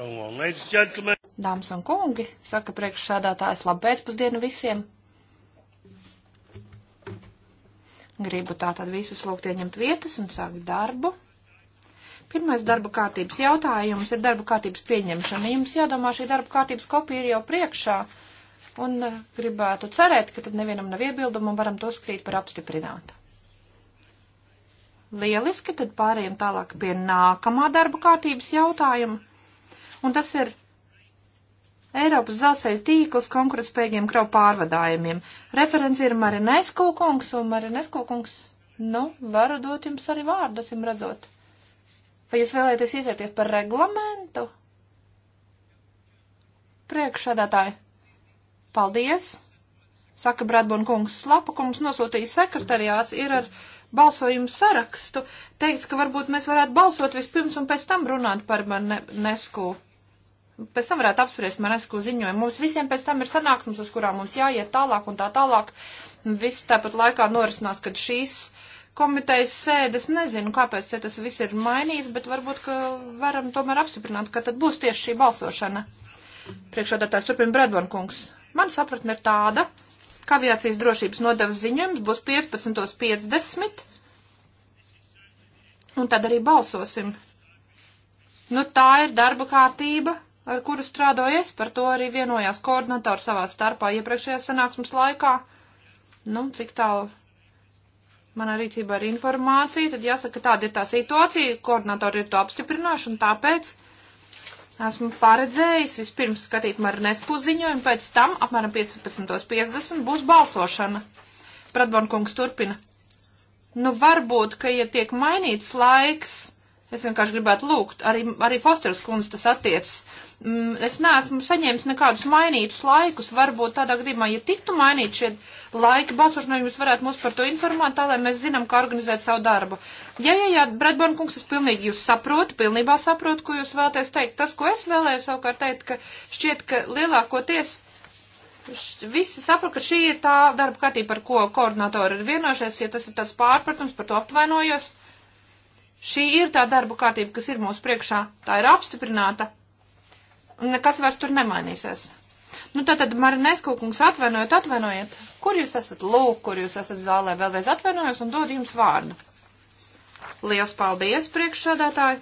Dāmas un kungi, saka priekšsādātājs, labu pēcpusdienu visiem. Gribu tātad visus lūgt ieņemt vietas un sākt darbu. Pirmais darba kārtības jautājums ir darba kārtības pieņemšana. Jums jādomā, šī darba kārtības kopija ir jau priekšā, un eh, gribētu cerēt, ka tad nevienam nav iebildumu un varam to skrīt par apstiprinātu. Lieliski, tad pārējiem tālāk pie nākamā darba kārtības jautājuma un tas ir Eiropas dzelzceļa tīkls konkurētspējīgiem kravu pārvadājumiem. Referents ir Marinesko kungs, un Marinesko kungs, nu, varu dot jums arī vārdu, acīm redzot. Vai jūs vēlēties iesieties par reglamentu? Priekšsēdētāji, paldies! Saka Bradbun kungs, slapa, ko mums nosūtīja sekretariāts, ir ar balsojumu sarakstu. Teikts, ka varbūt mēs varētu balsot vispirms un pēc tam runāt par Marinesku. Ne pēc tam varētu apspriest Manesko ziņojumu. Mums visiem pēc tam ir sanāksmes, uz kurām mums jāiet tālāk un tā tālāk. Viss tāpat laikā norisinās, kad šīs komitejas sēdes, nezinu, kāpēc tas viss ir mainījis, bet varbūt, ka varam tomēr apstiprināt, ka tad būs tieši šī balsošana. Priekšādātājs turpina Bredbankungs. Man sapratne ir tāda, ka aviācijas drošības nodevas ziņojums būs 15.50, un tad arī balsosim. Nu, tā ir darba kārtība ar kuru strādāju es, par to arī vienojās koordinatori savā starpā iepriekšējā sanāksmes laikā. Nu, cik tālu manā rīcībā ir informācija, tad jāsaka, ka tāda ir tā situācija, koordinatori ir to apstiprinājuši, un tāpēc esmu paredzējis vispirms skatīt Marines puziņojumu, pēc tam apmēram 15.50 būs balsošana. Pratbankungs turpina. Nu, varbūt, ka, ja tiek mainīts laiks, es vienkārši gribētu lūgt, arī, arī Fosteras kundze tas attiecas, Mm, es neesmu saņēmis nekādus mainītus laikus. Varbūt tādā gadījumā, ja tiktu mainīt šie laiki balsošanai, jūs varētu mūs par to informēt, tā lai mēs zinām, kā organizēt savu darbu. Jā, jā, jā, Bredborn kungs, es pilnīgi jūs saprotu, pilnībā saprotu, ko jūs vēlaties teikt. Tas, ko es vēlēju savukārt teikt, ka šķiet, ka lielākoties visi saprot, ka šī ir tā darba kārtība, par ko koordinatori ir vienojušies, ja tas ir tāds pārpratums, par to apvainojos. Šī ir tā darba kārtība, kas ir mūsu priekšā. Tā ir apstiprināta nekas vairs tur nemainīsies. Nu, tātad, Marinesko kungs, atvainojiet, atvainojiet, kur jūs esat, lūk, kur jūs esat zālē, vēlreiz atvainojos un dodu jums vārdu. Liels paldies, priekšsēdētāji!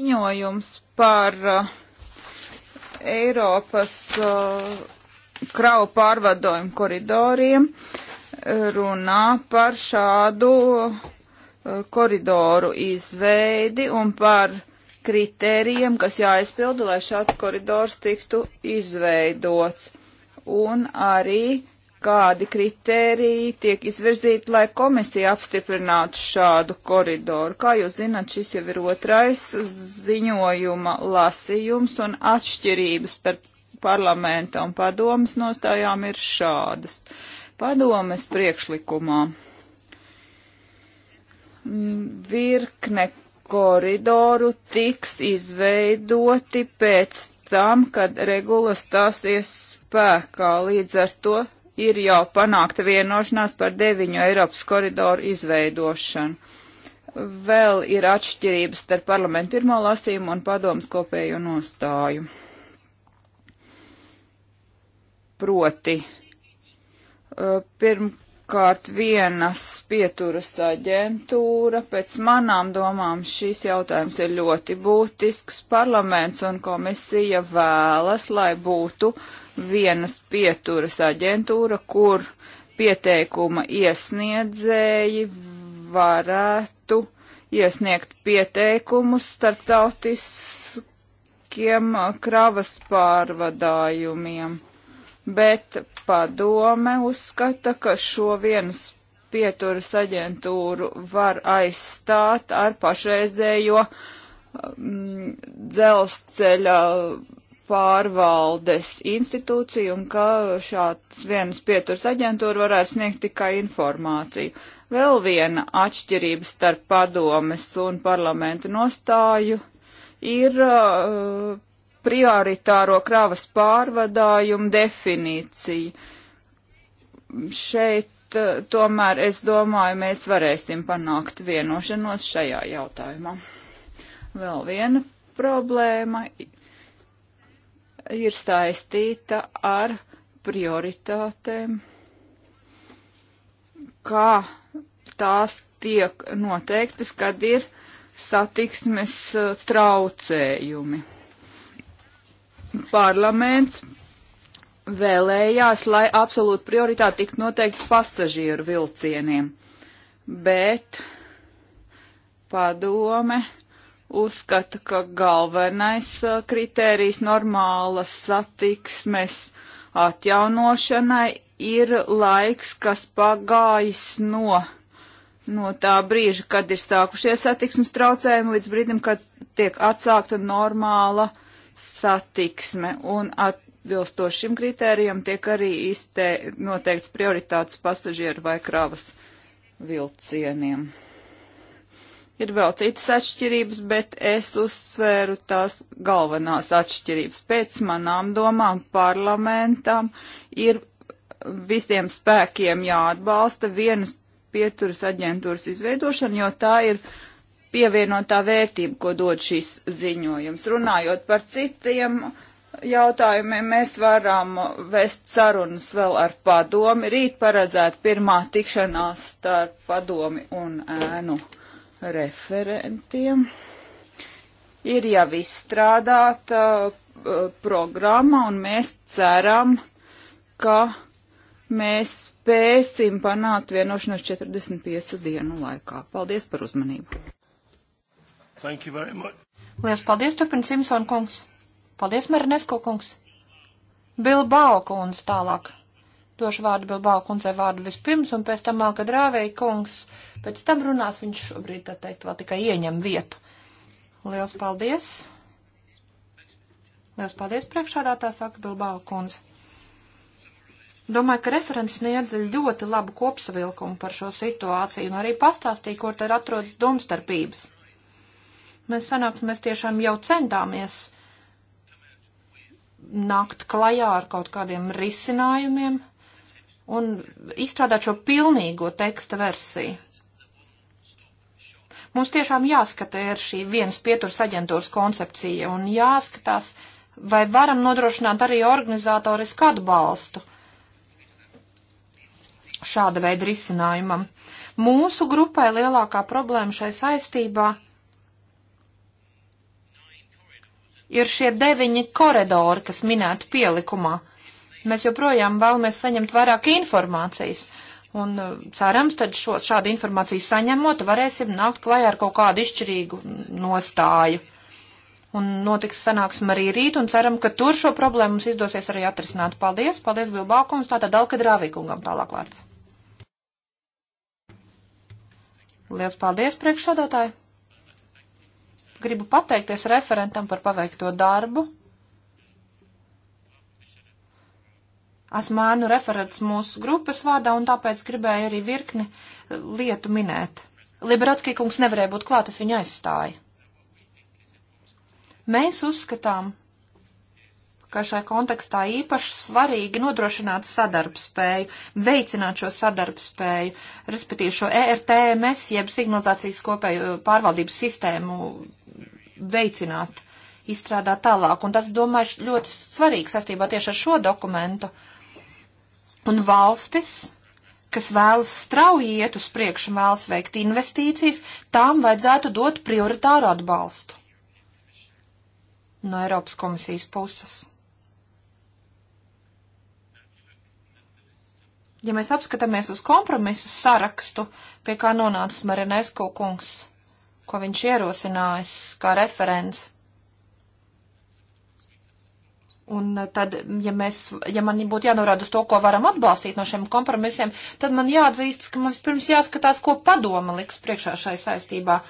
Ziņojums par uh, Eiropas uh, kravu pārvadojumu koridoriem. Uh, runā par šādu eh, koridoru izveidi un par kritērijiem, kas jāizpilda, lai šāds koridors tiktu izveidots. Un arī kādi kritēriji tiek izvirzīti, lai komisija apstiprinātu šādu koridoru. Kā jūs zināt, šis jau ir otrais ziņojuma lasījums un atšķirības starp parlamenta un padomas nostājām ir šādas. Uh, Padomes priekšlikumā virkne koridoru tiks izveidoti pēc tam, kad regula stāsies spēkā. Līdz ar to ir jau panākta vienošanās par deviņu Eiropas koridoru izveidošanu. Vēl ir atšķirības starp parlamentu pirmo lasījumu un padomas kopējo nostāju. Proti, Eh, pirmkārt vienas pieturas aģentūra. Pēc manām domām šis jautājums ir ļoti būtisks. Parlaments un komisija vēlas, lai būtu vienas pieturas aģentūra, kur pieteikuma iesniedzēji varētu iesniegt pieteikumus starptautiskiem eh, kravas pārvadājumiem bet padome uzskata, ka šo vienas pieturas aģentūru var aizstāt ar pašreizējo mm, dzelzceļa pārvaldes institūciju un ka šāds vienas pieturas aģentūra varētu sniegt tikai informāciju. Vēl viena atšķirība starp padomes un parlamenta nostāju ir uh, prioritāro kravas pārvadājumu definīciju. Šeit eh, tomēr es domāju, mēs varēsim panākt vienošanos šajā jautājumā. Vēl viena problēma ir saistīta ar prioritātēm, kā tās tiek noteiktas, kad ir satiksmes eh, traucējumi parlaments vēlējās, lai absolūti prioritāti tiktu noteikti pasažieru vilcieniem, bet padome uzskata, ka galvenais uh, kritērijs normālas satiksmes atjaunošanai ir laiks, kas pagājis no, no tā brīža, kad ir sākušies satiksmes traucējumi, līdz brīdim, kad tiek atsākta normāla uh, satiksme un atbilstoši šim kritērijam tiek arī iztē noteikts prioritātes pasažieru vai kravas vilcieniem. Ir vēl citas atšķirības, bet es uzsvēru tās galvenās atšķirības. Pēc manām domām parlamentam ir visiem spēkiem jāatbalsta vienas pieturas aģentūras izveidošana, jo tā ir uh, pievienotā vērtība, ko dod šis ziņojums. Runājot par citiem jautājumiem, mēs varam vest sarunas vēl ar padomi. Rīt paredzēta pirmā tikšanās starp padomi un ēnu referentiem. Ir jau izstrādāta uh, programma un mēs ceram, ka mēs spēsim panākt vienošanos 45 dienu laikā. Paldies par uzmanību! Thank you very much. Lielas paldies, turpina Simpson kungs. Paldies, Marinesko kungs. Bilbao kundze tālāk. Došu vārdu Bilbao kundzei vārdu vispirms, un pēc tam Alka Drāvēja kungs. Pēc tam runās viņš šobrīd, tā teikt, vēl tikai ieņem vietu. Lielas paldies. Lielas paldies priekšādātā, saka Bilbao kundze. Domāju, ka referents sniedz ļoti labu kopsavilkumu par šo situāciju un arī pastāstīja, kur te ir atrodas domstarpības. Mēs sanāks, mēs tiešām jau centāmies nākt klajā ar kaut kādiem risinājumiem un izstrādāt šo pilnīgo teksta versiju. Mums tiešām jāskata ir šī viens pieturs aģentūras koncepcija un jāskatās, vai varam nodrošināt arī organizatorisku atbalstu šāda veida risinājumam. Mūsu grupai lielākā problēma šai saistībā ir ir šie deviņi koridori, kas minēti pielikumā. Mēs joprojām vēlamies saņemt vairāk informācijas. Un uh, cerams, tad šo, šādu informāciju saņemot, varēsim nākt klajā ar kaut kādu izšķirīgu nostāju. Un notiks sanāksim arī rīt, un ceram, ka tur šo problēmu mums izdosies arī atrisināt. Paldies, paldies Bilbākums, tātad Alkadrāvīkungam tālāk vārds. Liels paldies, priekšsādātāji! gribu pateikties referentam par paveikto darbu. Esmu ēnu referents mūsu grupas vārdā un tāpēc gribēju arī virkni eh, lietu minēt. Liberatskī kungs nevarēja būt klāt, es viņu aizstāju. Mēs uzskatām, ka šai kontekstā īpaši svarīgi nodrošināt sadarbspēju, veicināt šo sadarbspēju, respektīvi šo ERTMS, jeb signalizācijas kopēju pārvaldības sistēmu veicināt, izstrādāt tālāk. Un tas, domāju, ļoti svarīgs saistībā tieši ar šo dokumentu. Un valstis, kas vēlas strauji iet uz priekšu, vēlas veikt investīcijas, tām vajadzētu dot prioritāru atbalstu no Eiropas komisijas puses. Ja mēs apskatāmies uz kompromisu sarakstu, pie kā nonāca Marinesko kungs, ko viņš ierosinājis kā referents. Un eh, tad, ja, mēs, ja man būtu jānorāda uz to, ko varam atbalstīt no šiem kompromisiem, tad man jāatzīst, ka mums pirms jāskatās, ko padoma liks priekšā šai saistībā.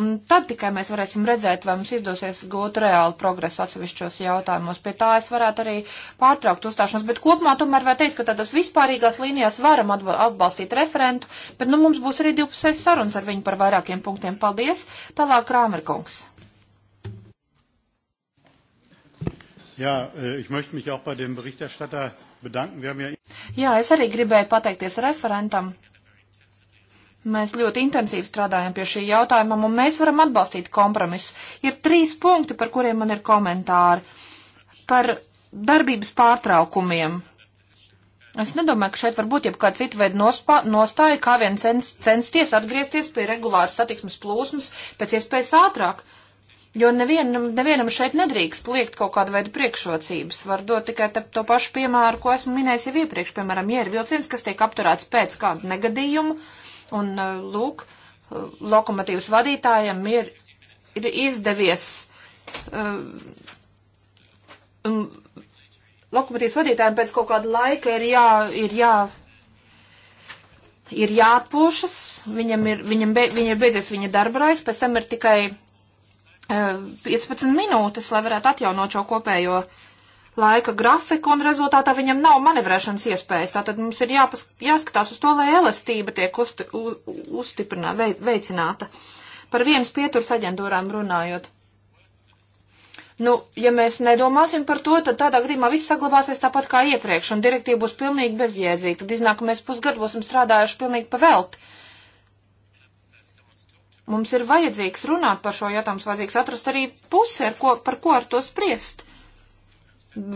Un tad tikai mēs varēsim redzēt, vai mums izdosies gūt reāli progresu atsevišķos jautājumos. Pie tā es varētu arī pārtraukt uzstāšanos, bet kopumā tomēr var teikt, ka tādas vispārīgās līnijās varam atbalstīt referentu, bet nu mums būs arī divpusējas sarunas ar viņu par vairākiem punktiem. Paldies! Tālāk Rāmerkungs. Jā, äh, ich möchte mich auch bei dem Berichterstatter bedanken. Wir haben ja... Jā, es arī gribēju pateikties referentam. Mēs ļoti intensīvi strādājam pie šī jautājuma, un mēs varam atbalstīt kompromisu. Ir trīs punkti, par kuriem man ir komentāri. Par darbības pārtraukumiem. Es nedomāju, ka šeit var būt jebkāda cita veida nostāja, kā vien cens, censties atgriezties pie regulāras satiksmes plūsmas pēc iespējas ātrāk. Uh, Jo nevienam, nevienam šeit nedrīkst liekt kaut kādu veidu priekšrocības. Var dot tikai to pašu piemēru, ko esmu minējis jau iepriekš. Piemēram, ja ir vilciens, kas tiek apturēts pēc kādu negadījumu, un eh, lūk, eh, lokomotīvas vadītājam ir, ir izdevies. Um, lokomotīvas vadītājiem pēc kaut kāda laika ir jā. Ir jā ir jāatpūšas, viņam ir, viņam be, viņa ir beidzies viņa darba raiz, pēc tam ir tikai 15 minūtes, lai varētu atjaunot šo kopējo laika grafiku, un rezultātā viņam nav manevrēšanas iespējas. Tātad mums ir jāpas, jāskatās uz to, lai elastība tiek usti, u, uzstiprināta, veicināta. Par vienas pieturas aģentūrām runājot. Nu, ja mēs nedomāsim par to, tad tādā gadījumā viss saglabāsies tāpat kā iepriekš, un direktīva būs pilnīgi bezjēdzīga. Tad iznāk, ka mēs pusgadu būsim strādājuši pilnīgi pavelti. Mums ir vajadzīgs runāt par šo jautājumu, vajadzīgs atrast arī pusi, ar ko, par ko ar to spriest.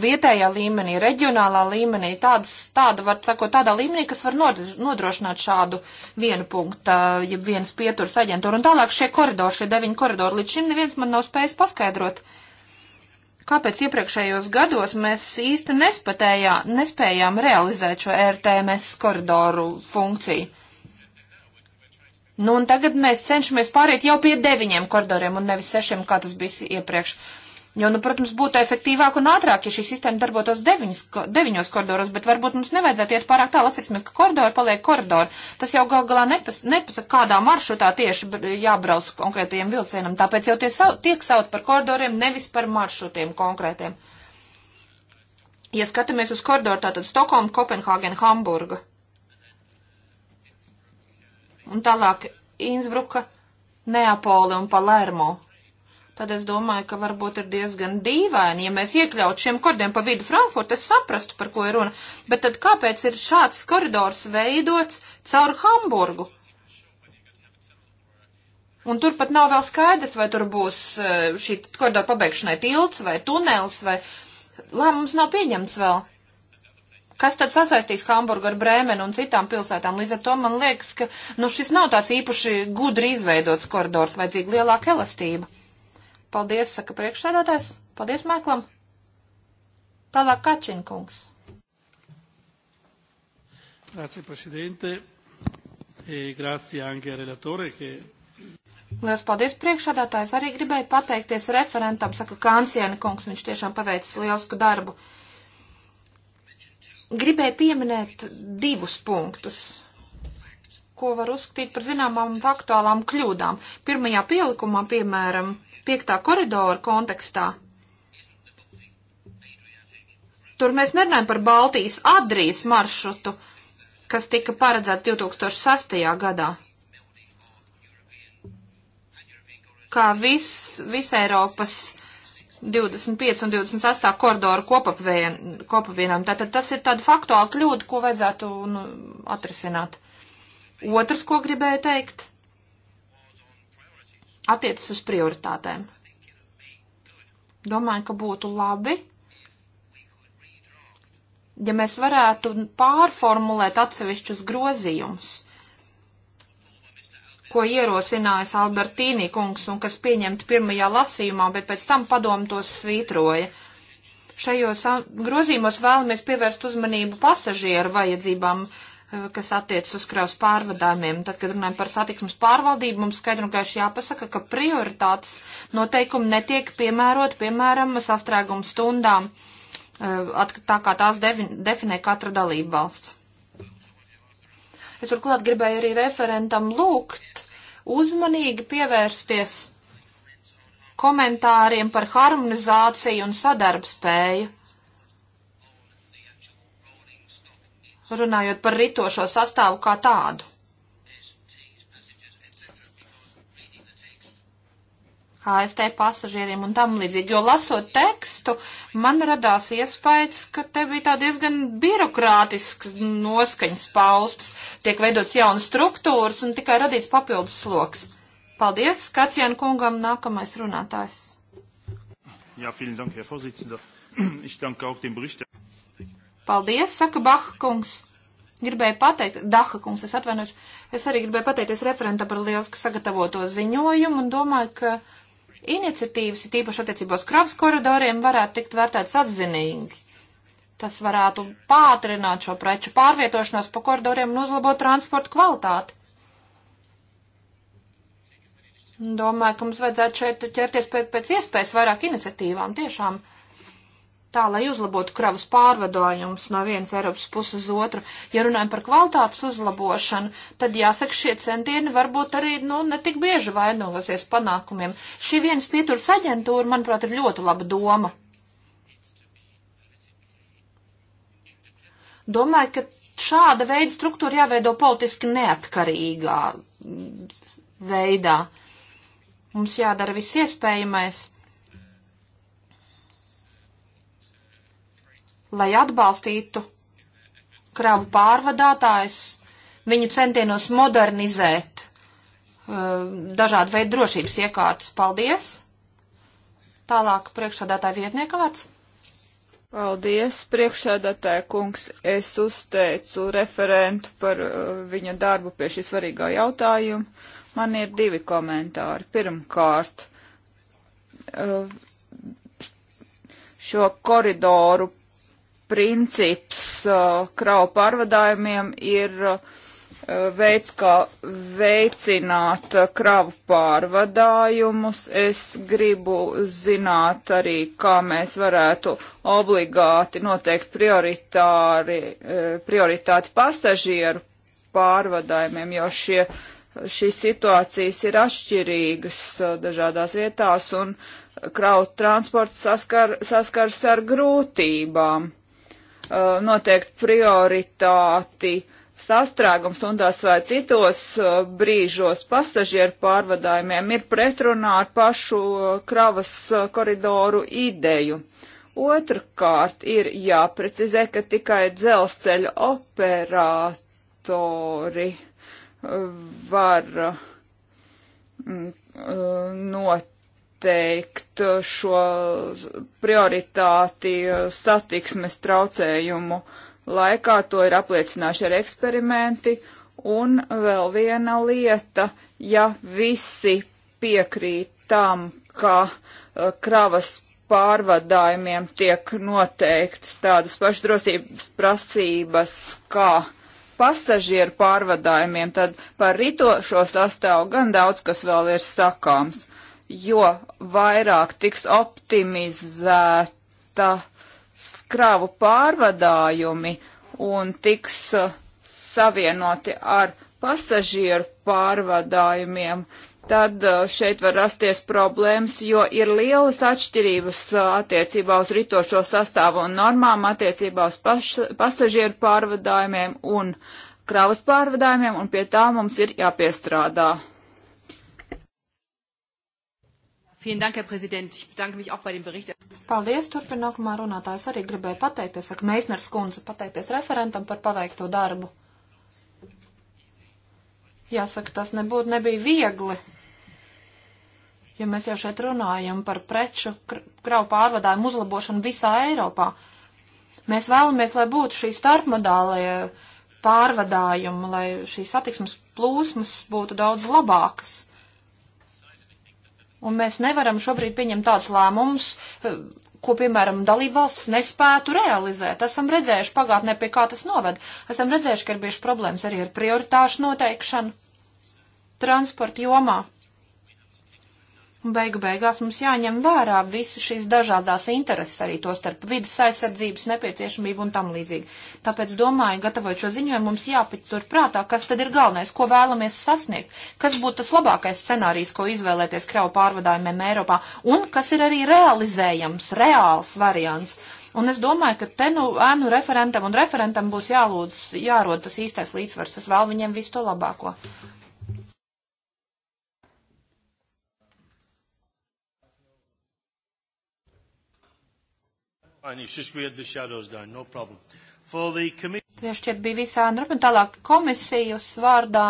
Vietējā līmenī, reģionālā līmenī, tādas, tāda, var, sako, tādā līmenī, kas var nodrošināt šādu vienu punktu, ja vienas pieturas aģentūru. Un tālāk šie koridori, šie deviņi koridori, līdz šim neviens man nav spējis paskaidrot, kāpēc iepriekšējos gados mēs īsti nespējām realizēt šo RTMS koridoru funkciju Nu, un tagad mēs cenšamies pāriet jau pie deviņiem koridoriem un nevis sešiem, kā tas bija iepriekš. Jo, nu, protams, būtu efektīvāk un ātrāk, ja šī sistēma darbotos deviņus, deviņos koridoros, bet varbūt mums nevajadzētu iet pārāk tālu, atsiksim, ka koridori paliek koridori. Tas jau gal galā nepas, nepasaka, kādā maršrutā tieši jābrauc konkrētajiem vilcienam, tāpēc jau tie sau, tiek saukt par koridoriem, nevis par maršrutiem konkrētiem. Ja skatāmies uz koridoru, tātad Stokholma, Kopenhāgena, Hamburga. Un tālāk Innsbruka, Neapole un Palermo. Tad es domāju, ka varbūt ir diezgan dīvaini, ja mēs iekļautu šiem koridoriem pa vidu Frankfurtu, es saprastu, par ko ir runa. Bet tad kāpēc ir šāds koridors veidots caur Hamburgu? Un tur pat nav vēl skaidrs, vai tur būs eh, šī koridora pabeigšanai tilts vai tunels vai lēmums nav pieņemts vēl. Kas tad sasaistīs Hamburgu ar Brēmenu un citām pilsētām? Līdz ar to man liekas, ka nu, šis nav tāds īpaši gudri izveidots koridors, vajadzīga lielāka elastība. Paldies, saka priekšsēdētājs. Paldies, Mēklam. Tālāk Kačinkungs. Grazie, prezidente. E grazie anche relatore, che Lielas paldies priekšādātājs. Arī gribēju pateikties referentam, saka Kānciena kungs, viņš tiešām paveicis lielsku darbu. Gribēju pieminēt divus punktus, ko var uzskatīt par zināmām faktuālām kļūdām. Pirmajā pielikumā, piemēram, piektā koridora kontekstā. Tur mēs nerunājam par Baltijas Adrijas maršrutu, kas tika paredzēts 2006. gadā. Kā viss, visa Eiropas 25 un 28 koridoru kopapvien, kopavienam. Tātad tas ir tāda faktuāla kļūda, ko vajadzētu nu, atrisināt. Otrs, ko gribēju teikt, attiecas uz prioritātēm. Domāju, ka būtu labi, ja mēs varētu pārformulēt atsevišķus grozījumus ko ierosinājis Albertīni kungs un kas pieņemti pirmajā lasījumā, bet pēc tam padomu tos svītroja. Šajos grozījumos vēlamies pievērst uzmanību pasažieru vajadzībām, e, kas attiec uz kraus pārvadājumiem. Tad, kad runājam par satiksmes pārvaldību, mums skaidri un gaiši jāpasaka, ka prioritātes noteikumi netiek piemērot, piemēram, sastrēgumu stundām, e, tā kā tās definē katra dalība valsts. Es turklāt gribēju arī referentam lūgt, uzmanīgi pievērsties komentāriem par harmonizāciju un sadarbspēju. Runājot par ritošo sastāvu kā tādu. ASV pasažieriem un tam līdzīgi. Jo lasot tekstu, man radās iespējas, ka te bija tā diezgan birokrātisks noskaņas paustas, tiek veidots jaunas struktūras un tikai radīts papildus sloks. Paldies, Kacijan kungam, nākamais runātājs. Jā, vielen dank, Herr Vorsitzender. Ich danke auch dem Berichter. Paldies, saka Baha kungs. Gribēju pateikt, Daha kungs, es atvainojos, es arī gribēju pateikties referenta par lielu sagatavoto ziņojumu un domāju, ka Iniciatīvas, tīpaši attiecībos kravas koridoriem, varētu tikt vērtētas atzinīgi. Tas varētu pātrināt šo preču pārvietošanos pa koridoriem un uzlabot transporta kvalitāti. Domāju, ka mums vajadzētu šeit ķerties pēc, pēc iespējas vairāk iniciatīvām tiešām. Uh, tā, lai uzlabotu kravas pārvadojumus no vienas Eiropas puses uz otru. Ja runājam par kvalitātes uzlabošanu, tad jāsaka, šie centieni varbūt arī, nu, netik bieži vainogosies panākumiem. Šī vienas pieturas aģentūra, manuprāt, ir ļoti laba doma. Domāju, ka šāda veida struktūra jāveido politiski neatkarīgā veidā. Mums jādara viss iespējamais lai atbalstītu kravu pārvadātājus viņu centienos modernizēt uh, dažādu veidu drošības iekārtas. Paldies! Tālāk priekšsādātāja vietnieka vārds. Paldies, priekšsēdētāja kungs. Es uzteicu referentu par uh, viņa darbu pie šī svarīgā jautājuma. Man ir divi komentāri. Pirmkārt, uh, šo koridoru princips uh, kravu pārvadājumiem ir uh, veids, kā veicināt uh, kravu pārvadājumus. Es gribu zināt arī, kā mēs varētu obligāti noteikt prioritāti pasažieru pārvadājumiem, jo šie, šīs situācijas ir atšķirīgas dažādās vietās un kraut transports saskar, saskars ar grūtībām. Uh, noteikt prioritāti sastrēgums stundās vai citos uh, brīžos pasažieru pārvadājumiem ir pretrunā ar pašu uh, kravas koridoru ideju. Otrkārt ir jāprecizē, ka tikai dzelzceļa operatori var mm, not noteikt šo prioritāti eh, satiksmes traucējumu laikā, to ir apliecinājuši ar eksperimenti. Un vēl viena lieta, ja visi piekrīt tam, ka eh, kravas pārvadājumiem tiek noteikts tādas pašdrosības prasības, kā pasažieru pārvadājumiem, tad par ritošo sastāvu gan daudz kas vēl ir sakāms jo vairāk tiks optimizēta skravu pārvadājumi un tiks uh, savienoti ar pasažieru pārvadājumiem, tad uh, šeit var rasties problēmas, jo ir lielas atšķirības uh, attiecībā uz ritošo sastāvu un normām, attiecībā uz paš, pasažieru pārvadājumiem un kravas pārvadājumiem, un pie tā mums ir jāpiestrādā. Vielen Dank, Herr Präsident. Ich bedanke mich auch bei dem Bericht. Paldies, turpinākumā runātājs arī gribēja pateikties, saka Meisners kundze, pateikties referentam par paveikto darbu. Jāsaka, tas nebūtu nebija viegli, ja mēs jau šeit runājam par preču kravu pārvadājumu uzlabošanu visā Eiropā. Mēs vēlamies, lai būtu šī starpmodālie pārvadājumi, lai šīs satiksmes plūsmas būtu daudz labākas. Un mēs nevaram šobrīd pieņemt tādus lēmumus, eh, ko, piemēram, dalībvalsts nespētu realizēt. Esam redzējuši pagātnē, pie kā tas noved. Esam redzējuši, ka ir bijušas problēmas arī ar prioritāšu noteikšanu transporta jomā. Un beigu beigās mums jāņem vērā visas šīs dažādās intereses, arī to starp vidas aizsardzības nepieciešamību un tam līdzīgi. Tāpēc domāju, gatavojot šo ziņojumu, mums jāpatur prātā, kas tad ir galvenais, ko vēlamies sasniegt, kas būtu tas labākais scenārijs, ko izvēlēties kravu pārvadājumiem Eiropā, un kas ir arī realizējams, reāls variants. Un es domāju, ka te nu ēnu referentam un referentam būs jālūdz, jārod tas īstais līdzsvars. Es vēl viņiem visu to labāko. Fine, it's just we had the shadows down, no problem. For the committee... Tie šķiet bija visā, un nu, tālāk komisijas vārdā.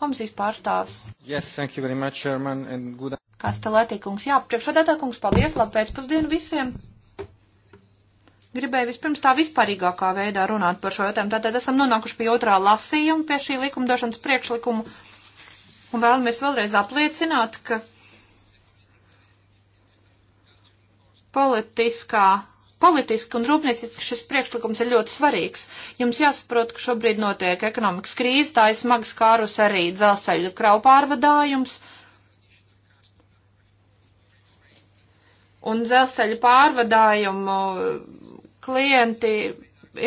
Komisijas pārstāvs. Yes, thank you very much, Chairman, and good... Kastelētī kungs, jā, priekšādētā kungs, paldies, labi pēcpusdienu visiem. Gribēju vispirms tā vispārīgākā veidā runāt par šo jautājumu. Tātad esam nonākuši pie otrā lasījuma, pie šī likumdošanas priekšlikuma. Un vēlamies vēlreiz apliecināt, ka Politiskā politiski un rūpnieciski šis priekšlikums ir ļoti svarīgs. Jums jāsaprot, ka šobrīd notiek ekonomikas krīze, tā ir smags kārus arī dzelzceļu kravu pārvadājums. Un dzelzceļu pārvadājumu uh, klienti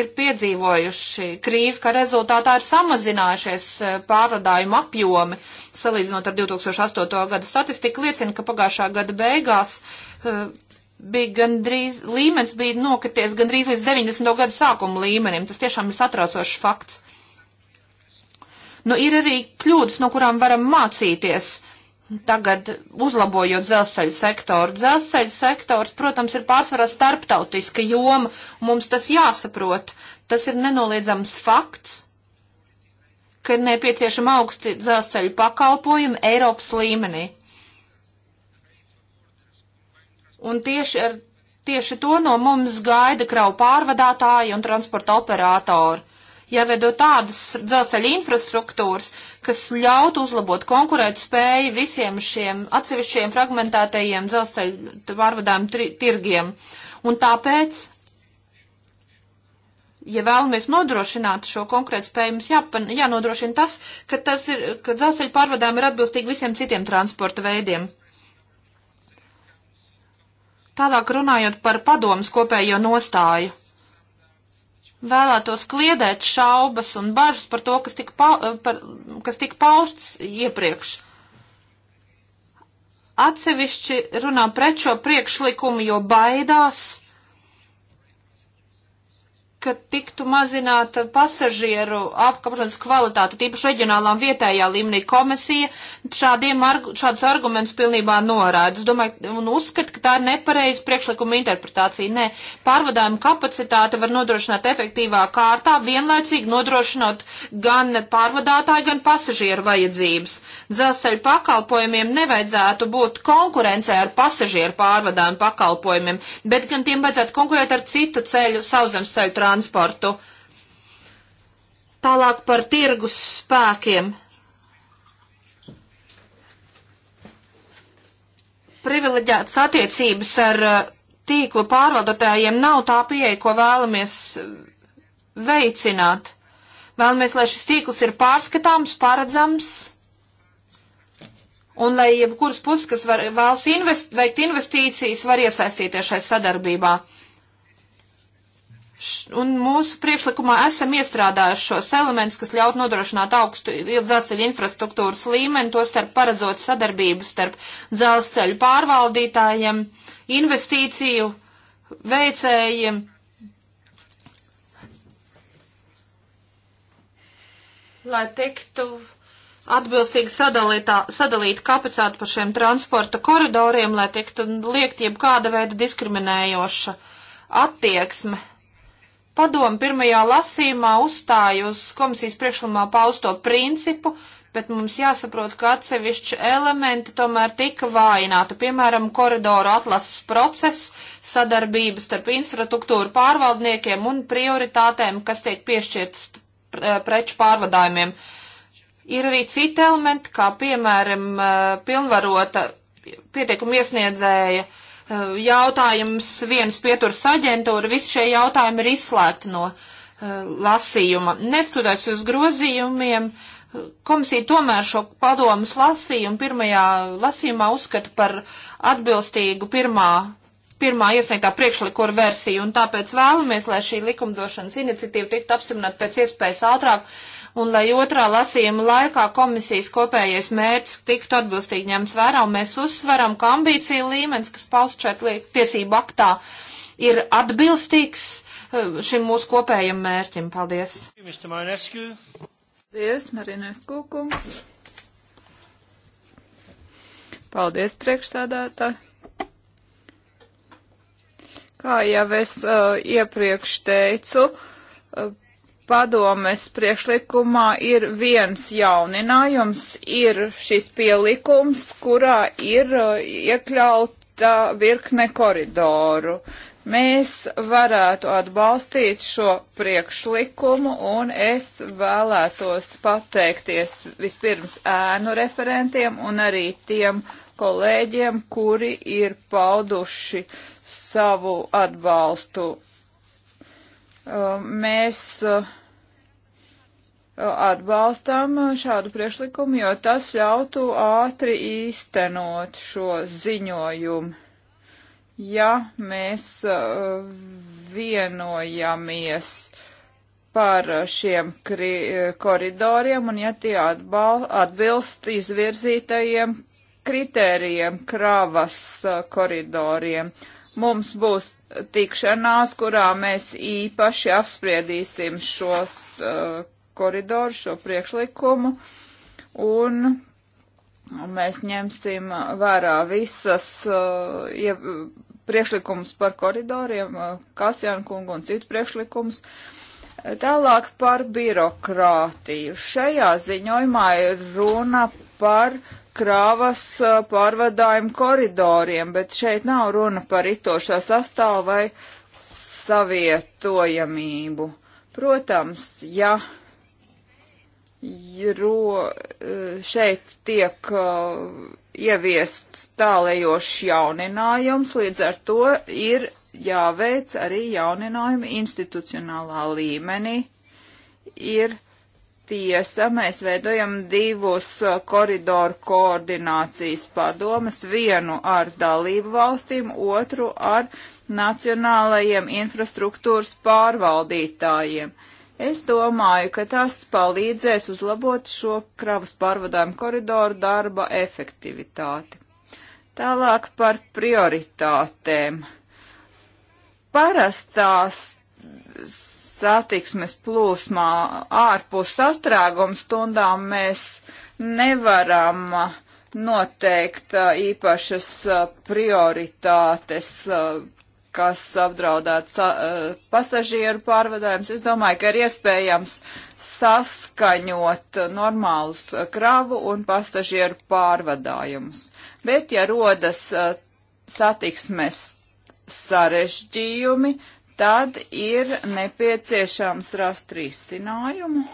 ir piedzīvojuši krīzi, ka rezultātā ir samazinājušies uh, pārvadājumu apjomi. Salīdzinot ar 2008. gada statistiku liecina, ka pagājušā gada beigās uh, bija gandrīz, līmenis bija nokrities gandrīz līdz 90. gadu sākuma līmenim. Tas tiešām ir satraucošs fakts. Nu, ir arī kļūdas, no kurām varam mācīties. Tagad, uzlabojot dzelzceļa sektoru, dzelzceļa sektors, protams, ir pārsvarā starptautiska joma, mums tas jāsaprot. Tas ir nenoliedzams fakts, ka ir nepieciešama augsti dzelzceļa pakalpojumi Eiropas līmenī. Un tieši, ar, tieši to no mums gaida kravu pārvadātāji un transporta operatori jāveido tādas dzelzceļa infrastruktūras, kas ļautu uzlabot konkurēt spēju visiem šiem atsevišķiem fragmentētajiem dzelzceļa pārvadājumu tirgiem. Un tāpēc, ja vēlamies nodrošināt šo konkrētu spēju, mums jāpan, jānodrošina tas, ka, tas ir, ka dzelzceļa pārvadājumi ir atbilstīgi visiem citiem transporta veidiem. Tālāk runājot par padomus kopējo nostāju. Vēlētos kliedēt šaubas un bažas par to, kas tika, pa, eh, par, kas tika pausts iepriekš. Atsevišķi runā pret šo priekšlikumu, jo baidās ka tiktu mazināta pasažieru apkopšanas kvalitāte, tīpaši reģionālām vietējā līmenī komisija šādiem, argu, šādus argumentus pilnībā norāda. Es domāju, un uzskatu, ka tā ir nepareiza priekšlikuma interpretācija. Nē, pārvadājuma kapacitāte var nodrošināt efektīvā kārtā, vienlaicīgi nodrošinot gan pārvadātāju, gan pasažieru vajadzības. Dzelzceļa pakalpojumiem nevajadzētu būt konkurencē ar pasažieru pārvadājumu pakalpojumiem, bet gan tiem vajadzētu konkurēt ar citu ceļu, sauszemes ceļu transportu transportu. Tālāk par tirgus spēkiem. Privileģētas attiecības ar uh, tīklu pārvadotājiem nav tā pieeja, ko vēlamies uh, veicināt. Vēlamies, lai šis tīkls ir pārskatāms, paredzams un lai jebkuras puses, kas var, vēlas invest, veikt investīcijas, var iesaistīties šai sadarbībā. Uh, Un mūsu priekšlikumā esam iestrādājuši šos elementus, kas ļaut nodrošināt augstu dzelzceļa infrastruktūras līmeni, to starp paredzot sadarbību starp dzelzceļu pārvaldītājiem, investīciju veicējiem. Lai tiktu atbilstīgi sadalītā, sadalīt kapacitāti pa šiem transporta koridoriem, lai tiktu liekt jebkāda veida diskriminējoša attieksme Padomu pirmajā lasīmā uzstāja uz komisijas priekšlumā pausto principu, bet mums jāsaprot, ka atsevišķi elementi tomēr tika vājināti, piemēram, koridoru atlases process, sadarbības starp infrastruktūru pārvaldniekiem un prioritātēm, kas tiek piešķirtas eh, preču pārvadājumiem. Ir arī citi elementi, kā piemēram eh, pilnvarota pietiekuma iesniedzēja uh, Eh, jautājums, viens pieturs aģentūra, visi šie jautājumi ir izslēgti no uh, lasījuma. Neskatoties uz grozījumiem, komisija tomēr šo padomus lasījumu pirmajā lasījumā uzskata par atbilstīgu pirmā, pirmā iesniegtā priekšlikuma versiju, un tāpēc vēlamies, lai šī likumdošanas iniciatīva tiktu apstiprināta pēc iespējas ātrāk, un lai otrā lasījuma laikā komisijas kopējais mērķis tiktu atbilstīgi ņemts vērā, un mēs uzsveram, ka ambīcija līmenis, kas paust šeit tiesību aktā, ir atbilstīgs eh, šim mūsu kopējam mērķim. Paldies! Paldies, Marinēs Kūkungs! Paldies, priekšsēdētāji! Kā jau es uh, iepriekš teicu, uh, padomes priekšlikumā ir viens jauninājums, ir šis pielikums, kurā ir uh, iekļauta virkne koridoru. Mēs varētu atbalstīt šo priekšlikumu, un es vēlētos pateikties vispirms ēnu referentiem un arī tiem kolēģiem, kuri ir pauduši savu atbalstu Uh, mēs uh, atbalstām uh, šādu priešlikumu, jo tas ļautu ātri īstenot šo ziņojumu. Ja mēs vienojamies par šiem koridoriem un ja tie atbilst izvirzītajiem kritērijiem kravas koridoriem, uh, Mums būs tikšanās, kurā mēs īpaši apspriedīsim šos uh, koridorus, šo priekšlikumu, un mēs ņemsim vērā visas uh, ja, priekšlikumus par koridoriem, uh, Kasjāna kungu un citu priekšlikumus. Tālāk par birokrātiju. Šajā ziņojumā ir runa par krāvas pārvadājumu koridoriem, bet šeit nav runa par ritošā sastāvu vai savietojamību. Protams, ja ro, šeit tiek uh, ieviests tālējošs jauninājums, līdz ar to ir jāveic arī jauninājumi institucionālā līmenī, ir tiesa, mēs veidojam divus uh, koridoru koordinācijas padomas, vienu ar dalību valstīm, otru ar nacionālajiem infrastruktūras pārvaldītājiem. Es domāju, ka tas palīdzēs uzlabot šo kravas pārvadājumu koridoru darba efektivitāti. Tālāk par prioritātēm. Parastās satiksmes plūsmā ārpus sastrēguma stundām mēs nevaram noteikt īpašas prioritātes, kas apdraudētu pasažieru pārvadājumus. Es domāju, ka ir iespējams saskaņot normālus kravu un pasažieru pārvadājumus. Bet, ja rodas satiksmes sarežģījumi, tad ir nepieciešams rast risinājumu.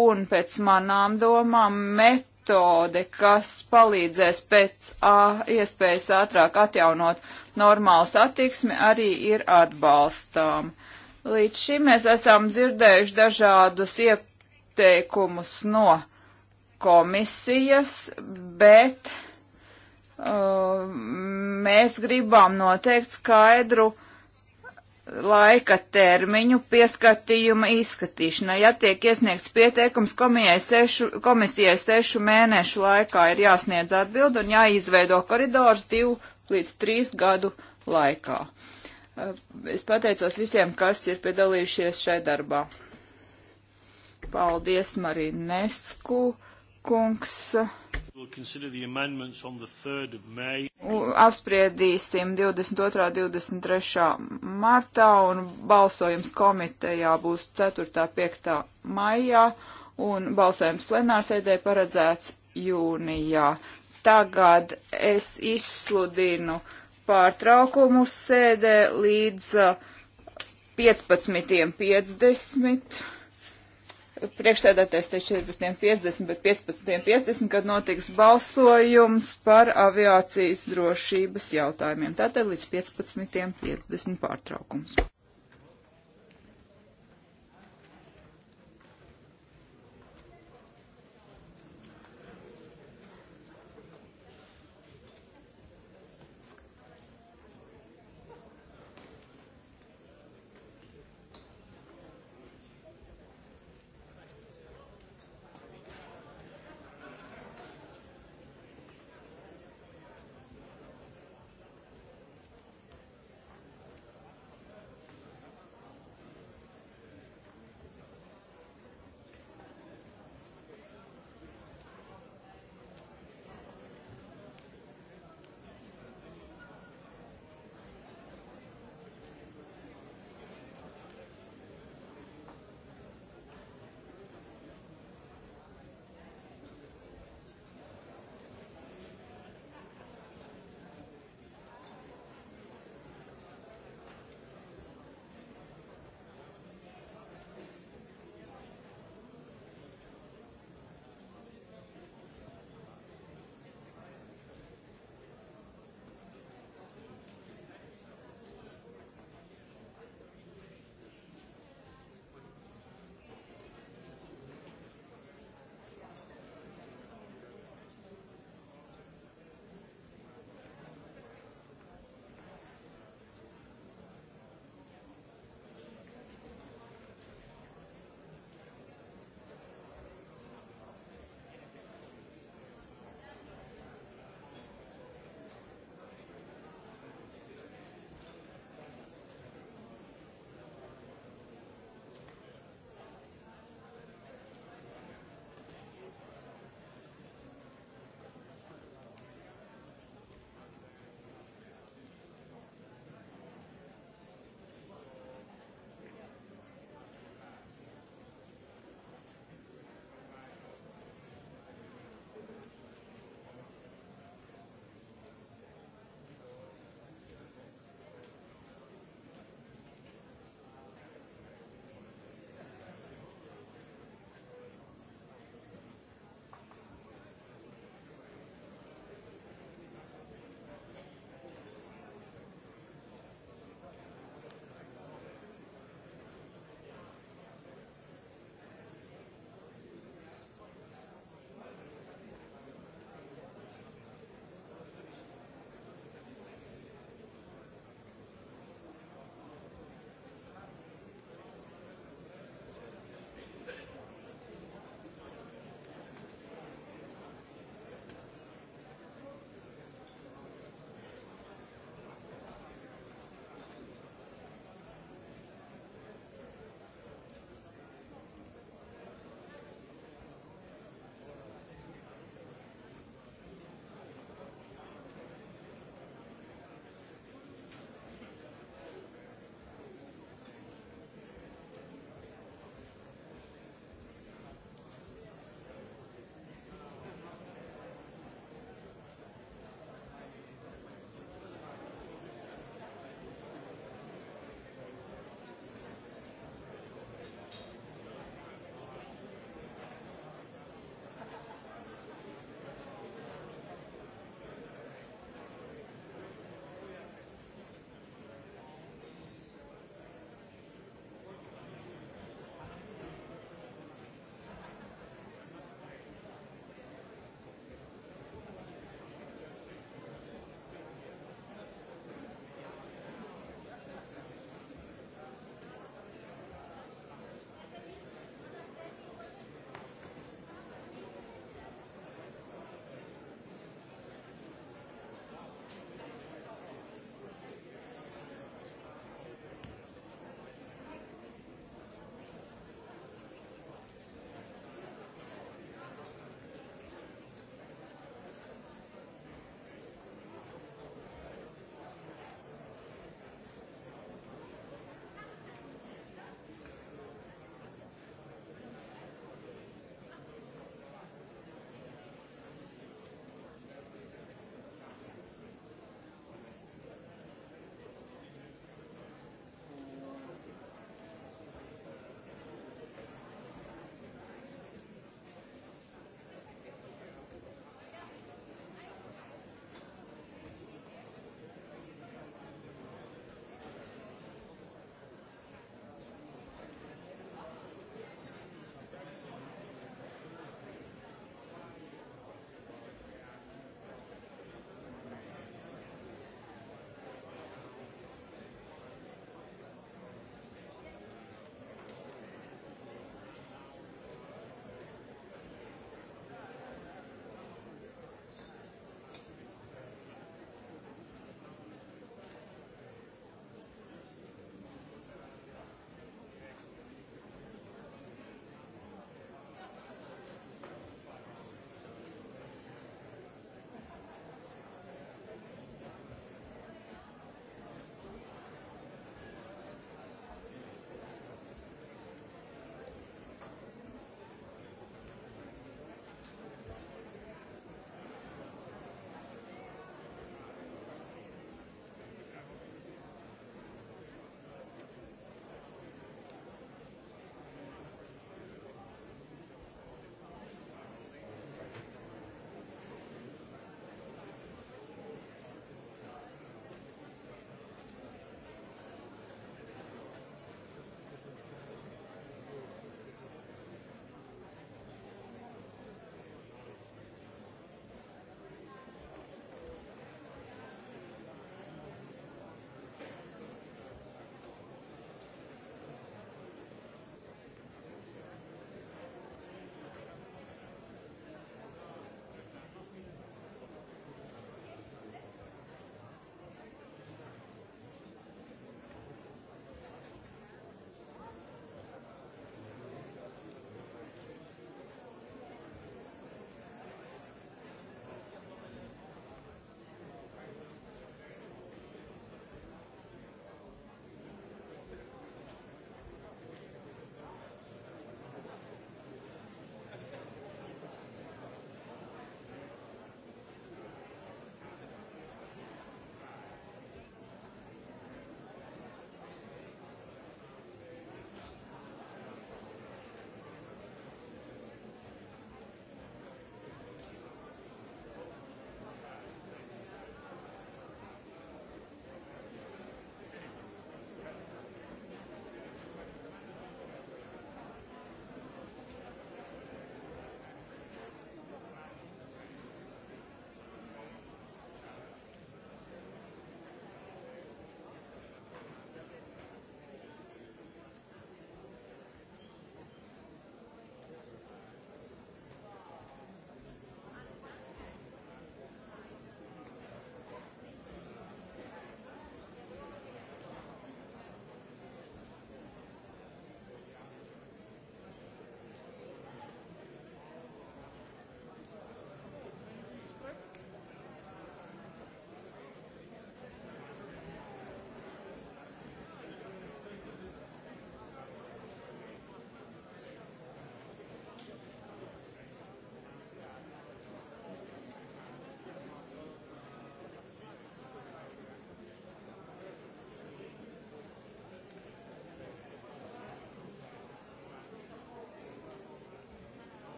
Un pēc manām domām metode, kas palīdzēs pēc a, iespējas ātrāk atjaunot normālu satiksmi, arī ir atbalstām. Līdz šim mēs esam dzirdējuši dažādus ieteikumus no komisijas, bet uh, mēs gribam noteikt skaidru uh, laika termiņu pieskatījuma izskatīšanai. Ja tiek iesniegts pieteikums sešu, komisijai sešu mēnešu laikā, ir jāsniedz atbildi un jāizveido koridors divu līdz trīs gadu laikā. Eh, es pateicos visiem, kas ir piedalījušies šai darbā. Paldies, Marinesku kungs. Apspriedīsim 22. un 23. martā un balsojums komitejā būs 4. 5. maijā un balsojums plenārsēdē paredzēts jūnijā. Tagad es izsludinu pārtraukumu sēdē līdz 15.50. Uh, priekšsēdētājs teica 14.50, bet 15.50, kad notiks balsojums par aviācijas drošības jautājumiem. Tātad līdz 15.50 pārtraukums.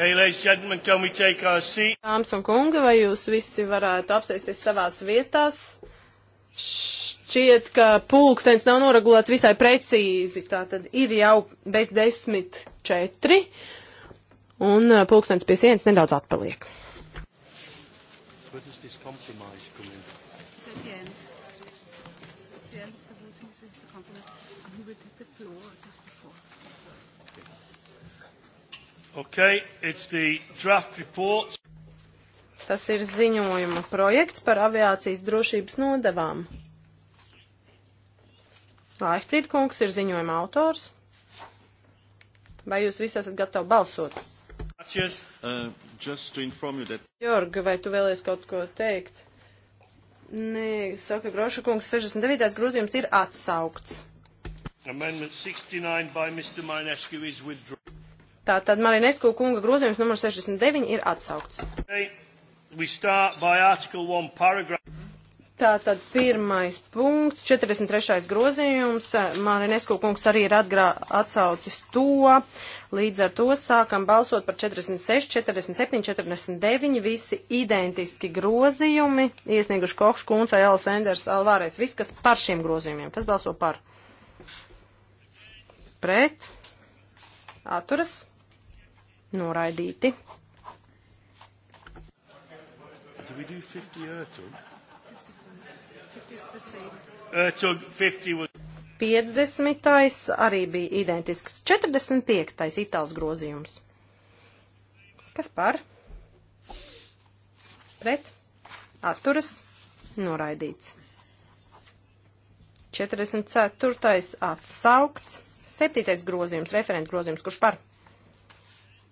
Hey, ladies and gentlemen, can we take our seat? Dāmas un kungi, vai jūs visi varētu apsēsties savās vietās? Šķiet, ka pulkstens nav noregulēts visai precīzi, tā tad ir jau bez desmit četri, un pulkstens pie sienas nedaudz atpaliek. Where does this compromise come in? It's at the end. It's the end. The voting is with the compromise, and we will take the floor just before. Okay, it's the draft report. Tas ir ziņojuma projekts par aviācijas drošības nodevām. Laihtrīt kungs ir ziņojuma autors. Vai jūs visi esat gatavi balsot? Yes. Uh, that... Jorga, vai tu vēlies kaut ko teikt? Nē, saka Groša kungs, 69. grozījums ir atsaukts. Amendment 69 by Mr. Mainescu is withdrawn. Tātad Marinesku kunga grozījums numur 69 ir atsaukts. Tātad pirmais punkts, 43. grozījums, Marinesku kungs arī ir atgrā, atsaucis to, līdz ar to sākam balsot par 46, 47, 49, visi identiski grozījumi, iesnieguši Koks, Kunts vai Alas Enders, Alvārēs, viss, kas par šiem grozījumiem, kas balso par? Pret? Atturas? noraidīti. Did we do 50 Ertug? 50, 50 50. arī bija identisks. 45. itāls grozījums. Kas par? Pret? Atturas? Noraidīts. 44. atsaukts. 7. grozījums, referenta grozījums, kurš par?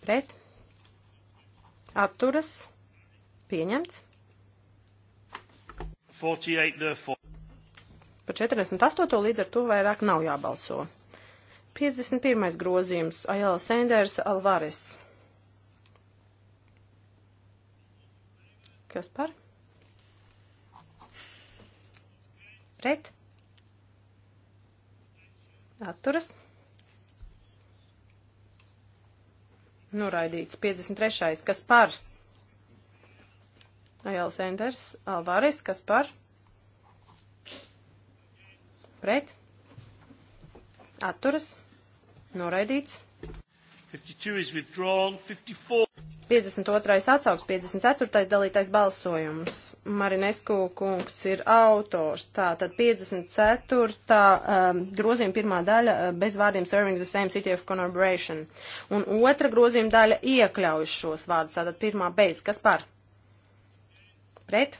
pret, atturas, pieņemts. 48, Par 48. līdz ar to vairāk nav jābalso. 51. grozījums Ajala Senders Alvares. Kas par? Pret? Atturas. Noraidīts 53. Kas par? Ajāls Enders, Alvarez, kas par? Pret? Atturas? Noraidīts. 52 is withdrawn. 54. 52. atsauks, 54. dalītais balsojums. Marinesku kungs ir autors. Tātad 54. Um, grozījuma pirmā daļa uh, bez vārdiem serving the same city of conurbation. Un otra grozījuma daļa iekļauj šos vārdus. Tātad pirmā bez. Kas par? Pret?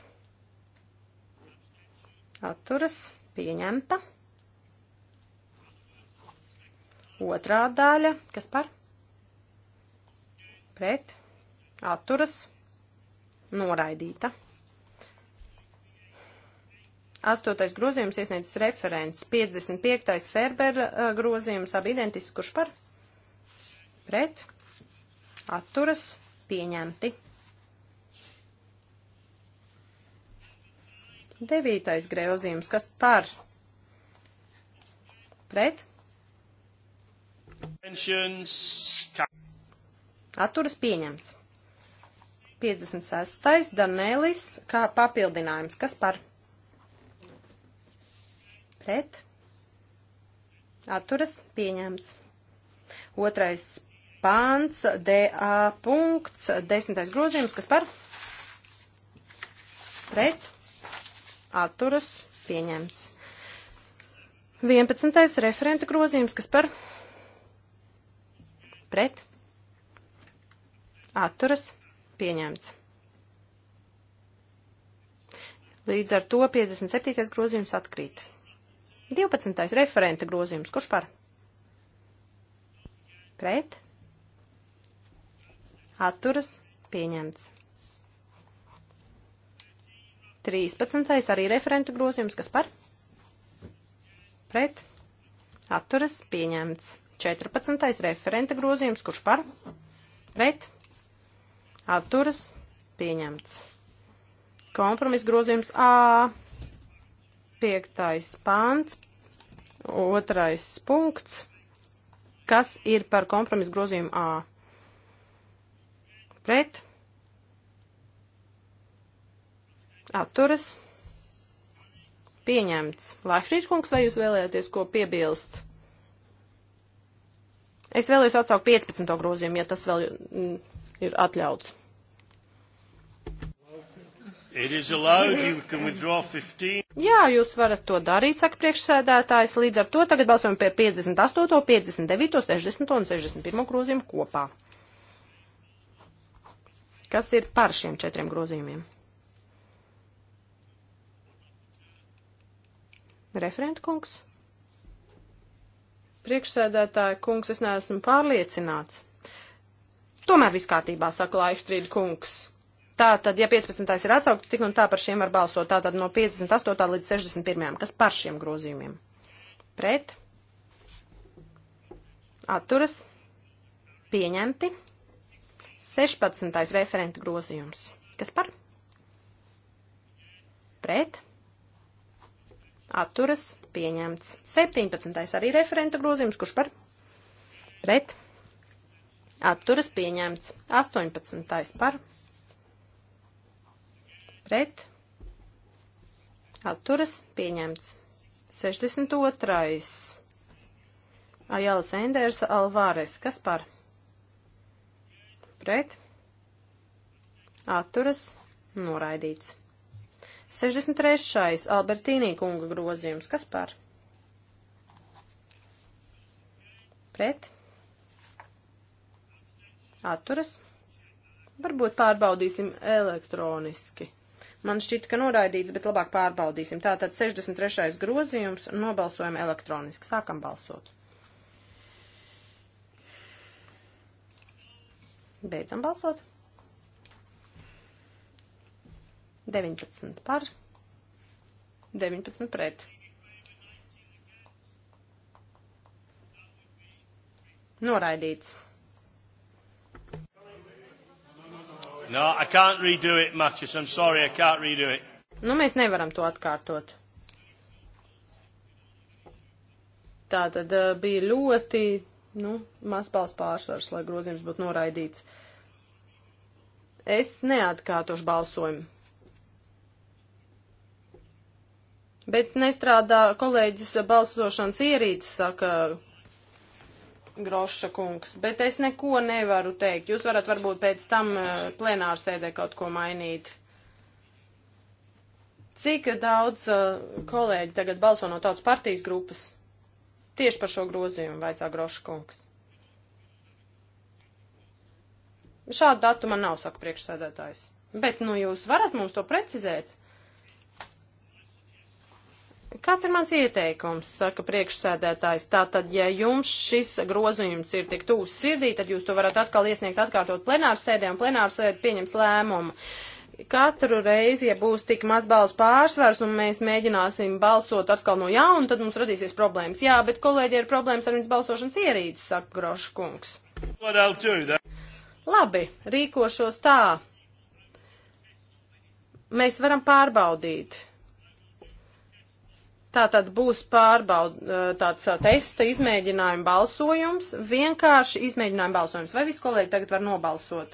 Atturas. Pieņemta. Otrā daļa. Kas par? Pret? atturas, noraidīta. Astotais grozījums iesniedzis referents. 55. Ferber eh, grozījums abi identiski, kurš par? Pret. Atturas. Pieņemti. 9. grozījums, kas par? Pret. Atturas pieņemts. 56. Danēlis kā papildinājums. Kas par? Pret. Atturas pieņemts. Otrais pāns, DA punkts, desmitais grozījums. Kas par? Pret. Atturas pieņemts. 11. referenta grozījums, kas par pret atturas pieņemts. Līdz ar to 57. grozījums atkrīt. 12. referenta grozījums. Kurš par? Pret? Atturas? Pieņemts. 13. arī referenta grozījums. Kas par? Pret? Atturas? Pieņemts. 14. referenta grozījums. Kurš par? Pret? atturas pieņemts. Kompromis grozījums A, piektais pants, otrais punkts. Kas ir par kompromis grozījumu A? Pret. Atturas. Pieņemts. Laifrīdkungs, vai jūs vēlēties ko piebilst? Es vēlējos atsaukt 15. grozījumu, ja tas vēl mm, ir atļauts. Jā, jūs varat to darīt, saka priekšsēdētājs. Līdz ar to tagad balsojam pie 58, 59, 60 un 61 grozījumu kopā. Kas ir par šiem četriem grozījumiem? Referenta kungs? Priekšsēdētāja kungs, es neesmu pārliecināts. Tomēr viss kārtībā, saka Laikstrīda kungs. Tā tad, ja 15. ir atsaukts, tik un tā par šiem var balsot. Tā tad no 58. līdz 61. Kas par šiem grozījumiem? Pret. Atturas. Pieņemti. 16. referenta grozījums. Kas par? Pret. Atturas. Pieņemts. 17. arī referenta grozījums. Kurš par? Pret. Atturas. Pieņemts. 18. par? Pret pret, atturas, pieņemts. 62. Ajala Senders Alvāres, kas par? Pret, atturas, noraidīts. 63. Albertīnī kunga grozījums, kas par? Pret, atturas, Varbūt pārbaudīsim elektroniski. Man šķita, ka noraidīts, bet labāk pārbaudīsim. Tātad 63. grozījums nobalsojam elektroniski. Sākam balsot. Beidzam balsot. 19 par, 19 pret. Noraidīts. No, I can't redo it, Mattis. I'm sorry, I can't redo it. Nu, mēs nevaram to atkārtot. Tā tad eh, bija ļoti, nu, mazpals pārsvars, lai grozījums būtu noraidīts. Es neatkārtošu balsojumu. Bet nestrādā kolēģis balsošanas ierīces, saka Groša kungs, bet es neko nevaru teikt. Jūs varat varbūt pēc tam eh, plenāru sēdē kaut ko mainīt. Cik daudz eh, kolēģi tagad balso no tautas partijas grupas? Tieši par šo grozījumu vajadzā Groša kungs. Šādu datu man nav, saka priekšsēdētājs. Bet, nu, jūs varat mums to precizēt? Kāds ir mans ieteikums, saka priekšsēdētājs? Tātad, ja jums šis grozījums ir tik tūs sirdī, tad jūs to varat atkal iesniegt atkārtot plenārsēdē, un plenārsēde pieņems lēmumu katru reizi, ja būs tik maz balsu pārsvars un mēs mēģināsim balsot atkal no jauna, tad mums radīsies problēmas. Jā, bet kolēģi ir problēmas ar viņas balsošanas ierīci, saka Grošs kungs. Labi, rīkošos tā. Mēs varam pārbaudīt. Tā tad būs pārbaud, tāds testa izmēģinājuma balsojums, vienkārši izmēģinājuma balsojums. Vai visi kolēģi tagad var nobalsot?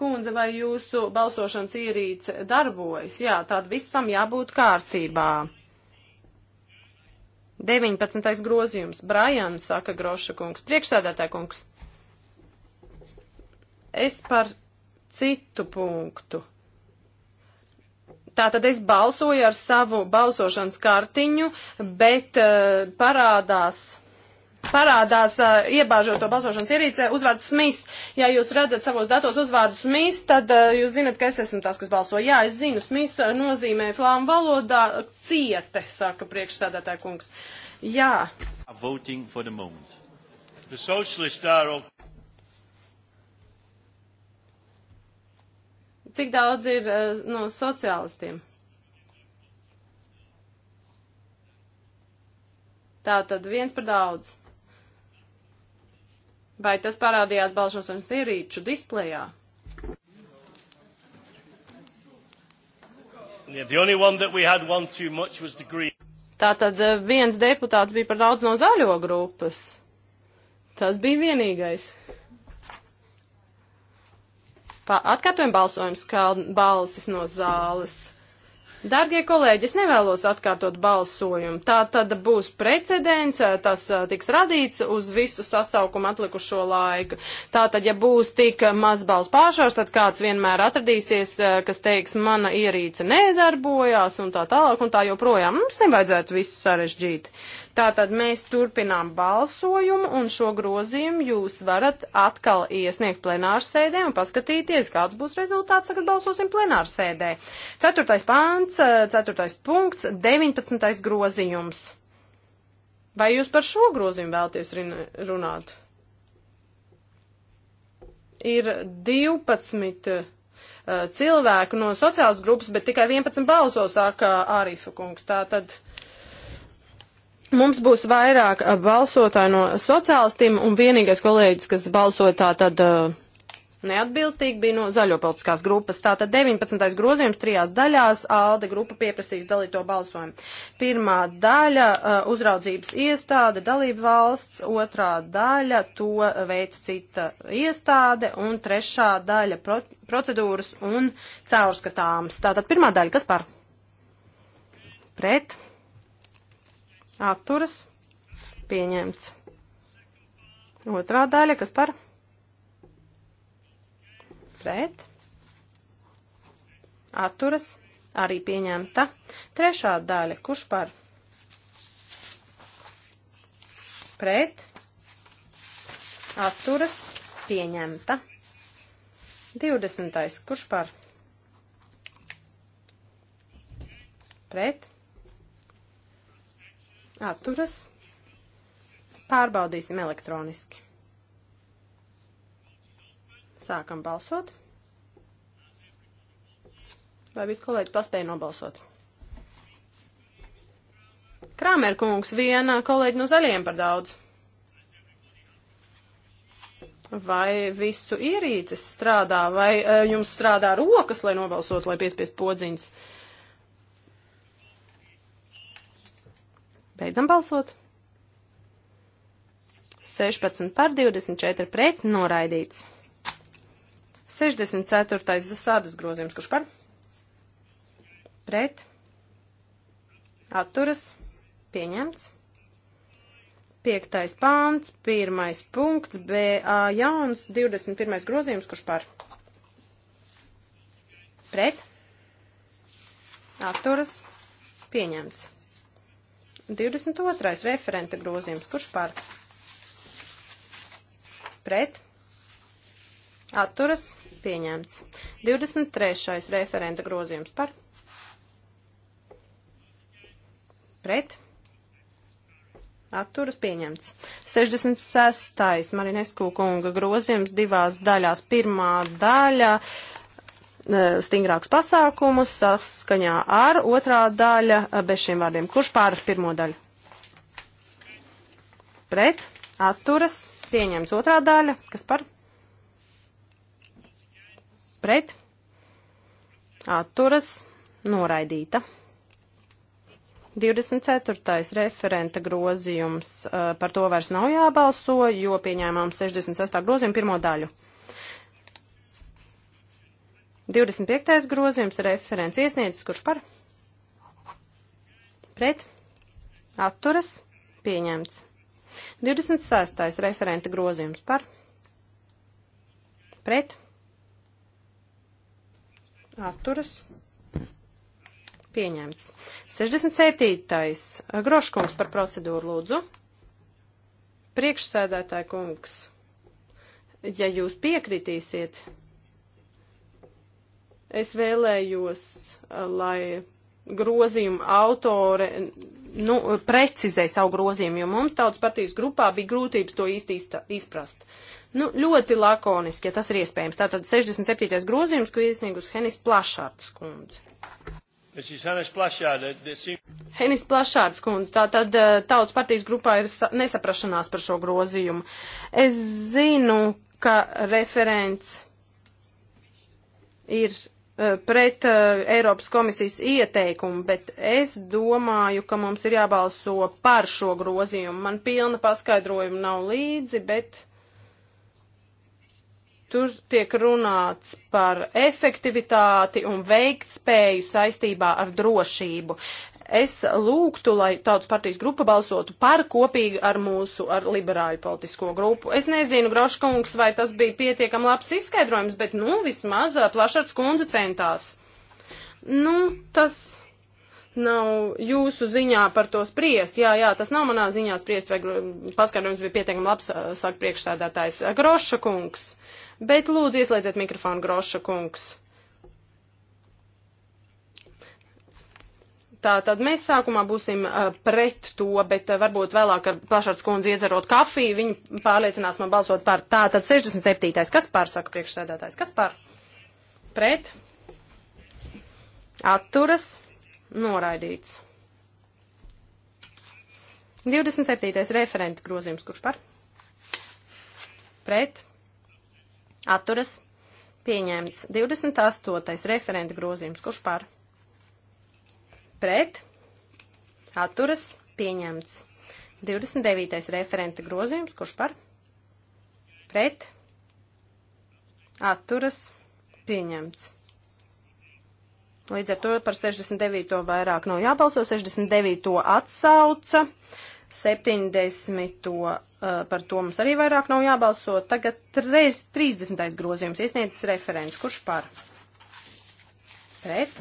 Kundze, vai jūsu balsošanas ierīce darbojas? Jā, tād visam jābūt kārtībā. 19. grozījums. Brian, saka Groša kungs, priekšsēdētāja kungs. Es par citu punktu. Tātad es balsoju ar savu balsošanas kartiņu, bet uh, parādās parādās, uh, iebāžot to balsošanas ierīcē, uzvārds Smiths. Ja jūs redzat savos datos uzvārdu Smiths, tad uh, jūs zinat, ka es esmu tas, kas balso. Jā, es zinu, Smiths nozīmē flāmu valodā ciete, saka priekšsēdētāja kungs. Jā. Voting for the moment. The socialists are all... Cik daudz ir uh, no sociālistiem? Tā tad viens par daudz. Vai tas parādījās balsošanas ierīču displejā? Yeah, Tātad eh, viens deputāts bija par daudz no zaļo grupas. Tas bija vienīgais atkārtojam balsojums, kā balsis no zāles. Dārgie kolēģi, es nevēlos atkārtot balsojumu. Tā tad būs precedents, eh, tas eh, tiks radīts uz visu sasaukumu atlikušo laiku. Tā tad, ja būs tik maz balsu pāršārs, tad kāds vienmēr atradīsies, eh, kas teiks, mana ierīce nedarbojās un tā tālāk un tā joprojām. Mums nevajadzētu visu sarežģīt. Tātad mēs turpinām balsojumu un šo grozījumu jūs varat atkal iesniegt plenārsēdē un paskatīties, kāds būs rezultāts, kad balsosim plenārsēdē. Ceturtais pāns, ceturtais punkts, 19. grozījums. Vai jūs par šo grozījumu vēlties runāt? ir 12 uh, cilvēku no sociālas grupas, bet tikai 11 balso, saka Ārifa kungs. Tātad Mums būs vairāk uh, balsotāji no sociālistiem, un vienīgais kolēģis, kas balsoja tā tad uh, neatbilstīgi, bija no zaļo politiskās grupas. Tātad 19. grozījums trijās daļās ALDE grupa pieprasīs dalīto balsojumu. Pirmā daļa uh, - uzraudzības iestāde, dalība valsts, otrā daļa - to veids cita iestāde, un trešā daļa pro - procedūras un caurskatāms. Tātad pirmā daļa - kas par? Pret? atturas, pieņemts. Otrā daļa, kas par? Pret, atturas, arī pieņemta. Trešā daļa, kurš par? Pret, atturas, pieņemta. 20. Kurš par? Pret atturas. Pārbaudīsim elektroniski. Sākam balsot. Vai visi kolēģi paspēja nobalsot? Krāmerkungs, viena kolēģi no zaļiem par daudz. Vai visu ierīces strādā, vai uh, jums strādā rokas, lai nobalsot, lai piespiest podziņas? Uh, Beidzam balsot. 16 par 24 pret noraidīts. 64. zasādas grozījums, kurš par? Pret. Atturas. Pieņemts. 5. pāns, 1. punkts, BA jauns, 21. grozījums, kurš par? Pret. Atturas. Pieņemts. 22. referenta grozījums. Kurš par? Pret. Atturas. Pieņemts. 23. referenta grozījums par. Pret. Atturas pieņemts. 66. Marinesku kunga grozījums divās daļās. Pirmā daļa. Uh, Eh, stingrākus pasākumus saskaņā ar otrā daļa eh, bez šiem vārdiem. Kurš pār pirmo daļu? Pret, atturas, pieņems otrā daļa. Kas par? Pret, atturas, noraidīta. 24. referenta grozījums. Eh, par to vairs nav jābalso, jo pieņēmām 68. grozījumu pirmo daļu. 25. grozījums referents iesniedzis, kurš par? Pret? Atturas? Pieņemts. 26. referenta grozījums par? Pret? Atturas? Pieņemts. 67. Groškungs par procedūru lūdzu. Priekšsēdētāja kungs, ja jūs piekritīsiet, Es vēlējos, eh, lai grozījuma autore nu, precizē savu grozījumu, jo mums tautas partijas grupā bija grūtības to īsti izprast. Nu, ļoti lakoniski, ja tas ir iespējams. Tātad 67. grozījums, ko iesniegus Henis Plašārds kundze. Henis Plašārds kundze, tā tad eh, tautas partijas grupā ir nesaprašanās par šo grozījumu. Es zinu, ka referents ir Eh, pret eh, Eiropas komisijas ieteikumu, bet es domāju, ka mums ir jābalso par šo grozījumu. Man pilna paskaidrojuma nav līdzi, bet tur tiek runāts par efektivitāti un veiktspēju saistībā ar drošību es lūgtu, lai tautas partijas grupa balsotu par kopīgi ar mūsu, ar liberāļu politisko grupu. Es nezinu, Groškungs, vai tas bija pietiekam labs izskaidrojums, bet, nu, vismaz plašāks kundze centās. Nu, tas nav jūsu ziņā par to spriest. Jā, jā, tas nav manā ziņā spriest, vai paskatījums bija pietiekami labs, saka priekšsēdētājs Groša kungs. Bet lūdzu ieslēdziet mikrofonu, Groša kungs. Tā tad mēs sākumā būsim uh, pret to, bet uh, varbūt vēlāk ar plašāks kundzi iedzerot kafiju, viņi pārliecinās man balsot par tā. Tad 67. kas par, saka priekšsēdētājs, kas par? Pret? Atturas? Noraidīts. 27. referenta grozījums, kurš par? Pret? Atturas? Pieņemts. 28. referenta grozījums, kurš par? Pret? pret, atturas, pieņemts. 29. referenta grozījums, kurš par, pret, atturas, pieņemts. Līdz ar to par 69. vairāk nav jābalso, 69. atsauca, 70. Eh, par to mums arī vairāk nav jābalso. Tagad 30. grozījums iesniedzis referents, kurš par, pret,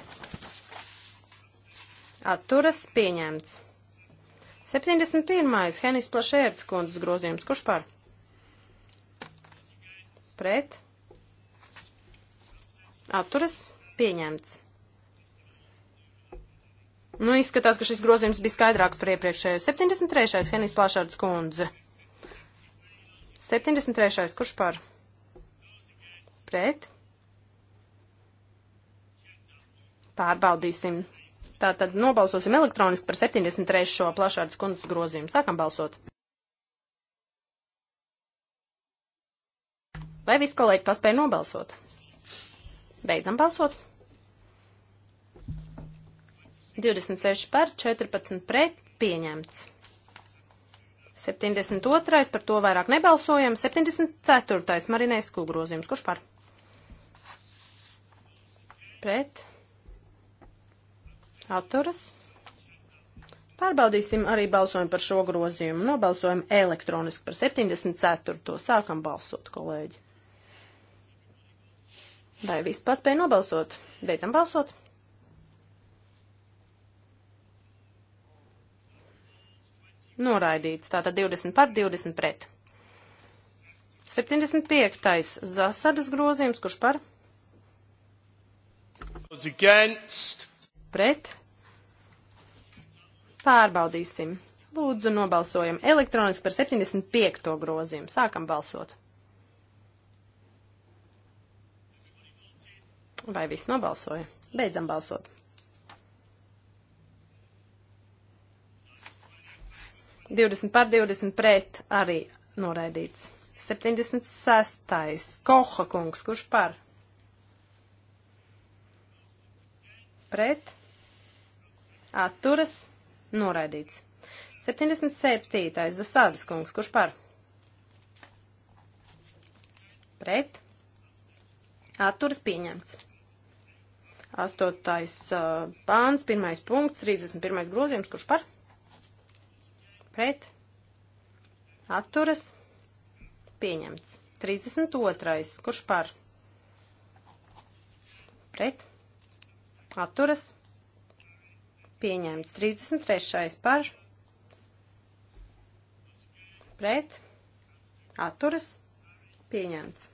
atturas pieņemts. 71. Henis Plašērts kundzes grozījums. Kurš par? Pret. Atturas pieņemts. Nu, izskatās, ka šis grozījums bija skaidrāks par iepriekšējo. 73. Henis Plašērts kundze. 73. Kurš par? Pret. Pārbaudīsim. Tātad nobalsosim elektroniski par 73. plašādas kundzes grozījumu. Sākam balsot. Vai visi kolēģi paspēja nobalsot? Beidzam balsot. 26 par, 14 pret, pieņemts. 72. par to vairāk nebalsojam. 74. marinēs skūgrozījums. Kurš par? Pret. Atturas. Pārbaudīsim arī balsojumu par šo grozījumu. Nobalsojam elektroniski par 74. Sākam balsot, kolēģi. Vai viss paspēja nobalsot? Beidzam balsot. Noraidīts. Tātad 20 par 20 pret. 75. Zasadas grozījums, kurš par? Against pret. Pārbaudīsim. Lūdzu, nobalsojam elektroniski par 75. grozījumu. Sākam balsot. Vai viss nobalsoja? Beidzam balsot. Divdesmit par divdesmit pret arī noraidīts. 76. Koha kungs, kurš par? Pret? atturas, noraidīts. 77. Zasādas kungs, kurš par? Pret, atturas pieņemts. 8. Uh, pāns, 1. punkts, 31. grozījums, kurš par? Pret, atturas, pieņemts. 32. kurš par? Pret, atturas, pieņemts pieņemts. 33. par pret atturas pieņemts.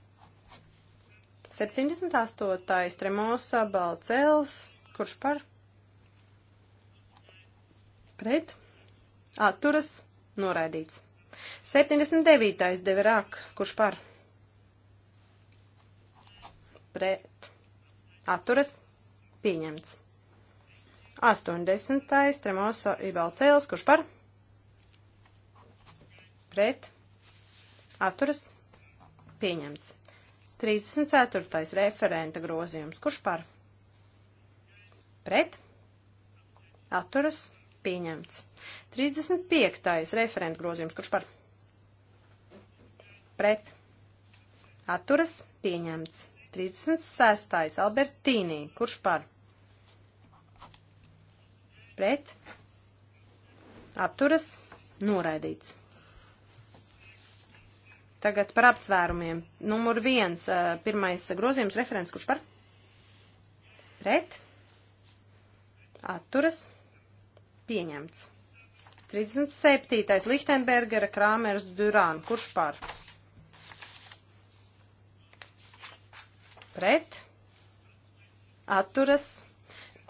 78. Tremosa Balcels, kurš par pret atturas noraidīts. 79. Deverāk, kurš par pret atturas pieņemts. 80. Tremoso Ibalcēls, kurš par? Pret. Atturas. Pieņemts. 34. referenta grozījums. Kurš par? Pret. Atturas. Pieņemts. 35. referenta grozījums. Kurš par? Pret. Atturas. Pieņemts. 36. Albertīnī. Kurš par? pret, atturas, noraidīts. Tagad par apsvērumiem. Numur viens, pirmais grozījums referents, kurš par? Pret, atturas, pieņemts. 37. Lichtenbergera Krāmers Duran, kurš par? Pret, atturas, pieņemts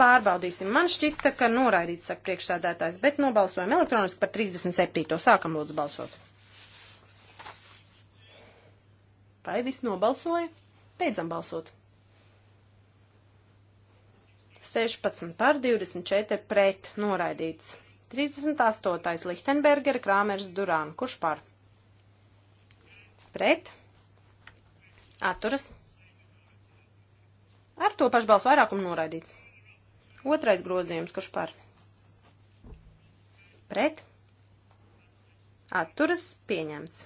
Pārbaudīsim. Man šķita, ka noraidīts, saka priekšsēdētājs, bet nobalsojam elektroniski par 37. Sākam lūdzu balsot. Vai viss nobalsoja? Beidzam balsot. 16 par 24 pret noraidīts. 38. Lichtenberger Krāmers Durān. Kurš par? Pret. Atturas. Ar to pašu balsu vairākumu noraidīts. Otrais grozījums, kurš par? Pret. Atturas pieņemts.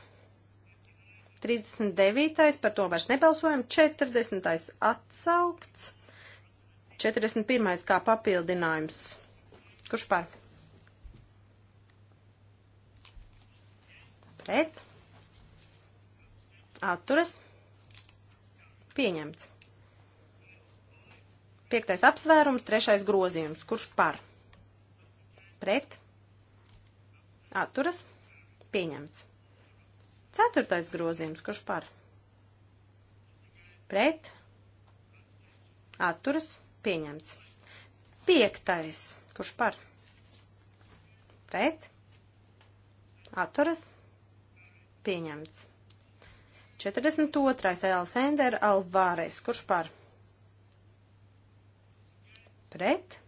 39. par to vairs nebalsojam. 40. atsaukts. 41. kā papildinājums. Kurš par? Pret. Atturas. Pieņemts. Piektais apsvērums, trešais grozījums. Kurš par? Pret? Atturas? Pieņemts. Ceturtais grozījums. Kurš par? Pret? Atturas? Pieņemts. Piektais. Kurš par? Pret? Atturas? Pieņemts. 42. Elsender Alvāres. Kurš par? pret,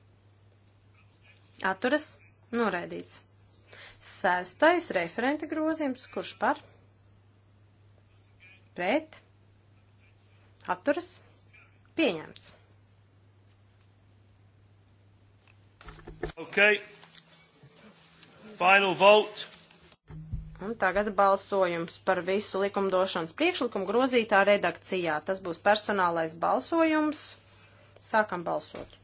atturas, noraidīts. Sestais referenta grozījums, kurš par, pret, atturas, pieņemts. Okay. Final vote. Un tagad balsojums par visu likumdošanas priekšlikumu grozītā redakcijā. Tas būs personālais balsojums. Sākam balsot.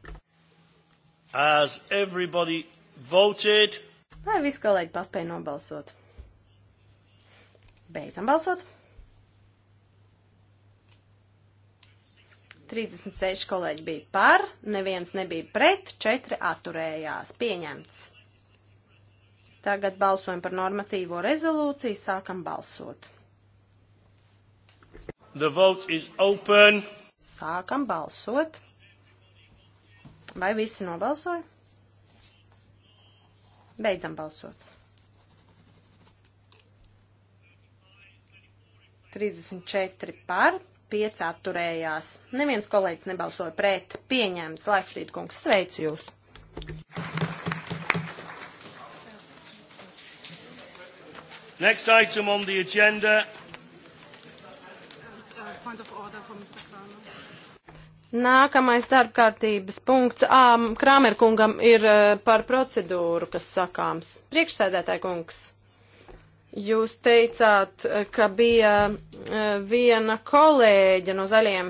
As everybody voted. Lai visi kolēģi paspēja nobalsot. Beidzam balsot. 36 kolēģi bija par, neviens nebija pret, 4 atturējās. Pieņemts. Tagad balsojam par normatīvo rezolūciju, sākam balsot. The vote is open. Sākam balsot. Vai visi nobalsoja? Beidzam balsot. 34 par, 5 atturējās. Neviens kolēģis nebalsoja pret. Pieņemts, Laifrīd kungs, sveicu jūs! Next item on the agenda. Uh, uh point of order for Mr. Kramer. Nākamais darbkārtības punkts ā, Krāmerkungam ir par procedūru, kas sakāms. Priekšsēdētāji kungs, jūs teicāt, ka bija viena kolēģa no zaļiem,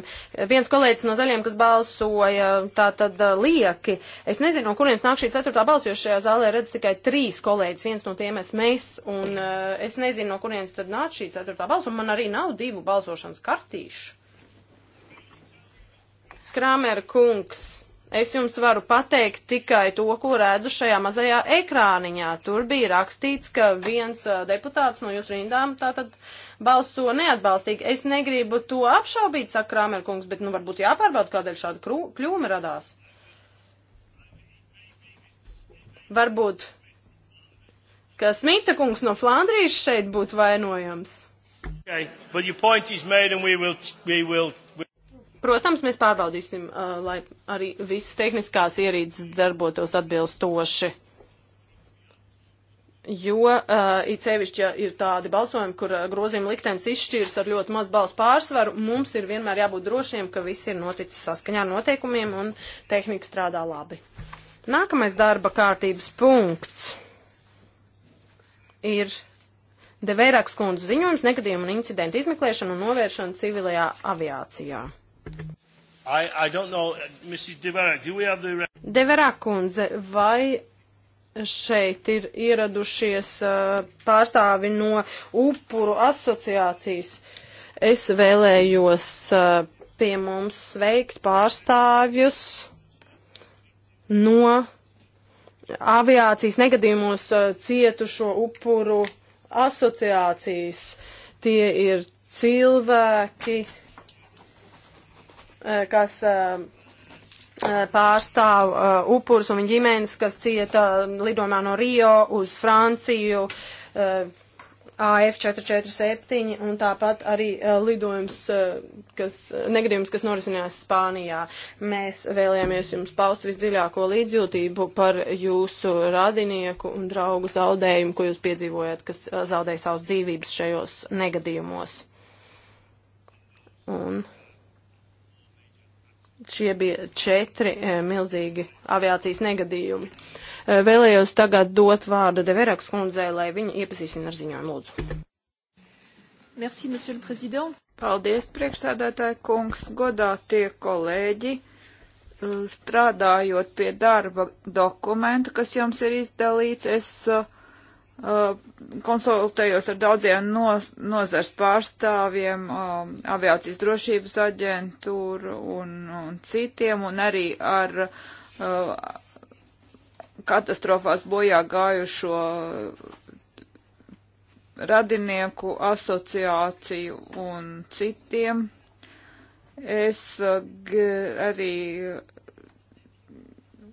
viens kolēģis no zaļiem, kas balsoja tā tad lieki. Es nezinu, no kurienes nāk šī ceturtā balss, jo šajā zālē redz tikai trīs kolēģis, viens no tiem esmu es, un es nezinu, no kurienes tad nāk šī ceturtā balss, un man arī nav divu balsošanas kartīšu. Kramer kungs, es jums varu pateikt tikai to, ko redzu šajā mazajā ekrāniņā. Tur bija rakstīts, ka viens deputāts no jūsu rindām tātad balso neatbalstīgi. Es negribu to apšaubīt, saka Kramer kungs, bet nu varbūt jāpārbauda, kādēļ šāda kļūme radās. Varbūt, ka Smita kungs no Flandrijas šeit būtu vainojams. Okay, but your point is made and we will, we will Protams, mēs pārbaudīsim, uh, lai arī visas tehniskās ierīces darbotos atbilstoši. Jo uh, it sevišķi, ja ir tādi balsojumi, kur uh, grozījuma liktenis izšķirs ar ļoti maz balsu pārsvaru, mums ir vienmēr jābūt drošiem, ka viss ir noticis saskaņā ar noteikumiem un tehnika strādā labi. Nākamais darba kārtības punkts ir Devērāks kundze ziņojums negadījumu un incidentu izmeklēšanu un novēršanu civilajā aviācijā. I, I don't know, Mrs. Devera, do we have the... Devera kundze, vai šeit ir ieradušies uh, pārstāvi no upuru asociācijas? Es vēlējos uh, pie mums sveikt pārstāvjus no aviācijas negadījumos uh, cietušo upuru asociācijas. Tie ir cilvēki, uh, Eh, kas eh, eh, pārstāv uh, upurus un viņa ģimenes, kas cieta lidojumā no Rio uz Franciju, uh, AF447 un tāpat arī uh, lidojums, uh, kas, negadījums, kas norisinājās Spānijā. Mēs vēlējāmies jums paust visdziļāko līdzjūtību par jūsu radinieku un draugu zaudējumu, ko jūs piedzīvojat, kas uh, zaudēja savas dzīvības šajos negadījumos. Un šie bija četri e, milzīgi aviācijas negadījumi. E, vēlējos tagad dot vārdu Deveraks kundzei, lai viņa iepazīstina ar ziņojumu lūdzu. Merci, monsieur le président. Paldies, priekšsēdētāji kungs, godā tie kolēģi e, strādājot pie darba dokumenta, kas jums ir izdalīts, es Uh, konsultējos ar daudziem noz, nozars pārstāvjiem, um, aviācijas drošības aģentūru un, un citiem, un arī ar uh, katastrofās bojā gājušo radinieku asociāciju un citiem. Es uh, arī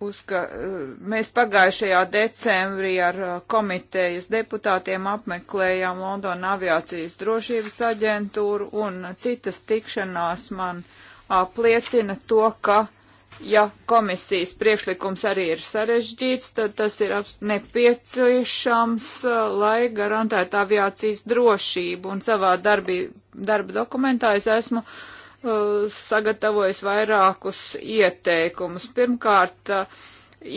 būs, ka eh, mēs pagājušajā decembrī ar eh, komitejas deputātiem apmeklējām Londona aviācijas drošības aģentūru un citas tikšanās man eh, apliecina to, ka ja komisijas priekšlikums arī ir sarežģīts, tad tas ir nepieciešams, lai garantētu aviācijas drošību. Un savā darbi, darba dokumentā es esmu uh, Uh, sagatavojis vairākus ieteikumus. Pirmkārt, uh,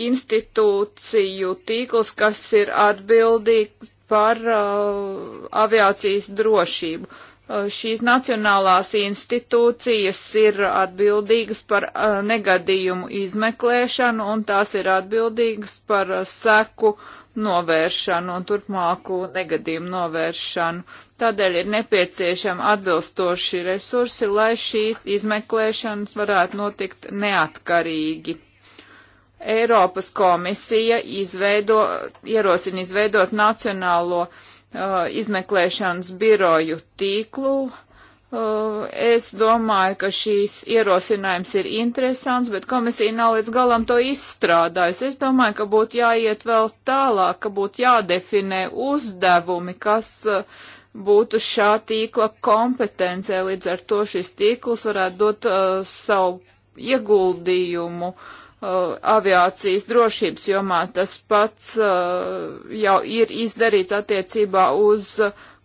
institūciju tīkls, kas ir atbildīgs par uh, aviācijas drošību. Uh, šīs nacionālās institūcijas ir atbildīgas par uh, negadījumu izmeklēšanu un tās ir atbildīgas par uh, seku novēršanu un turpmāku negadījumu novēršanu. Tādēļ ir nepieciešama atbilstoši resursi, lai šīs izmeklēšanas varētu notikt neatkarīgi. Eiropas komisija izveido, ierosina izveidot nacionālo uh, izmeklēšanas biroju tīklu. Uh, es domāju, ka šīs ierosinājums ir interesants, bet komisija nav līdz galam to izstrādājusi. Es domāju, ka būtu jāiet vēl tālāk, ka būtu jādefinē uzdevumi, kas uh, būtu šā tīkla kompetencē. Līdz ar to šis tīkls varētu dot uh, savu ieguldījumu uh, aviācijas drošības jomā. Tas pats uh, jau ir izdarīts attiecībā uz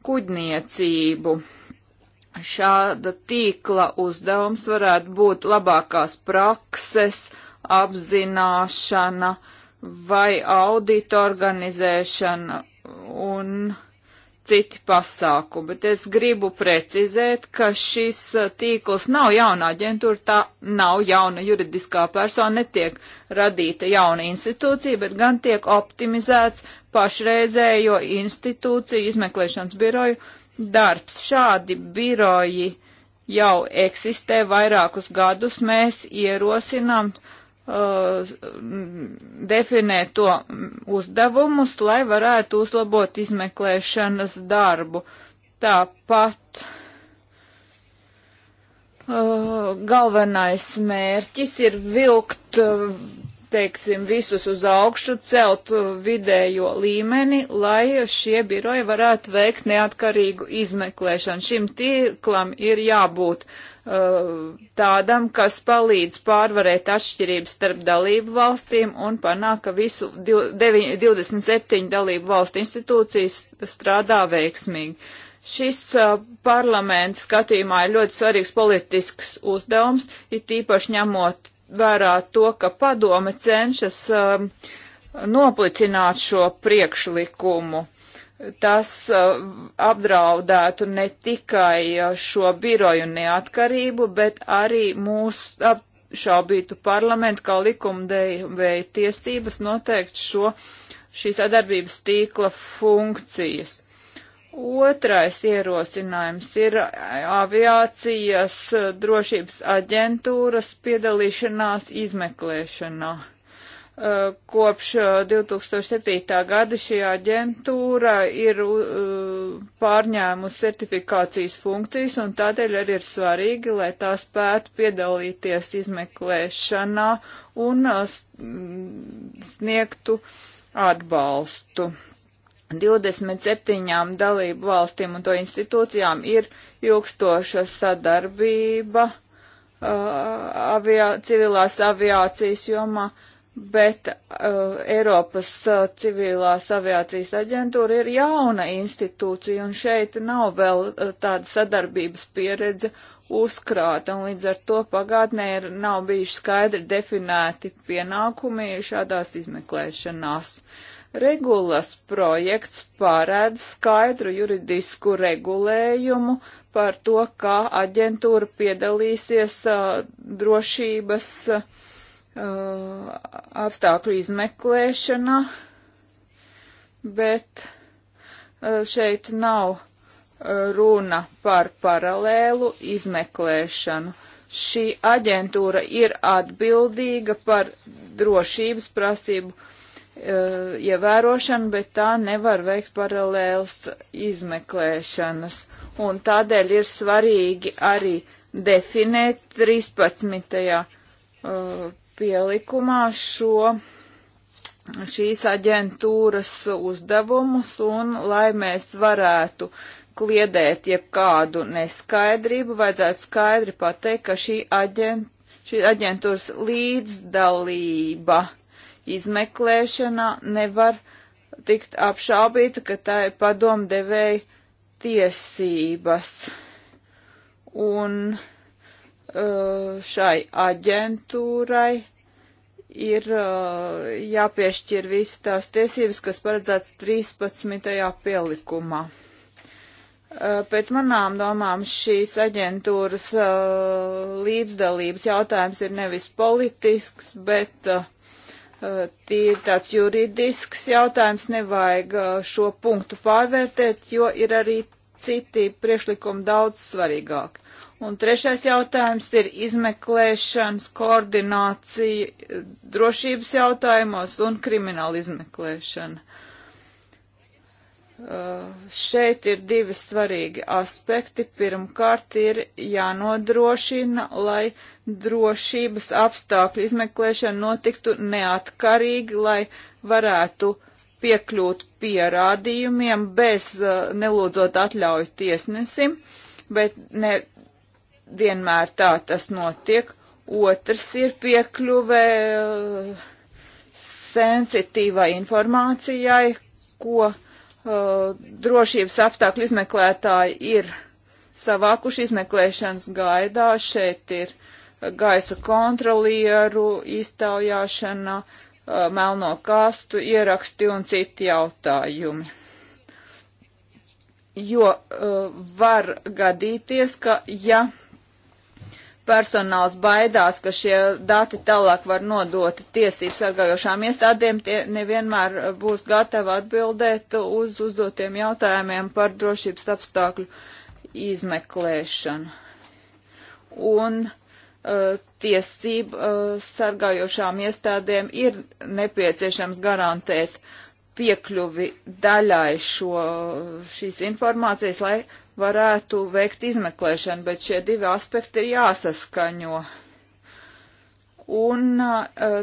kuģniecību. Šāda tīkla uzdevums varētu būt labākās prakses, apzināšana vai audita organizēšana un citi pasākumi, bet es gribu precizēt, ka šis uh, tīkls nav jauna aģentūra, tā nav jauna juridiskā persona, netiek radīta jauna institūcija, bet gan tiek optimizēts pašreizējo institūciju izmeklēšanas biroju darbs. Šādi biroji jau eksistē vairākus gadus, mēs ierosinām uh, Uh, definē to uzdevumus, lai varētu uzlabot izmeklēšanas darbu. Tāpat uh, galvenais mērķis ir vilkt, uh, teiksim, visus uz augšu, celt uh, vidējo līmeni, lai šie biroji varētu veikt neatkarīgu izmeklēšanu. Šim tīklam ir jābūt uh, Uh, tādam, kas palīdz pārvarēt atšķirības starp dalību valstīm un panāk, ka visu 27 dalību valstu institūcijas strādā veiksmīgi. Šis uh, parlaments skatījumā ir ļoti svarīgs politisks uzdevums, ir tīpaši ņemot vērā to, ka padome cenšas uh, noplicināt šo priekšlikumu tas uh, apdraudētu ne tikai uh, šo biroju neatkarību, bet arī mūsu apšaubītu parlamentu kā likumdevēja tiesības noteikt šo šīs sadarbības tīkla funkcijas. Otrais ierosinājums ir aviācijas uh, drošības aģentūras piedalīšanās izmeklēšanā. Eh, kopš 2007. Eh, gada šī aģentūra ir eh, pārņēmusi certifikācijas funkcijas un tādēļ arī ir svarīgi, lai tā spētu piedalīties izmeklēšanā un mm, sniegtu atbalstu. 27 dalību valstīm un to institūcijām ir ilgstoša sadarbība uh, aviā, civilās aviācijas jomā bet uh, Eiropas uh, civilās aviācijas aģentūra ir jauna institūcija, un šeit nav vēl uh, tāda sadarbības pieredze uzkrāta, un līdz ar to pagātnē ir, nav bijuši skaidri definēti pienākumi šādās izmeklēšanās. Regulas projekts pārēdz skaidru juridisku regulējumu par to, kā aģentūra piedalīsies uh, drošības uh, Uh, apstākļu izmeklēšana, bet uh, šeit nav uh, runa par paralēlu izmeklēšanu. Šī aģentūra ir atbildīga par drošības prasību ievērošanu, bet tā nevar veikt paralēlas izmeklēšanas. Un tādēļ ir svarīgi arī definēt 13. Uh, pielikumā šo šīs aģentūras uzdevumus un lai mēs varētu kliedēt jebkādu neskaidrību, vajadzētu skaidri pateikt, ka šī, aģent, šī aģentūras līdzdalība izmeklēšanā nevar tikt apšaubīta, ka tā ir padomdevēja tiesības. Un Eh, šai aģentūrai ir eh, jāpiešķir visas tās tiesības, kas paredzētas 13. pielikumā. Eh, pēc manām domām šīs aģentūras līdzdalības jautājums ir nevis politisks, bet tīri tāds juridisks jautājums. Nevajag šo punktu pārvērtēt, jo ir arī citi priekšlikumi daudz svarīgāki. Un trešais jautājums ir izmeklēšanas koordinācija drošības jautājumos un krimināla izmeklēšana. Uh, šeit ir divi svarīgi aspekti. Pirmkārt, ir jānodrošina, lai drošības apstākļu izmeklēšana notiktu neatkarīgi, lai varētu piekļūt pierādījumiem bez uh, nelūdzot atļauju tiesnesim, bet ne vienmēr tā tas notiek. Otrs ir piekļuve uh, sensitīvai informācijai, ko uh, drošības apstākļu izmeklētāji ir savākuši izmeklēšanas gaidā. Šeit ir gaisa kontrolieru iztaujāšana, uh, melno kastu ieraksti un citi jautājumi. Jo var gadīties, ka ja personāls baidās, ka šie dati tālāk var nodot tiesības sargājošām iestādēm, tie nevienmēr uh, būs gatavi atbildēt uz uzdotiem jautājumiem par drošības apstākļu izmeklēšanu. Un uh, tiesību uh, sargājošām iestādēm ir nepieciešams garantēt piekļuvi daļai šo, šīs informācijas, lai varētu veikt izmeklēšanu, bet šie divi aspekti ir jāsaskaņo. Un uh,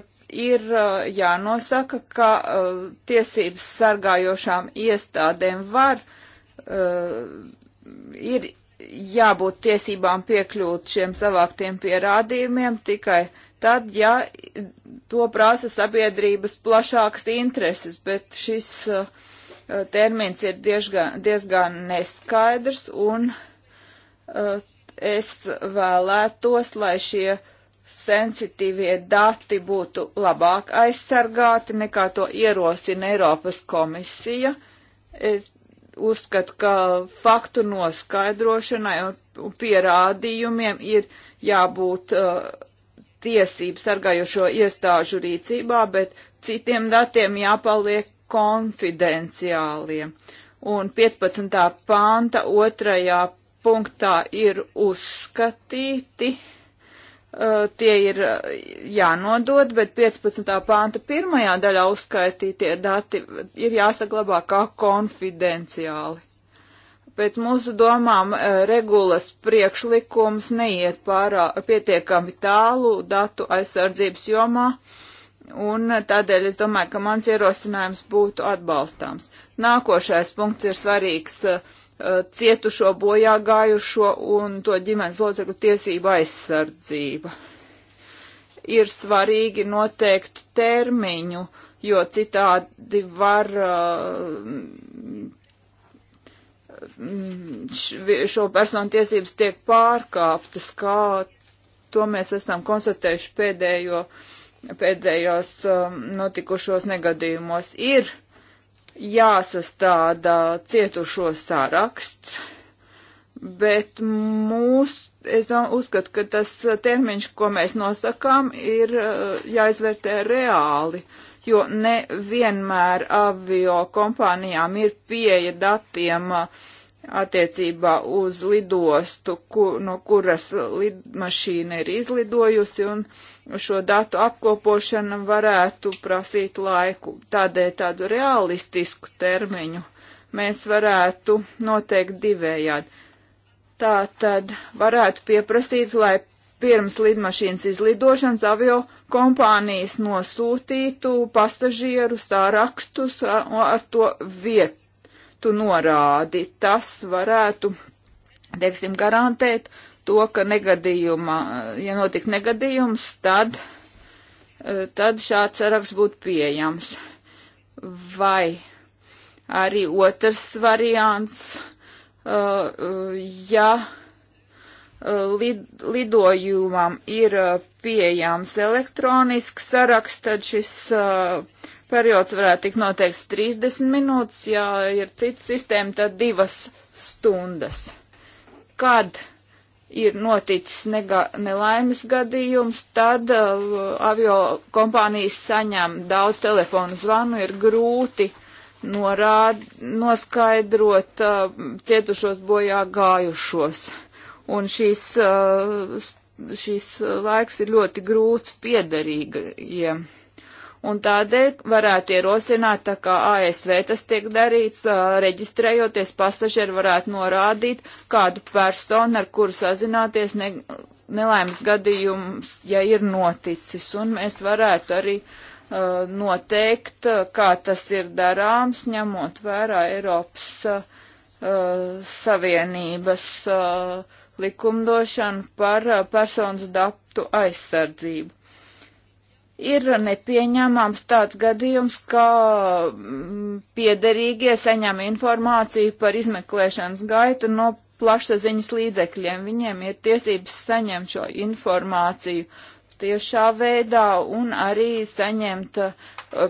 ir uh, jānosaka, ka uh, tiesības sargājošām iestādēm var, uh, ir jābūt tiesībām piekļūt šiem savāktiem pierādījumiem tikai tad, ja to prasa sabiedrības plašākas intereses, bet šis uh, termins ir diezgan, diezgan neskaidrs, un es vēlētos, lai šie sensitīvie dati būtu labāk aizsargāti nekā to ierosina Eiropas komisija. Es uzskatu, ka faktu noskaidrošanai un pierādījumiem ir jābūt uh, tiesību sargājošo iestāžu rīcībā, bet citiem datiem jāpaliek konfidenciālie. Un 15. panta otrajā punktā ir uzskatīti, uh, tie ir uh, jānodod, bet 15. panta pirmajā daļā uzskaitītie dati ir jāsaglabā kā konfidenciāli. Pēc mūsu domām uh, regulas priekšlikums neiet pārā pietiekami tālu datu aizsardzības jomā. Uh, Un tādēļ es domāju, ka mans ierosinājums būtu atbalstāms. Nākošais punkts ir svarīgs uh, cietušo bojā gājušo un to ģimenes locekļu tiesību aizsardzība. Ir svarīgi noteikt termiņu, jo citādi var uh, mm, šo personu tiesības tiek pārkāptas, kā to mēs esam konstatējuši pēdējo uh, pēdējos um, notikušos negadījumos ir jāsastāda cietušo saraksts, bet mūs, es domāju, uzskatu, ka tas termiņš, ko mēs nosakām, ir uh, jāizvērtē reāli, jo nevienmēr avio kompānijām ir pieeja datiem uh, attiecībā uz lidostu, kur, no kuras lidmašīna ir izlidojusi, un šo datu apkopošana varētu prasīt laiku. Tādēļ tādu realistisku termiņu mēs varētu noteikt divējādi. Tā tad varētu pieprasīt, lai pirms lidmašīnas izlidošanas avio kompānijas nosūtītu pasažieru sārakstus ar, ar to vietu tu norādi. Tas varētu, teiksim, garantēt to, ka negadījumā, ja notika negadījums, tad, eh, tad šāds saraksts būtu pieejams. Vai arī otrs variants, eh, ja eh, lid, lidojumam ir pieejams elektronisks saraksts, tad šis Periods varētu tikt noteikts 30 minūtes, ja ir cita sistēma, tad divas stundas. Kad ir noticis nega, nelaimes gadījums, tad uh, avio kompānijas saņem daudz telefonu zvanu, ir grūti norād, noskaidrot uh, cietušos bojā gājušos. Un šīs, uh, šīs laiks ir ļoti grūts piederīgajiem. Ja un tādēļ varētu ierosināt, tā kā ASV tas tiek darīts, reģistrējoties pasažieri varētu norādīt kādu personu, ar kuru sazināties ne, nelaimes gadījums, ja ir noticis, un mēs varētu arī uh, noteikt, kā tas ir darāms, ņemot vērā Eiropas uh, Savienības uh, likumdošanu par personas datu aizsardzību Ir nepieņemams tāds gadījums, ka mm, piederīgie saņem informāciju par izmeklēšanas gaitu no plašsaziņas līdzekļiem. Viņiem ir tiesības saņemt šo informāciju tiešā veidā un arī saņemt uh,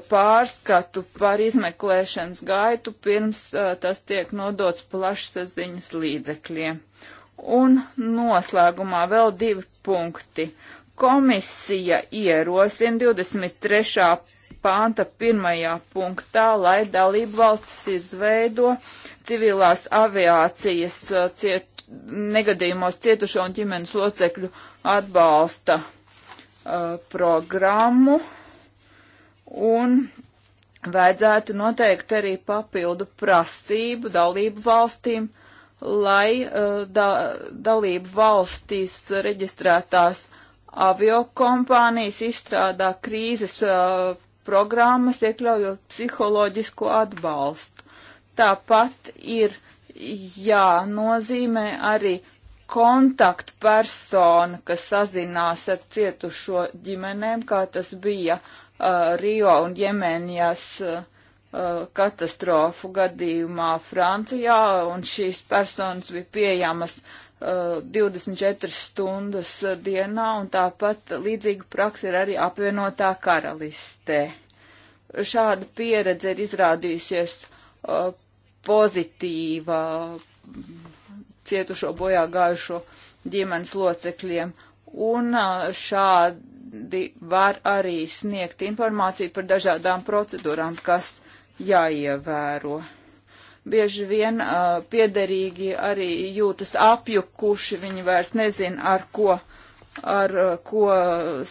pārskatu par izmeklēšanas gaitu pirms uh, tas tiek nodots plašsaziņas līdzekļiem. Un noslēgumā vēl divi punkti. Komisija ierosina 23. panta pirmajā punktā, lai dalību valsts izveido civilās aviācijas uh, ciet, negadījumos cietušo un ģimenes locekļu atbalsta uh, programmu un vajadzētu noteikt arī papildu prasību dalību valstīm, lai uh, da, dalību valstīs reģistrētās aviokompānijas izstrādā krīzes uh, programmas, iekļaujot psiholoģisko atbalstu. Tāpat ir jānozīmē arī kontaktpersona, kas sazinās ar cietušo ģimenēm, kā tas bija uh, Rio un Jemenijas uh, uh katastrofu gadījumā Francijā, un šīs personas bija pieejamas uh, 24 stundas dienā, un tāpat līdzīga praksa ir arī apvienotā karalistē. Šāda pieredze ir izrādījusies uh, pozitīva cietušo bojā gājušo ģimenes locekļiem, un uh, šādi var arī sniegt informāciju par dažādām procedūrām, kas jāievēro bieži vien uh, piederīgi arī jūtas apjukuši, viņi vairs nezina, ar ko, ar uh, ko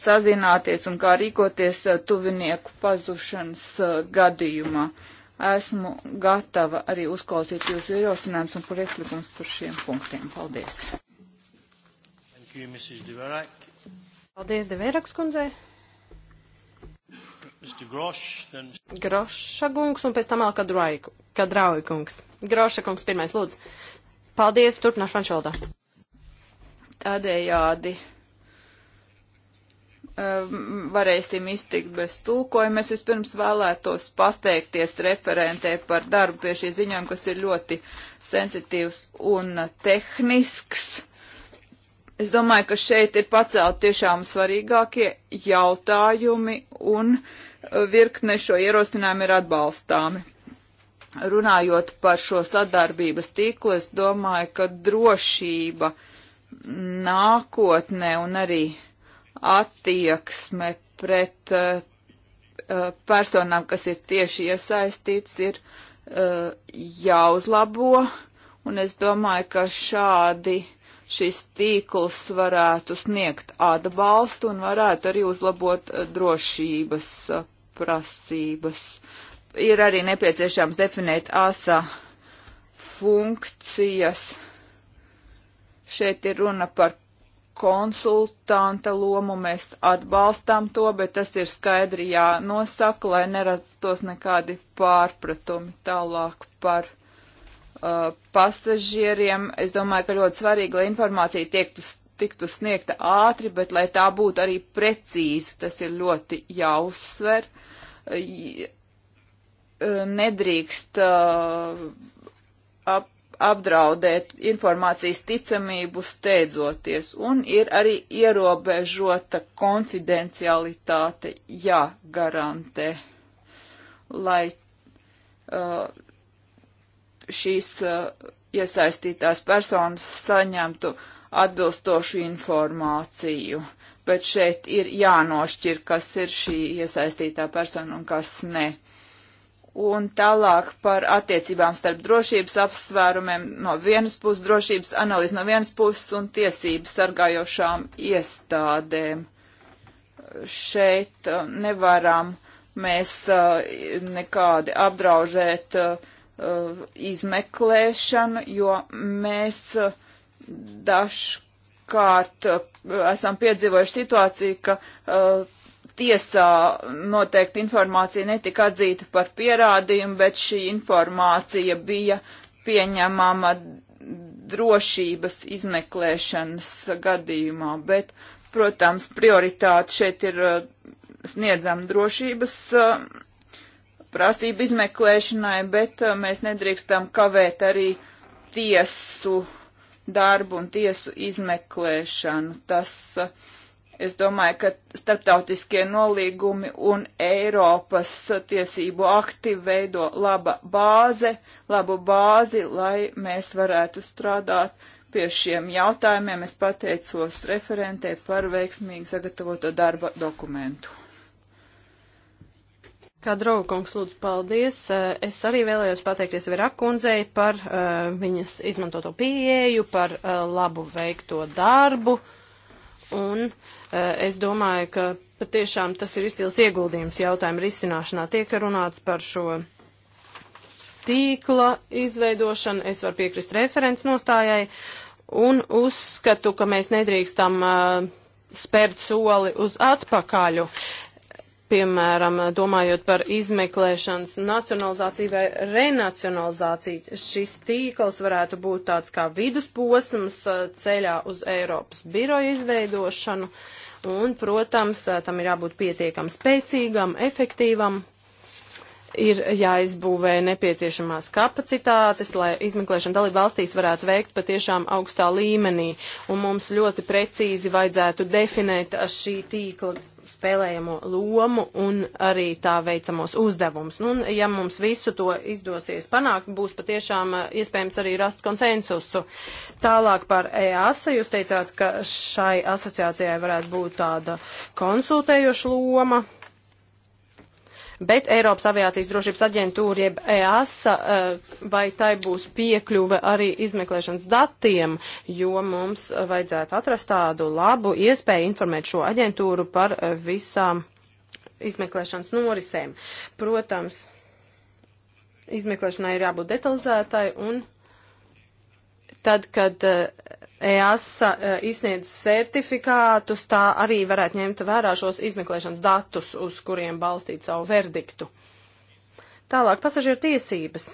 sazināties un kā rīkoties uh, tuvinieku pazušanas uh, gadījumā. Esmu gatava arī uzklausīt jūsu ierosinājumus un priekšlikumus par šiem punktiem. Paldies! Thank you, Mrs. Deverak. Paldies, Deveraks kundzei! Grošs then... kungs un pēc tam vēl Kadrauja kungs. Groša kungs pirmais lūdzu. Paldies, turpināšu Frančoldā. Tādējādi um, varēsim iztikt bez tūkojuma. Es vispirms vēlētos pateikties referentē par darbu pie šī ziņojuma, kas ir ļoti sensitīvs un tehnisks Es domāju, ka šeit ir pacelt tiešām svarīgākie jautājumi un uh, virkne šo ierosinājumu ir atbalstāmi. Runājot par šo sadarbības tīklu, es domāju, ka drošība nākotnē un arī attieksme pret uh, uh, personām, kas ir tieši iesaistīts, ir uh, jāuzlabo. Un es domāju, ka šādi uh, šis tīkls varētu sniegt atbalstu un varētu arī uzlabot eh, drošības eh, prasības. Ir arī nepieciešams definēt ASA funkcijas. Šeit ir runa par konsultanta lomu mēs atbalstām to, bet tas ir skaidri jānosaka, lai nerastos nekādi pārpratumi tālāk par Uh, pasažieriem. Es domāju, ka ļoti svarīgi, lai informācija tiektu, tiktu sniegta ātri, bet lai tā būtu arī precīza, tas ir ļoti jāuzsver. Uh, uh, nedrīkst ap, apdraudēt informācijas ticamību steidzoties, un ir arī ierobežota konfidencialitāte jāgarantē, lai uh, šīs uh, iesaistītās personas saņemtu atbilstošu informāciju. Bet šeit ir jānošķir, kas ir šī iesaistītā persona un kas ne. Un tālāk par attiecībām starp drošības apsvērumiem no vienas puses, drošības analīzes no vienas puses un tiesības sargājošām iestādēm. Šeit uh, nevaram mēs uh, nekādi apdraudēt uh, uh, izmeklēšanu, jo mēs uh, dažkārt uh, esam piedzīvojuši situāciju, ka uh, tiesā noteikti informācija netika atzīta par pierādījumu, bet šī informācija bija pieņemama drošības izmeklēšanas gadījumā. Bet, protams, prioritāte šeit ir uh, sniedzama drošības uh, prasību izmeklēšanai, bet uh, mēs nedrīkstam kavēt arī tiesu darbu un tiesu izmeklēšanu. Tas, uh, es domāju, ka starptautiskie nolīgumi un Eiropas tiesību akti veido laba bāze, labu bāzi, lai mēs varētu strādāt pie šiem jautājumiem. Es pateicos referentē par veiksmīgi sagatavoto darba dokumentu. Kā draugu kungs lūdzu paldies. Eh, es arī vēlējos pateikties Verakundzei par uh, viņas izmantoto pieeju, par uh, labu veikto darbu. Un uh, es domāju, ka patiešām tas ir izcils ieguldījums jautājumu risināšanā. Tiek runāts par šo tīkla izveidošanu. Es varu piekrist referents nostājai un uzskatu, ka mēs nedrīkstam. Uh, spērt soli uz atpakaļu piemēram, domājot par izmeklēšanas nacionalizāciju vai renacionalizāciju, šis tīkls varētu būt tāds kā vidusposms uh, ceļā uz Eiropas biroja izveidošanu, un, protams, uh, tam ir jābūt pietiekam spēcīgam, efektīvam. Ir jāizbūvē nepieciešamās kapacitātes, lai izmeklēšana dalību valstīs varētu veikt patiešām augstā līmenī, un mums ļoti precīzi vajadzētu definēt uh, šī tīkla spēlējamo lomu un arī tā veicamos uzdevumus. Nu, un, ja mums visu to izdosies panākt, būs patiešām eh, iespējams arī rast konsensusu. Tālāk par EASA jūs teicāt, ka šai asociācijai varētu būt tāda konsultējoša loma bet Eiropas aviācijas drošības aģentūra, jeb EASA, eh, vai tai būs piekļuve arī izmeklēšanas datiem, jo mums vajadzētu atrast tādu labu iespēju informēt šo aģentūru par eh, visām izmeklēšanas norisēm. Protams, izmeklēšanai ir jābūt detalizētai un tad, kad eh, EASA e, izsniedz certifikātus, tā arī varētu ņemt vērā šos izmeklēšanas datus, uz kuriem balstīt savu verdiktu. Tālāk pasažieru tiesības.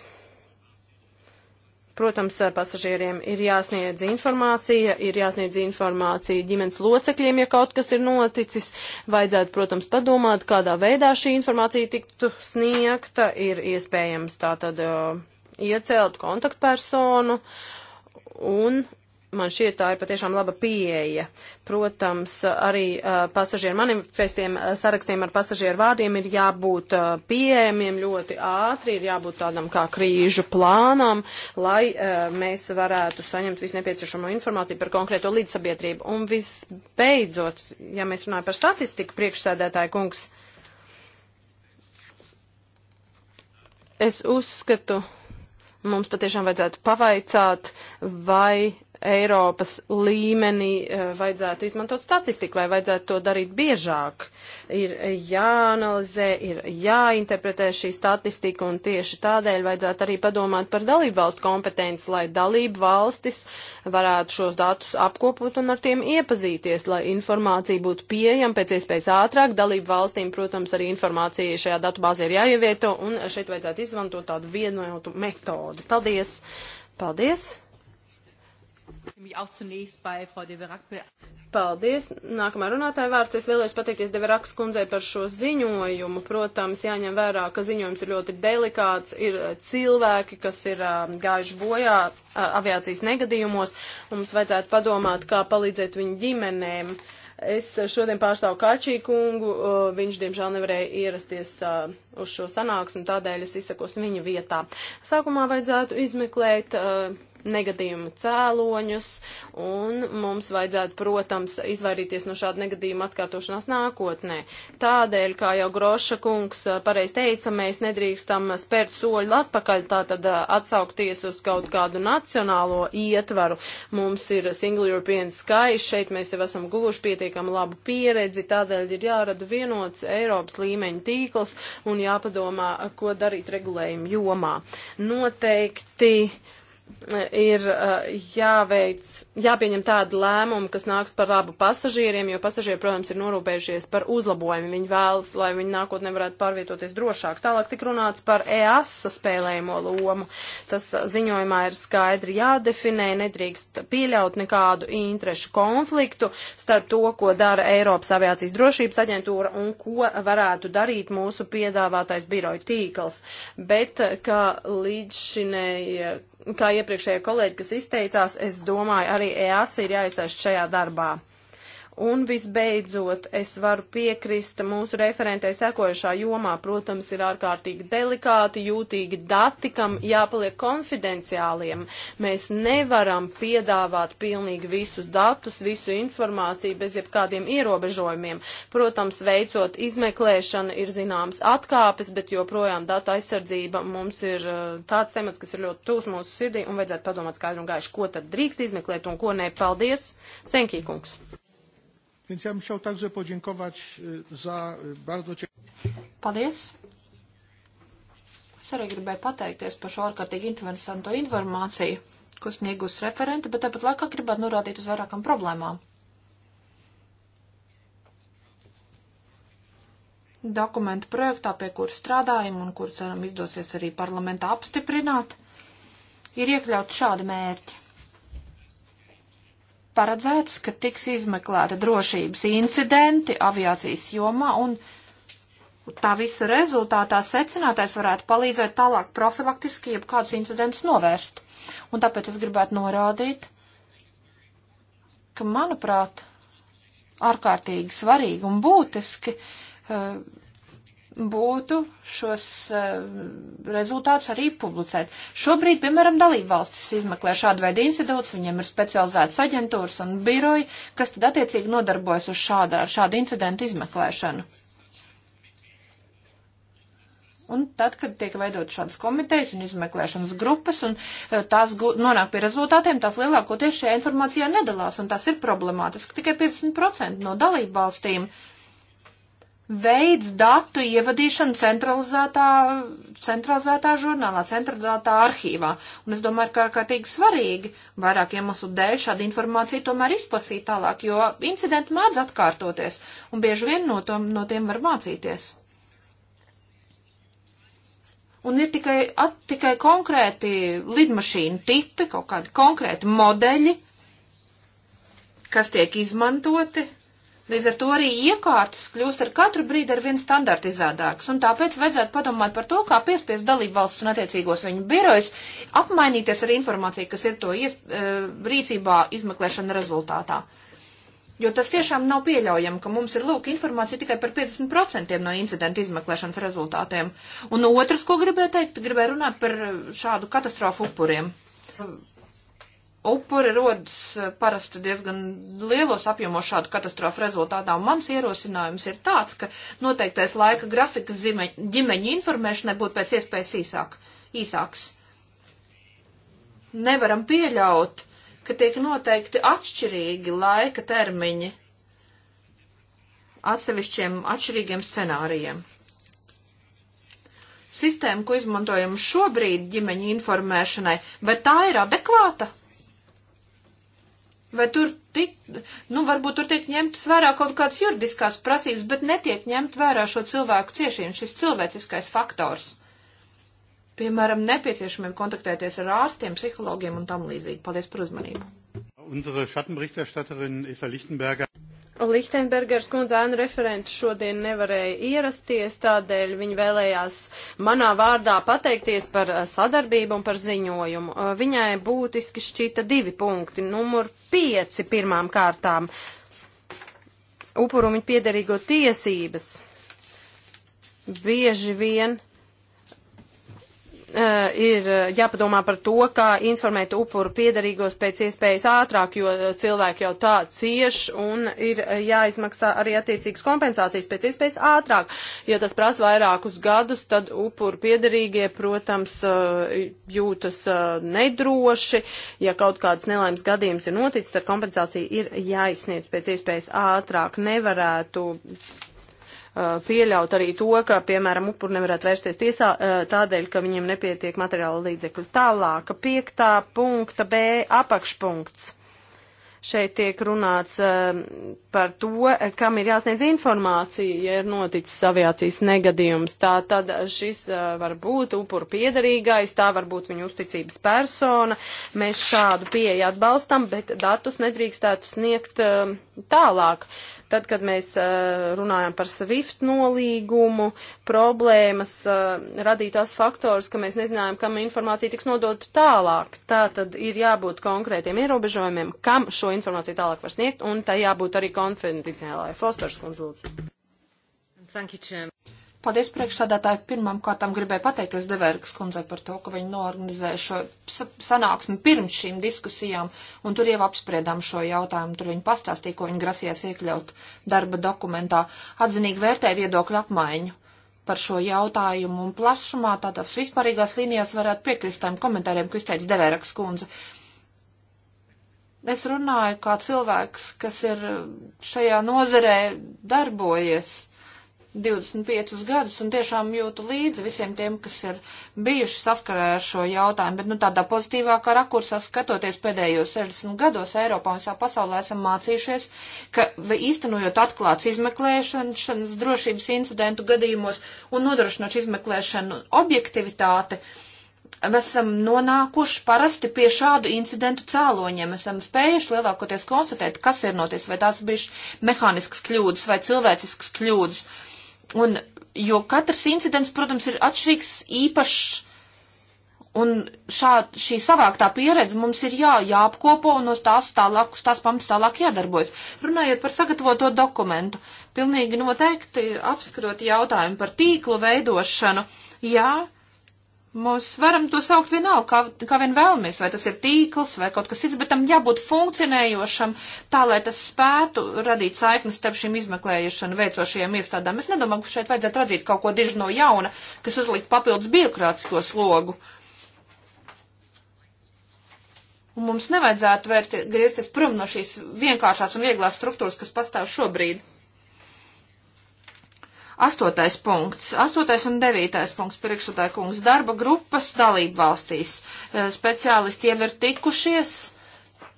Protams, pasažieriem ir jāsniedz informācija, ir jāsniedz informācija ģimenes locekļiem, ja kaut kas ir noticis. Vajadzētu, protams, padomāt, kādā veidā šī informācija tiktu sniegta. Ir iespējams tātad e, iecelt kontaktpersonu un Man šķiet, tā ir patiešām laba pieeja. Protams, arī uh, pasažieru manifestiem, uh, sarakstiem ar pasažieru vārdiem ir jābūt uh, pieejamiem ļoti ātri, ir jābūt tādam kā krīžu plānam, lai uh, mēs varētu saņemt visnepieciešamo informāciju par konkrēto līdzsabiedrību. Un visbeidzot, ja mēs runājam par statistiku, priekšsēdētāja kungs, es uzskatu, mums patiešām vajadzētu pavaicāt, vai Eiropas līmenī eh, vajadzētu izmantot statistiku, vai vajadzētu to darīt biežāk. Ir jāanalizē, ir jāinterpretē šī statistika, un tieši tādēļ vajadzētu arī padomāt par dalību valstu kompetenci, lai dalību valstis varētu šos datus apkopot un ar tiem iepazīties, lai informācija būtu pieejama pēc iespējas ātrāk. Dalību valstīm, protams, arī informācija šajā datubāzē ir jāievieto, un šeit vajadzētu izmantot tādu vienotu metodi. Paldies! Paldies! Paldies. Nākamā runātāja vārds. Es vēlēšu pateikties Deverakas kundzei par šo ziņojumu. Protams, jāņem vērā, ka ziņojums ir ļoti delikāts. Ir eh, cilvēki, kas ir uh, gājuši bojā uh, aviācijas negadījumos. Mums vajadzētu padomāt, kā palīdzēt viņu ģimenēm. Es šodien pārstāvu Kačī kungu. Uh, viņš, diemžēl, nevarēja ierasties uz šo sanāksmi, tādēļ es izsakos viņa vietā. Sākumā vajadzētu izmeklēt negadījumu cēloņus, un mums vajadzētu, protams, izvairīties no šāda negadījuma atkārtošanās nākotnē. Tādēļ, kā jau Groša kungs pareiz teica, mēs nedrīkstam spērt soļu atpakaļ, tātad atsaukties uz kaut kādu nacionālo ietvaru. Mums ir Single European Sky, šeit mēs jau esam guvuši pietiekam labu pieredzi, tādēļ ir jārada vienots Eiropas līmeņa tīkls un jāpadomā, ko darīt regulējumu jomā. Noteikti ir eh, jāveic, jāpieņem tādi lēmumi, kas nāks par labu pasažieriem, jo pasažieri, protams, ir norūpējušies par uzlabojumu. Viņi vēlas, lai viņi nākotnē varētu pārvietoties drošāk. Tālāk tik runāts par EASA spēlējumo lomu. Tas ziņojumā ir skaidri jādefinē, nedrīkst pieļaut nekādu interešu konfliktu starp to, ko dara Eiropas aviācijas drošības aģentūra un ko varētu darīt mūsu piedāvātais biroja tīkls. Bet, eh, ka līdz šinēja eh, kā iepriekšējie kolēģi, kas izteicās, es domāju, arī EAS ir jāiesaist šajā darbā. Un visbeidzot, es varu piekrist mūsu referentē sekojušā jomā, protams, ir ārkārtīgi delikāti, jūtīgi dati, kam jāpaliek konfidenciāliem. Mēs nevaram piedāvāt pilnīgi visus datus, visu informāciju bez jebkādiem ierobežojumiem. Protams, veicot izmeklēšanu ir zināms atkāpes, bet joprojām datu aizsardzība mums ir uh, tāds temats, kas ir ļoti tūs mūsu sirdī un vajadzētu padomāt skaidru un gaišu, ko tad drīkst izmeklēt un ko ne. Paldies, Senkīkungs! Więc ja bym chciał także podziękować za bardzo ciekawą. Paldies! Es arī gribēju pateikties par šo ārkārtīgi interesanto informāciju, ko sniegus referenti, bet tāpat laikā gribētu norādīt uz vairākām problēmām. Dokumentu projektā, pie kur strādājam un kur ceram izdosies arī parlamentā apstiprināt, ir iekļauts šādi mērķi paredzēts, ka tiks izmeklēta drošības incidenti aviācijas jomā un tā visa rezultātā secinātais varētu palīdzēt tālāk profilaktiski jeb kādus incidentus novērst. Un tāpēc es gribētu norādīt, ka, manuprāt, ārkārtīgi svarīgi un būtiski uh, būtu šos eh, rezultātus arī publicēt. Šobrīd, piemēram, dalībvalstis izmeklē šādu veidu institūts, viņiem ir specializētas aģentūras un biroji, kas tad attiecīgi nodarbojas uz šādā, šādu incidentu izmeklēšanu. Un tad, kad tiek veidot šādas komitejas un izmeklēšanas grupas, un eh, tās nonāk pie rezultātiem, tās lielākoties šajā informācijā nedalās, un tas ir problemātiski. Tikai 50% no dalībvalstīm uh, veids datu ievadīšanu centralizētā, centralizētā žurnālā, centralizētā arhīvā. Un es domāju, ka ārkārtīgi svarīgi vairāk iemeslu dēļ šāda informācija tomēr izplasīt tālāk, jo incidenti mēdz atkārtoties, un bieži vien no, tom, no tiem var mācīties. Un ir tikai, at, tikai konkrēti lidmašīnu tipi, kaut kādi konkrēti modeļi, kas tiek izmantoti Līdz ar to arī iekārtas kļūst ar katru brīdi ar vien standartizētāks, un tāpēc vajadzētu padomāt par to, kā piespies dalību valsts un attiecīgos viņu birojas apmainīties ar informāciju, kas ir to ies, e, rīcībā izmeklēšana rezultātā. Jo tas tiešām nav pieļaujami, ka mums ir lūk informācija tikai par 50% no incidentu izmeklēšanas rezultātiem. Un otrs, ko gribēju teikt, gribēju runāt par šādu katastrofu upuriem upuri rodas eh, parasti diezgan lielos apjomos šādu katastrofu rezultātā. Un mans ierosinājums ir tāds, ka noteiktais laika grafikas ģimeņa informēšanai būtu pēc iespējas īsāk, īsāks. Nevaram pieļaut, ka tiek noteikti atšķirīgi laika termiņi atsevišķiem atšķirīgiem scenārijiem sistēma, ko izmantojam šobrīd ģimeņa informēšanai, vai tā ir adekvāta? Vai tur tik, nu, varbūt tur tiek ņemtas vērā kaut kādas juridiskās prasības, bet netiek ņemt vērā šo cilvēku ciešanu, šis cilvēciskais faktors. Piemēram, nepieciešamiem kontaktēties ar ārstiem, psihologiem un tam līdzīgi. Paldies par uzmanību. Unsere Schattenberichterstatterin Eva Lichtenberger Lichtenbergers kundze ēnu referents šodien nevarēja ierasties, tādēļ viņa vēlējās manā vārdā pateikties par eh, sadarbību un par ziņojumu. Eh, viņai būtiski šķita divi punkti. Numur pieci pirmām kārtām upurumiņu piederīgo tiesības. Bieži vien Eh, ir eh, jāpadomā par to, kā informēt upuru piedarīgos pēc iespējas ātrāk, jo eh, cilvēki jau tā cieš un ir jāizmaksā arī attiecīgas kompensācijas pēc iespējas ātrāk. Ja tas prasa vairākus gadus, tad upuru piedarīgie, protams, jūtas nedroši. Ja kaut kāds nelaimes gadījums ir noticis, tad kompensācija ir jāizsniedz pēc iespējas ātrāk. Nevarētu Uh, pieļaut arī to, ka, piemēram, upuri nevarētu vērsties tiesā uh, tādēļ, ka viņiem nepietiek materiāla līdzekļu. Tālāk, piektā punkta B apakšpunkts. Šeit tiek runāts uh, par to, kam ir jāsniedz informācija, ja ir noticis aviācijas negadījums. Tā tad šis var būt upuru piedarīgais, tā var būt viņa uzticības persona. Mēs šādu pieeju atbalstam, bet datus nedrīkstētu sniegt tālāk. Uh, Tad, kad mēs eh, runājam par SWIFT nolīgumu, problēmas eh, radītās faktors, ka mēs nezinājām, kam informācija tiks nodota tālāk. Tā tad ir jābūt konkrētiem ierobežojumiem, kam šo informāciju tālāk var sniegt, un tai jābūt arī konfidenciālai. Fosters, kundz, lūdzu. Thank you, Chairman. Paldies priekšsādātāji. Pirmām kārtām gribēju pateikties Devērgas kundzei par to, ka viņi norganizēja šo sanāksmi pirms šīm diskusijām, un tur jau apspriedām šo jautājumu, tur viņi pastāstīja, ko viņi grasījās iekļaut darba dokumentā. Atzinīgi vērtēja viedokļu apmaiņu par šo jautājumu un plašumā, tātad vispārīgās līnijās varētu piekrist tām komentāriem, ko izteica Devērgas kundze. Es runāju kā cilvēks, kas ir šajā nozerē darbojies 25 gadus un tiešām jūtu līdzi visiem tiem, kas ir bijuši saskarē ar šo jautājumu, bet nu tādā pozitīvākā rakursā skatoties pēdējos 60 gados Eiropā un visā pasaulē esam mācījušies, ka īstenojot atklāts izmeklēšanas drošības incidentu gadījumos un nodrošinot izmeklēšanu objektivitāti, esam nonākuši parasti pie šādu incidentu cēloņiem. Esam spējuši lielākoties konstatēt, kas ir noticis, vai tās bija mehāniskas kļūdas vai cilvēciskas kļūdas. Uh, Un, jo katrs incidents, protams, ir atšķirīgs, īpašs, un šā, šī savāktā pieredze mums ir jā, jāapkopo un uz tās tālāk, uz tās pamats tālāk jādarbojas. Runājot par sagatavoto dokumentu, pilnīgi noteikti apskarot jautājumu par tīklu veidošanu, jā, Mums varam to saukt vienalga, kā, kā vien vēlamies, vai tas ir tīkls vai kaut kas cits, bet tam jābūt funkcionējošam, tā lai tas spētu radīt saiknes starp šīm izmeklējušanu veicošajām iestādām. Es nedomāju, ka šeit vajadzētu radzīt kaut ko diži no jauna, kas uzlikt papildus birokrātisko slogu. Un mums nevajadzētu vērt, griezties prom no šīs vienkāršās un vieglās struktūras, kas pastāv šobrīd. Astotais punkts. Astotais un devītais punkts priekšsādāja kungs. Darba grupas dalību valstīs. E, speciālisti jau ir tikušies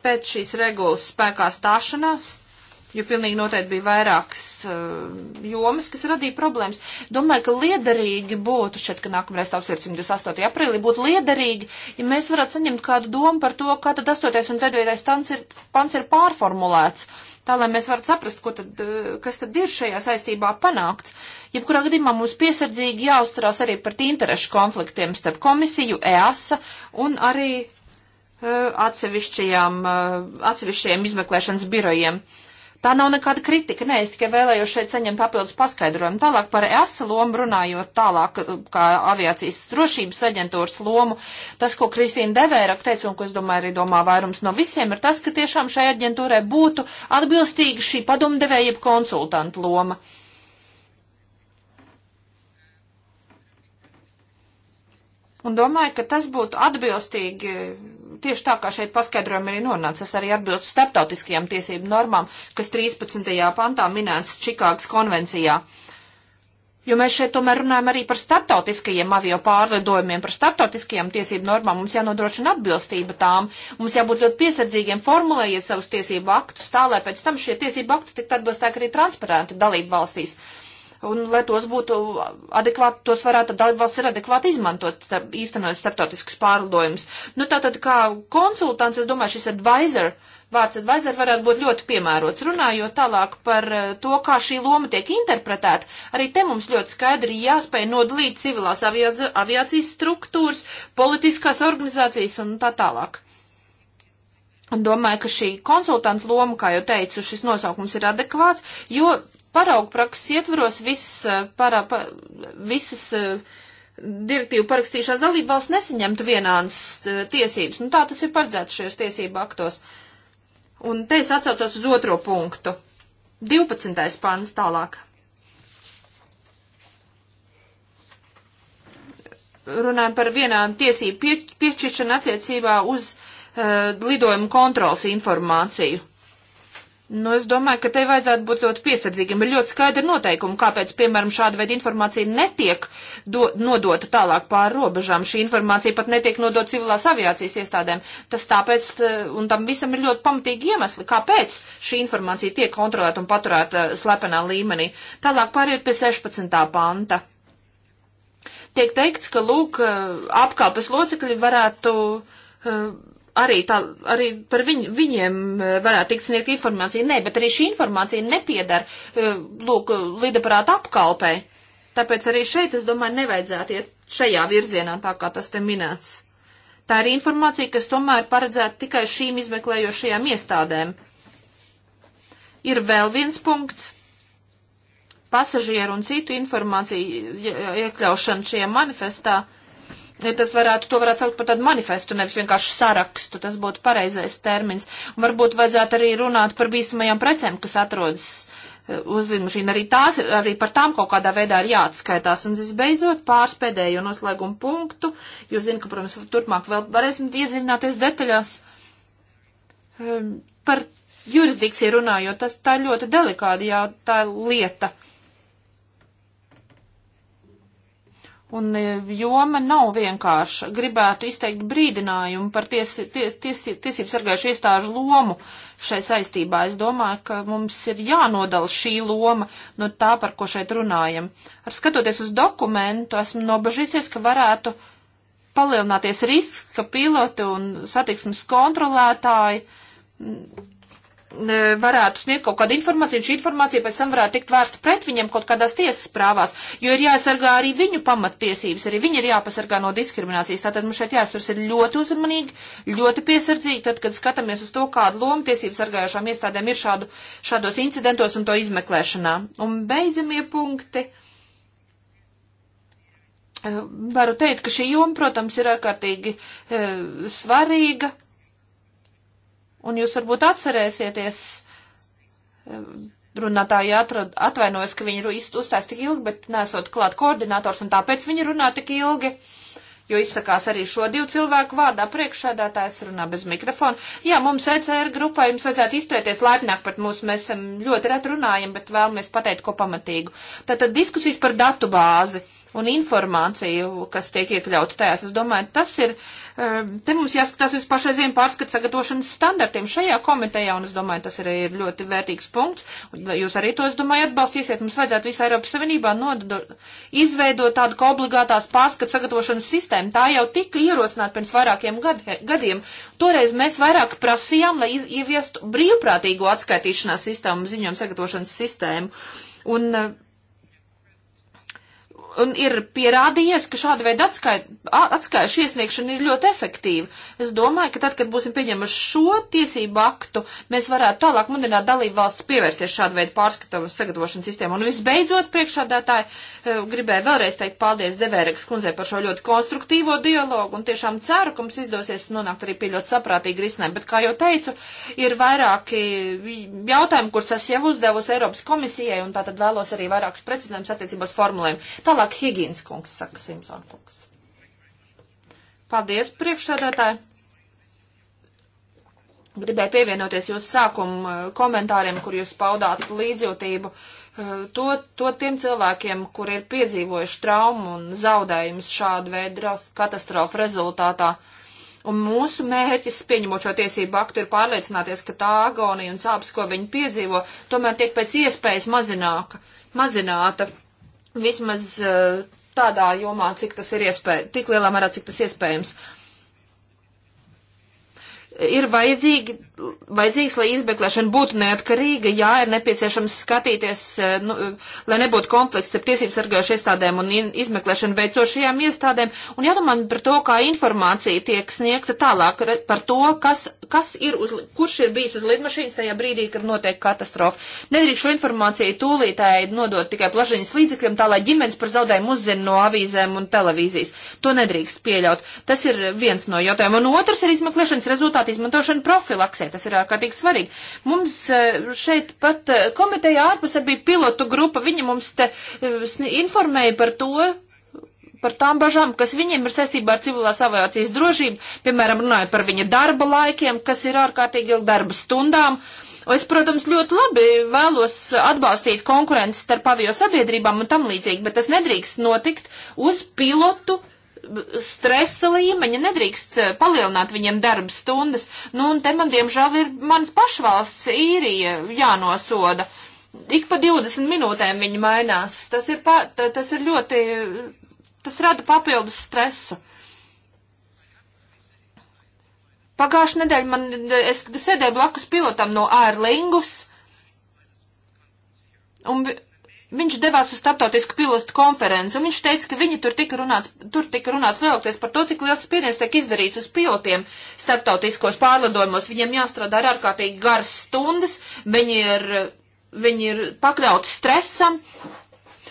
pēc šīs regulas spēkā stāšanās jo pilnīgi noteikti bija vairākas uh, jomas, kas radīja problēmas. Domāju, ka liederīgi būtu, šeit, ka nākamreiz tavs ir 128. aprīlī, būtu liederīgi, ja mēs varētu saņemt kādu domu par to, kā tad 8. un 9. Ir, pants ir pārformulēts, tā lai mēs varētu saprast, tad, eh, kas tad ir šajā saistībā panākts. Jebkurā gadījumā mums piesardzīgi jāuzturās arī par interešu konfliktiem starp komisiju, EASA un arī uh, atsevišķajām, uh, atsevišķajiem izmeklēšanas birojiem. Uh, Tā nav nekāda kritika, nē, es tikai vēlējos šeit saņemt papildus paskaidrojumu. Tālāk par ESA lomu runājot, tālāk kā aviācijas drošības aģentūras lomu, tas, ko Kristīna Devērak teica un ko es domāju arī domā vairums no visiem, ir tas, ka tiešām šai aģentūrai būtu atbilstīga šī padomdevēja jeb konsultanta loma. Un domāju, ka tas būtu atbilstīgi tieši tā, kā šeit paskaidrojumi arī nonācis, arī atbilst starptautiskajām tiesību normām, kas 13. pantā minēts Čikāgas konvencijā. Jo mēs šeit tomēr runājam arī par starptautiskajiem avio pārlidojumiem, par starptautiskajām tiesību normām. Mums jānodrošina atbilstība tām. Mums jābūt ļoti piesardzīgiem, formulējiet savus tiesību aktus tā, lai pēc tam šie tiesību akti tiktu atbilstāk arī transparenti dalību valstīs. Uh, un lai tos būtu adekvāti, tos varētu dalībvalsts ir adekvāti izmantot, starp, īstenojot starptautiskus pārlidojumus. Nu, tātad kā konsultants, es domāju, šis advisor, vārds advisor varētu būt ļoti piemērots. Runājot tālāk par eh, to, kā šī loma tiek interpretēta, arī te mums ļoti skaidri jāspēj nodalīt civilās aviācijas struktūras, politiskās organizācijas un tā tālāk. Un domāju, ka šī konsultanta loma, kā jau teicu, šis nosaukums ir adekvāts, jo paraugu prakses ietvaros viss, eh, para, pa, visas eh, direktīvu parakstījušās dalībvalsts nesaņemtu vienādas eh, tiesības. Nu, tā tas ir paredzēts šajos tiesību aktos. Un te es atsaucos uz otro punktu. 12. pāns tālāk. Runājam par vienādu tiesību piešķiršanu attiecībā uz uh, lidojumu kontrols informāciju. Nu, es domāju, ka te vajadzētu būt ļoti piesardzīgiem. Ir ļoti skaidri noteikumi, kāpēc, piemēram, šāda veida informācija netiek do, nodota tālāk pāri robežām. Šī informācija pat netiek nodota civilās aviācijas iestādēm. Tas tāpēc, eh, un tam visam ir ļoti pamatīgi iemesli, kāpēc šī informācija tiek kontrolēta un paturēta slepenā līmenī. Tālāk pāriet pie 16. panta. Tiek teikts, ka, lūk, eh, apkalpes locekļi varētu eh, arī, tā, arī par viņ, viņiem eh, varētu tikt sniegt informācija. Nē, bet arī šī informācija nepiedar, eh, lūk, lidaparāta apkalpē. Tāpēc arī šeit, es domāju, nevajadzētu iet šajā virzienā, tā kā tas te minēts. Tā ir informācija, kas tomēr paredzēta tikai šīm izmeklējošajām iestādēm. Ir vēl viens punkts - pasažieru un citu informāciju iekļaušana šajā manifestā. Uh, Ja tas varētu, to varētu saukt par tādu manifestu, nevis vienkārši sarakstu. Tas būtu pareizais termins. Un varbūt vajadzētu arī runāt par bīstamajām precēm, kas atrodas e, uzlīdmašīna. Arī tās, arī par tām kaut kādā veidā ir jāatskaitās. Un visbeidzot, pāris pēdējo noslēgumu punktu. Jūs zināt, ka, protams, turpmāk vēl varēsim iedziļināties detaļās. Ehm, par jurisdikciju runājot, tas tā ļoti delikādi jā, tā lieta. Un e, joma nav vienkārša. Gribētu izteikt brīdinājumu par ties, ties, ties, tiesību sargājušu iestāžu lomu šai saistībā. Es domāju, ka mums ir jānodala šī loma no tā, par ko šeit runājam. Ar skatoties uz dokumentu, esmu nobežīsies, ka varētu palielināties risks, ka piloti un satiksmes kontrolētāji E, varētu sniegt kaut kādu informāciju, un šī informācija pēc tam varētu tikt vērsta pret viņiem kaut kādās tiesas prāvās, jo ir jāaizsargā arī viņu pamattiesības, arī viņi ir jāpasargā no diskriminācijas. Tātad mums šeit jāizturas ir ļoti uzmanīgi, ļoti piesardzīgi, tad, kad skatāmies uz to, kādu lomu tiesības sargājušām iestādēm ir šādu, šādos incidentos un to izmeklēšanā. Un beidzamie punkti. E, varu teikt, ka šī joma, protams, ir ārkārtīgi e, svarīga, Un jūs varbūt atcerēsieties, runātāji atvainojas, ka viņi uzstājas tik ilgi, bet nesot klāt koordinators, un tāpēc viņi runā tik ilgi jo izsakās arī šo divu cilvēku vārdā priekšsēdētājs runā bez mikrofona. Jā, mums ECR grupā jums vajadzētu izturēties laipnāk pret mūsu, mēs esam ļoti ret runājam, bet vēlamies pateikt ko pamatīgu. Tātad diskusijas par datu bāzi un informāciju, kas tiek iekļauta tajās. Es domāju, tas ir, eh, te mums jāskatās uz pašreiziem pārskatu sagatavošanas standartiem šajā komitejā, un es domāju, tas arī ir ļoti vērtīgs punkts. Jūs arī to, es domāju, atbalstīsiet. Mums vajadzētu visā Eiropas Savienībā nodo, izveidot tādu kā obligātās pārskatu sagatavošanas sistēmu. Tā jau tika ierosināta pirms vairākiem gad, gadiem. Toreiz mēs vairāk prasījām, lai ieviestu brīvprātīgo atskaitīšanās sistēmu, ziņojumu sagatavošanas sistēmu. Un, uh, un ir pierādījies, ka šāda veida atskaišu iesniegšana ir ļoti efektīva. Es domāju, ka tad, kad būsim pieņemuši šo tiesību aktu, mēs varētu tālāk mudināt dalību valsts pievērsties šāda veida pārskatamu sagatavošanas sistēmu. Un visbeidzot, priekšādātāji eh, gribēju vēlreiz teikt paldies Devēreks kundzei par šo ļoti konstruktīvo dialogu un tiešām ceru, ka mums izdosies nonākt arī pie ļoti saprātīga risinājuma. Bet, kā jau teicu, ir vairāki jautājumi, kurus es jau uzdevusi Eiropas komisijai un tātad vēlos arī vairākus precizējumus attiecībās formulēm. Tālāk Tālāk Higīns kungs, saka Simpson kungs. Paldies, priekšsādātāji! Gribēju pievienoties jūsu sākuma eh, komentāriem, kur jūs paudāt līdzjūtību eh, to, to tiem cilvēkiem, kur ir piedzīvojuši traumu un zaudējumus šādu veidu katastrofu rezultātā. Un mūsu mērķis, pieņemot šo tiesību aktu, ir pārliecināties, ka tā agonija un sāpes, ko viņi piedzīvo, tomēr tiek pēc iespējas mazināka, mazināta vismaz eh, tādā jomā, cik tas ir iespējams, tik lielā mērā, cik tas iespējams. Ir vajadzīgi vajadzīgs, lai izmeklēšana būtu neatkarīga, jā, ir nepieciešams skatīties, e, nu, e, lai nebūtu konflikts ar tiesību sargājušu iestādēm un izmeklēšanu veicošajām iestādēm, un jādomā par to, kā informācija tiek sniegta tālāk, par to, kas, kas ir uz, kurš ir bijis uz lidmašīnas tajā brīdī, kad notiek katastrofa. Nedrīkst šo informāciju tūlītēji nodot tikai plašiņas līdzekļiem, tā lai ģimenes par zaudējumu uzzina no avīzēm un televīzijas. To nedrīkst pieļaut. Tas ir viens no jautājumiem. Un otrs ir izmeklēšanas rezultāti izmantošana profilaksē tādēļ tas ir ārkārtīgi svarīgi. Mums eh, šeit pat eh, komiteja ārpusē bija pilotu grupa, viņi mums te eh, informēja par to, par tām bažām, kas viņiem ir saistībā ar civilās aviācijas drošību, piemēram, runājot par viņa darba laikiem, kas ir ārkārtīgi ilgi darba stundām. Un es, protams, ļoti labi vēlos atbalstīt konkurences starp avio sabiedrībām un tam līdzīgi, bet tas nedrīkst notikt uz pilotu stresa līmeņa, nedrīkst eh, palielināt viņiem darba stundas. Nu, un te man, diemžēl, ir mans pašvalsts īrija jānosoda. Ik pa 20 minūtēm viņi mainās. Tas ir, pa, tas ir ļoti, tas rada papildus stresu. Pagājušā nedēļa man, es sēdēju blakus pilotam no ērlingus, un vi, Viņš devās uz starptautisku pilotu konferenci, un viņš teica, ka viņi tur tika runāts, tur tika runāts lielākoties par to, cik liels spiediens tiek izdarīts uz pilotiem starptautiskos pārlidojumos. Viņiem jāstrādā ar ārkārtīgi garas stundas, viņi ir, viņi ir pakļauti stresam,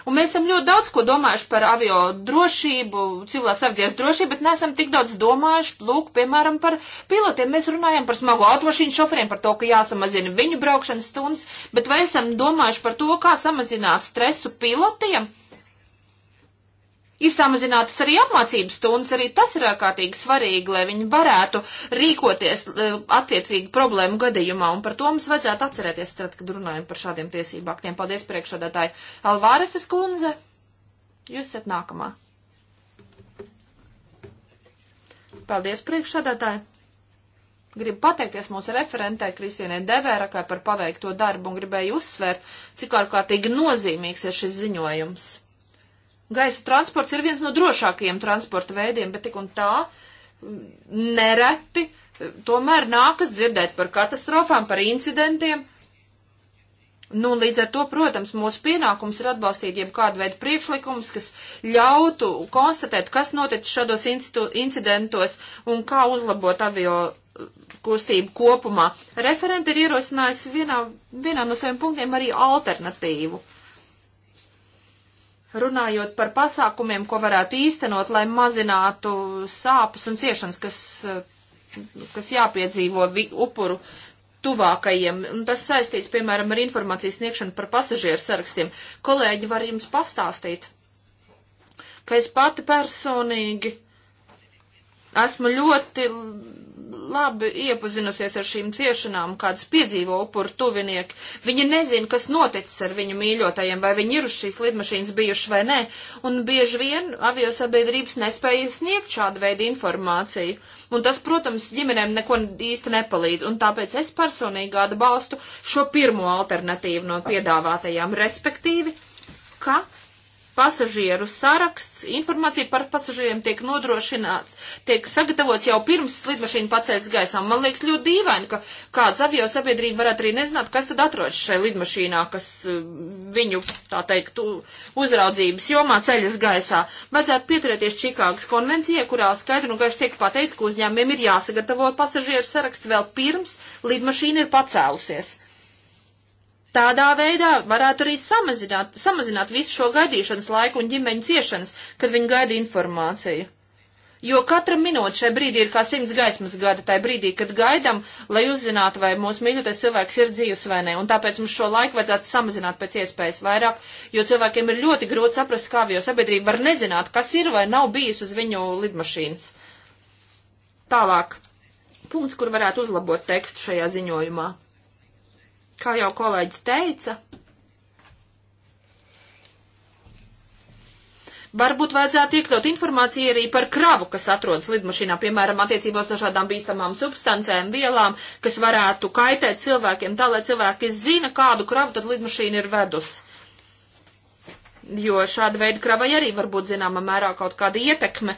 Un mēs esam ļoti daudz ko domājuši par avio drošību, civilās apdzies drošību, bet neesam tik daudz domājuši, lūk, piemēram, par pilotiem. Mēs runājam par smago automašīnu šoferiem, par to, ka jāsamazina viņu braukšanas stundas, bet vai esam domājuši par to, kā samazināt stresu pilotiem? Ir samazinātas arī apmācības stundas, arī tas ir ārkārtīgi svarīgi, lai viņi varētu rīkoties e, attiecīgi problēmu gadījumā, un par to mums vajadzētu atcerēties, tad, kad runājam par šādiem tiesību aktiem. Paldies priekšādātāji Alvāreses kundze. Jūs esat nākamā. Paldies priekšādātāji. Gribu pateikties mūsu referentē Kristienai Devērakai par paveikto darbu un gribēju uzsvērt, cik ārkārtīgi nozīmīgs ir šis ziņojums. Gaisa transports ir viens no drošākajiem transporta veidiem, bet tik un tā mm, nereti eh, tomēr nākas dzirdēt par katastrofām, par incidentiem. Nu, līdz ar to, protams, mūsu pienākums ir atbalstīt jebkādu veidu priekšlikumus, kas ļautu konstatēt, kas noticis šādos incidentos un kā uzlabot avio eh, kustību kopumā. Referenti ir ierosinājusi vienā, vienā no saviem punktiem arī alternatīvu. Uh, Runājot par pasākumiem, ko varētu īstenot, lai mazinātu sāpes un ciešanas, kas, eh, kas jāpiedzīvo upuru tuvākajiem, un tas saistīts, piemēram, ar informācijas sniegšanu par pasažieru sarakstiem. Kolēģi var jums pastāstīt, ka es pati personīgi Esmu ļoti labi iepazinusies ar šīm ciešanām, kādas piedzīvo upuru tuvinieki. Viņi nezina, kas noticis ar viņu mīļotajiem, vai viņi ir uz šīs lidmašīnas bijuši vai nē, un bieži vien aviosabiedrības nespēja sniegt šādu veidu informāciju. Un tas, protams, ģimenēm neko īsti nepalīdz, un tāpēc es personīgi atbalstu šo pirmo alternatīvu no piedāvātajām, respektīvi, ka pasažieru saraksts, informācija par pasažieriem tiek nodrošināts, tiek sagatavots jau pirms lidmašīna pacēlas gaisā. Man liekas ļoti dīvaini, ka kāds avio sabiedrība varētu arī nezināt, kas tad atrodas šai lidmašīnā, kas eh, viņu, tā teikt, uzraudzības jomā ceļas gaisā. Vajadzētu pieturēties Čikāgas konvencijai, kurā skaidri un gaiši tiek pateikts, ka uzņēmumiem ir jāsagatavo pasažieru saraksts vēl pirms lidmašīna ir pacēlusies. Tādā veidā varētu arī samazināt, samazināt visu šo gaidīšanas laiku un ģimeņu ciešanas, kad viņi gaida informāciju. Jo katra minūte šai brīdī ir kā simts gaismas gada, tajā brīdī, kad gaidam, lai uzzinātu, vai mūsu mīļotais cilvēks ir dzīves vai nē. Un tāpēc mums šo laiku vajadzētu samazināt pēc iespējas vairāk, jo cilvēkiem ir ļoti grūti saprast, kā jau sabiedrība var nezināt, kas ir vai nav bijis uz viņu lidmašīnas. Tālāk. Punkts, kur varētu uzlabot tekstu šajā ziņojumā. Kā jau kolēģis teica, Varbūt vajadzētu iekļaut informāciju arī par kravu, kas atrodas lidmašīnā, piemēram, attiecībā uz dažādām bīstamām substancēm, vielām, kas varētu kaitēt cilvēkiem, tā lai cilvēki zina, kādu kravu tad lidmašīna ir vedusi. Jo šāda veida kravai arī var būt zināma mērā kaut kāda ietekme.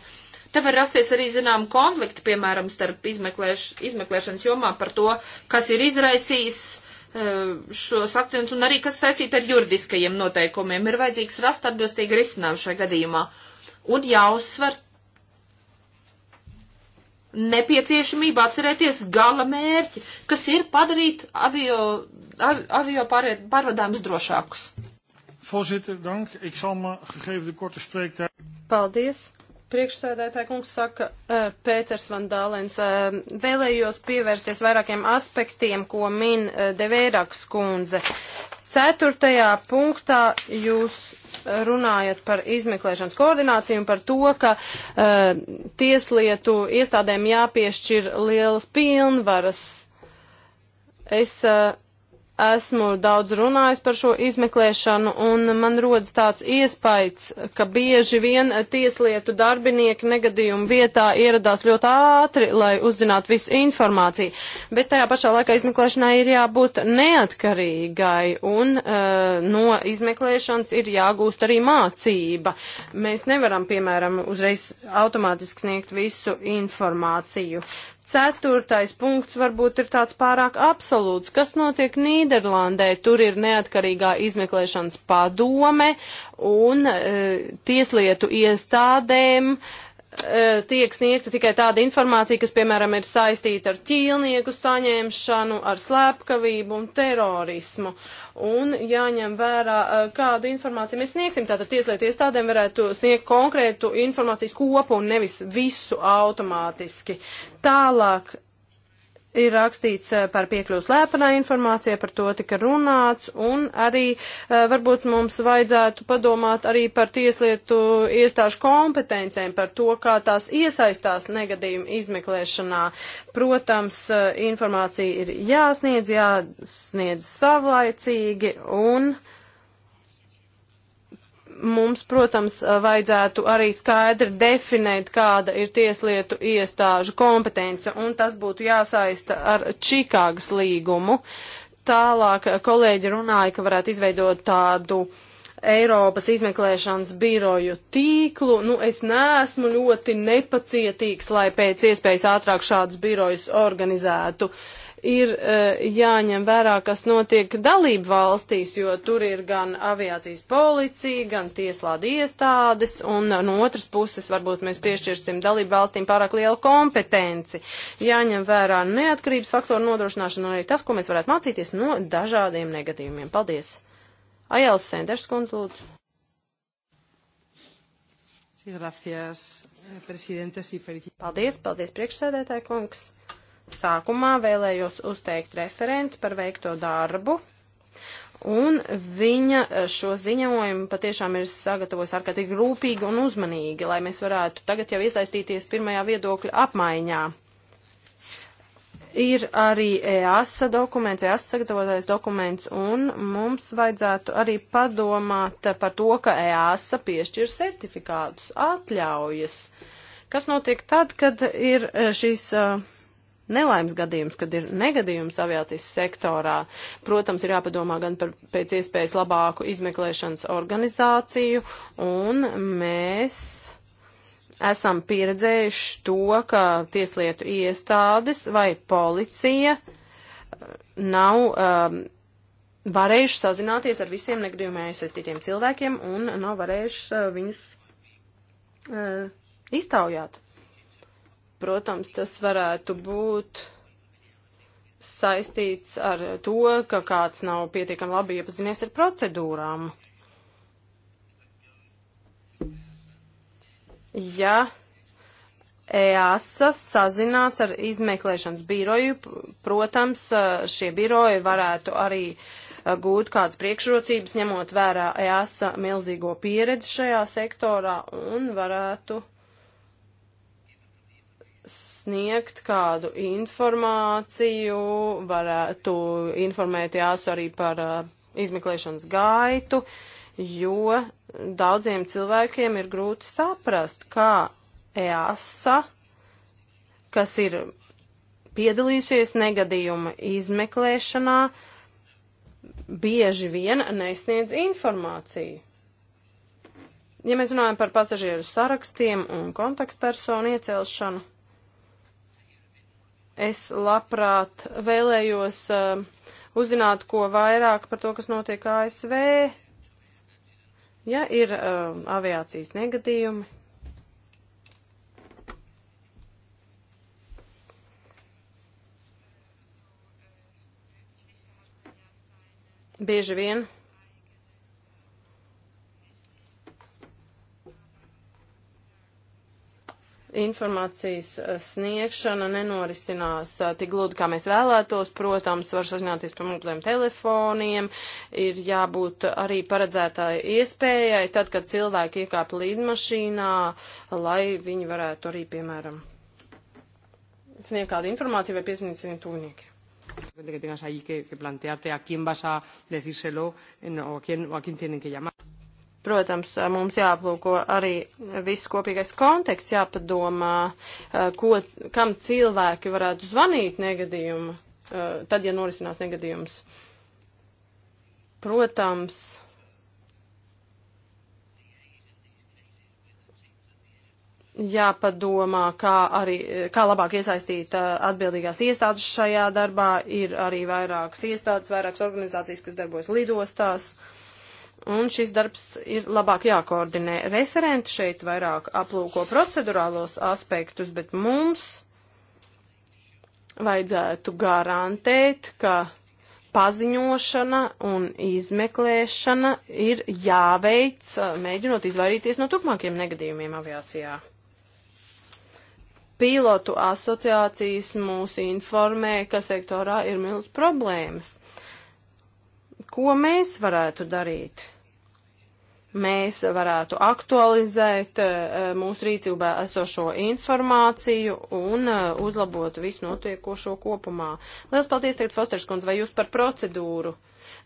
Te var rasties arī zinām konflikti, piemēram, starp izmeklēš, izmeklēšanas jomā par to, kas ir izraisījis uh, Eh, šos akcentus un arī, kas saistīta ar juridiskajiem noteikumiem, ir vajadzīgs rast atbilstīgi risinājumu šajā gadījumā. Un jāuzsver nepieciešamība atcerēties gala mērķi, kas ir padarīt avio, av, avio pārvadājumus drošākus. Voorzitter, dank. Ik zal me gegeven de korte spreektijd. Paldies. Priekšsēdētāja kungs saka, Pēters Van Dālens, vēlējos pievērsties vairākiem aspektiem, ko min Devēraks kundze. Ceturtajā punktā jūs runājat par izmeklēšanas koordināciju un par to, ka uh, tieslietu iestādēm jāpiešķir lielas pilnvaras. Es uh, Esmu daudz runājis par šo izmeklēšanu, un man rodas tāds iespējas, ka bieži vien tieslietu darbinieki negadījumu vietā ieradās ļoti ātri, lai uzzinātu visu informāciju. Bet tajā pašā laikā izmeklēšanai ir jābūt neatkarīgai, un uh, no izmeklēšanas ir jāgūst arī mācība. Mēs nevaram, piemēram, uzreiz automātiski sniegt visu informāciju. Ceturtais punkts varbūt ir tāds pārāk absolūts. Kas notiek Nīderlandē? Tur ir neatkarīgā izmeklēšanas padome un e, tieslietu iestādēm e, E, tiek sniegta tikai tāda informācija, kas, piemēram, ir saistīta ar ķīlnieku saņemšanu, ar slepkavību un terorismu. Un jāņem vērā, e, kādu informāciju mēs sniegsim. Tātad tieslietu iestādēm varētu sniegt konkrētu informācijas kopu un nevis visu automātiski. Tālāk ir rakstīts eh, par piekļuvas lēpanā informācija, par to tika runāts, un arī eh, varbūt mums vajadzētu padomāt arī par tieslietu iestāžu kompetencēm, par to, kā tās iesaistās negadījumu izmeklēšanā. Protams, eh, informācija ir jāsniedz, jāsniedz savlaicīgi, un uh, mums, protams, vajadzētu arī skaidri definēt, kāda ir tieslietu iestāžu kompetence, un tas būtu jāsaista ar Čikāgas līgumu. Tālāk kolēģi runāja, ka varētu izveidot tādu Eiropas izmeklēšanas biroju tīklu. Nu, es neesmu ļoti nepacietīgs, lai pēc iespējas ātrāk šādus birojus organizētu. Uh, ir uh, jāņem vērā, kas notiek dalību valstīs, jo tur ir gan aviācijas policija, gan tieslāda iestādes, un no otras puses varbūt mēs piešķirsim dalību valstīm pārāk lielu kompetenci. Jāņem vērā neatkarības faktoru nodrošināšana un arī tas, ko mēs varētu mācīties no dažādiem negadījumiem. Paldies! Ajēls Senders, kundz, lūdzu. Eh, paldies, paldies priekšsēdētāji kungs. Sākumā vēlējos uzteikt referenti par veikto darbu. Un viņa eh, šo ziņojumu patiešām ir sagatavojusi ārkārtīgi rūpīgi un uzmanīgi, lai mēs varētu tagad jau iesaistīties pirmajā viedokļa apmaiņā. Ir arī EASA dokuments, EASA sagatavotais dokuments, un mums vajadzētu arī padomāt par to, ka EASA piešķir certifikātus, atļaujas. Kas notiek tad, kad ir eh, šīs. Uh, eh, nelaimes gadījums, kad ir negadījums aviācijas sektorā. Protams, ir jāpadomā gan par pēc iespējas labāku izmeklēšanas organizāciju, un mēs esam pieredzējuši to, ka tieslietu iestādes vai policija uh, nav. Um, varējuši sazināties ar visiem negadījumā iesaistītiem cilvēkiem un nav varējuši uh, viņus uh, iztaujāt. Protams, tas varētu būt saistīts ar to, ka kāds nav pietiekami labi iepazinies ar procedūrām. Ja EASA sazinās ar izmeklēšanas biroju, protams, šie biroji varētu arī gūt kādas priekšrocības, ņemot vērā EASA milzīgo pieredzi šajā sektorā un varētu uh, sniegt kādu informāciju, varētu informēt jāsu arī par uh, izmeklēšanas gaitu, jo daudziem cilvēkiem ir grūti saprast, kā EASA, kas ir piedalījusies negadījuma izmeklēšanā, bieži vien nesniedz informāciju. Ja mēs runājam par pasažieru sarakstiem un kontaktpersonu iecelšanu, es labprāt vēlējos uh, uzzināt, ko vairāk par to, kas notiek ASV, ja ir uh, aviācijas negadījumi. Bieži vien informācijas eh, sniegšana nenorisinās eh, tik gludi, kā mēs vēlētos. Protams, var sazināties pa mobiliem telefoniem, ir jābūt arī paredzētāji iespējai, tad, kad cilvēki iekāp līdmašīnā, lai viņi varētu arī, piemēram, sniegt kādu informāciju vai piesniegt saviem tuvniekiem. que tengas allí que, que plantearte a quién vas a decírselo en, o, a quién, o a quién tienen que llamar. Protams, mums jāaplūko arī viss kopīgais konteksts, jāpadomā, ko, kam cilvēki varētu zvanīt negadījumu, tad, ja norisinās negadījums. Protams, jāpadomā, kā, arī, kā labāk iesaistīt atbildīgās iestādes šajā darbā. Ir arī vairākas iestādes, vairākas organizācijas, kas darbojas lidostās. Uh, un šis darbs ir labāk jākoordinē. Referenti šeit vairāk aplūko procedurālos aspektus, bet mums vajadzētu garantēt, ka paziņošana un izmeklēšana ir jāveic, mēģinot izvairīties no turpmākiem negadījumiem aviācijā. Pilotu asociācijas mūs informē, ka sektorā ir milz problēmas ko mēs varētu darīt? Mēs varētu aktualizēt eh, mūsu rīcībā esošo informāciju un eh, uzlabot visu notiekošo kopumā. Lielas paldies, teikt, Fosterskundze, vai jūs par procedūru?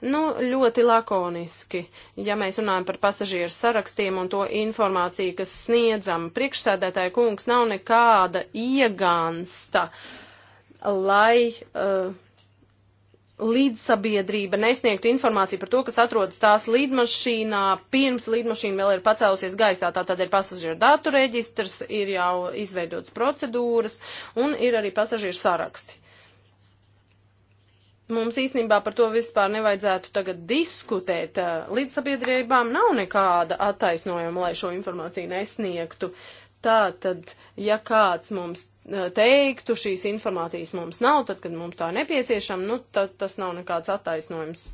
Nu, ļoti lakoniski, ja mēs runājam par pasažieru sarakstiem un to informāciju, kas sniedzam. Priekšsēdētāja kungs nav nekāda iegansta, lai uh, līdzsabiedrība nesniegtu informāciju par to, kas atrodas tās līdmašīnā, pirms līdmašīna vēl ir pacēlusies gaisā. Tātad ir pasažieru datu reģistrs, ir jau izveidotas procedūras un ir arī pasažieru saraksti. Mums īstenībā par to vispār nevajadzētu tagad diskutēt. Līdzsabiedrībām nav nekāda attaisnojuma, lai šo informāciju nesniegtu. Uh, Tā tad, ja kāds mums e, teiktu, šīs informācijas mums nav, tad, kad mums tā nepieciešama, nu, tad tas nav nekāds attaisnojums.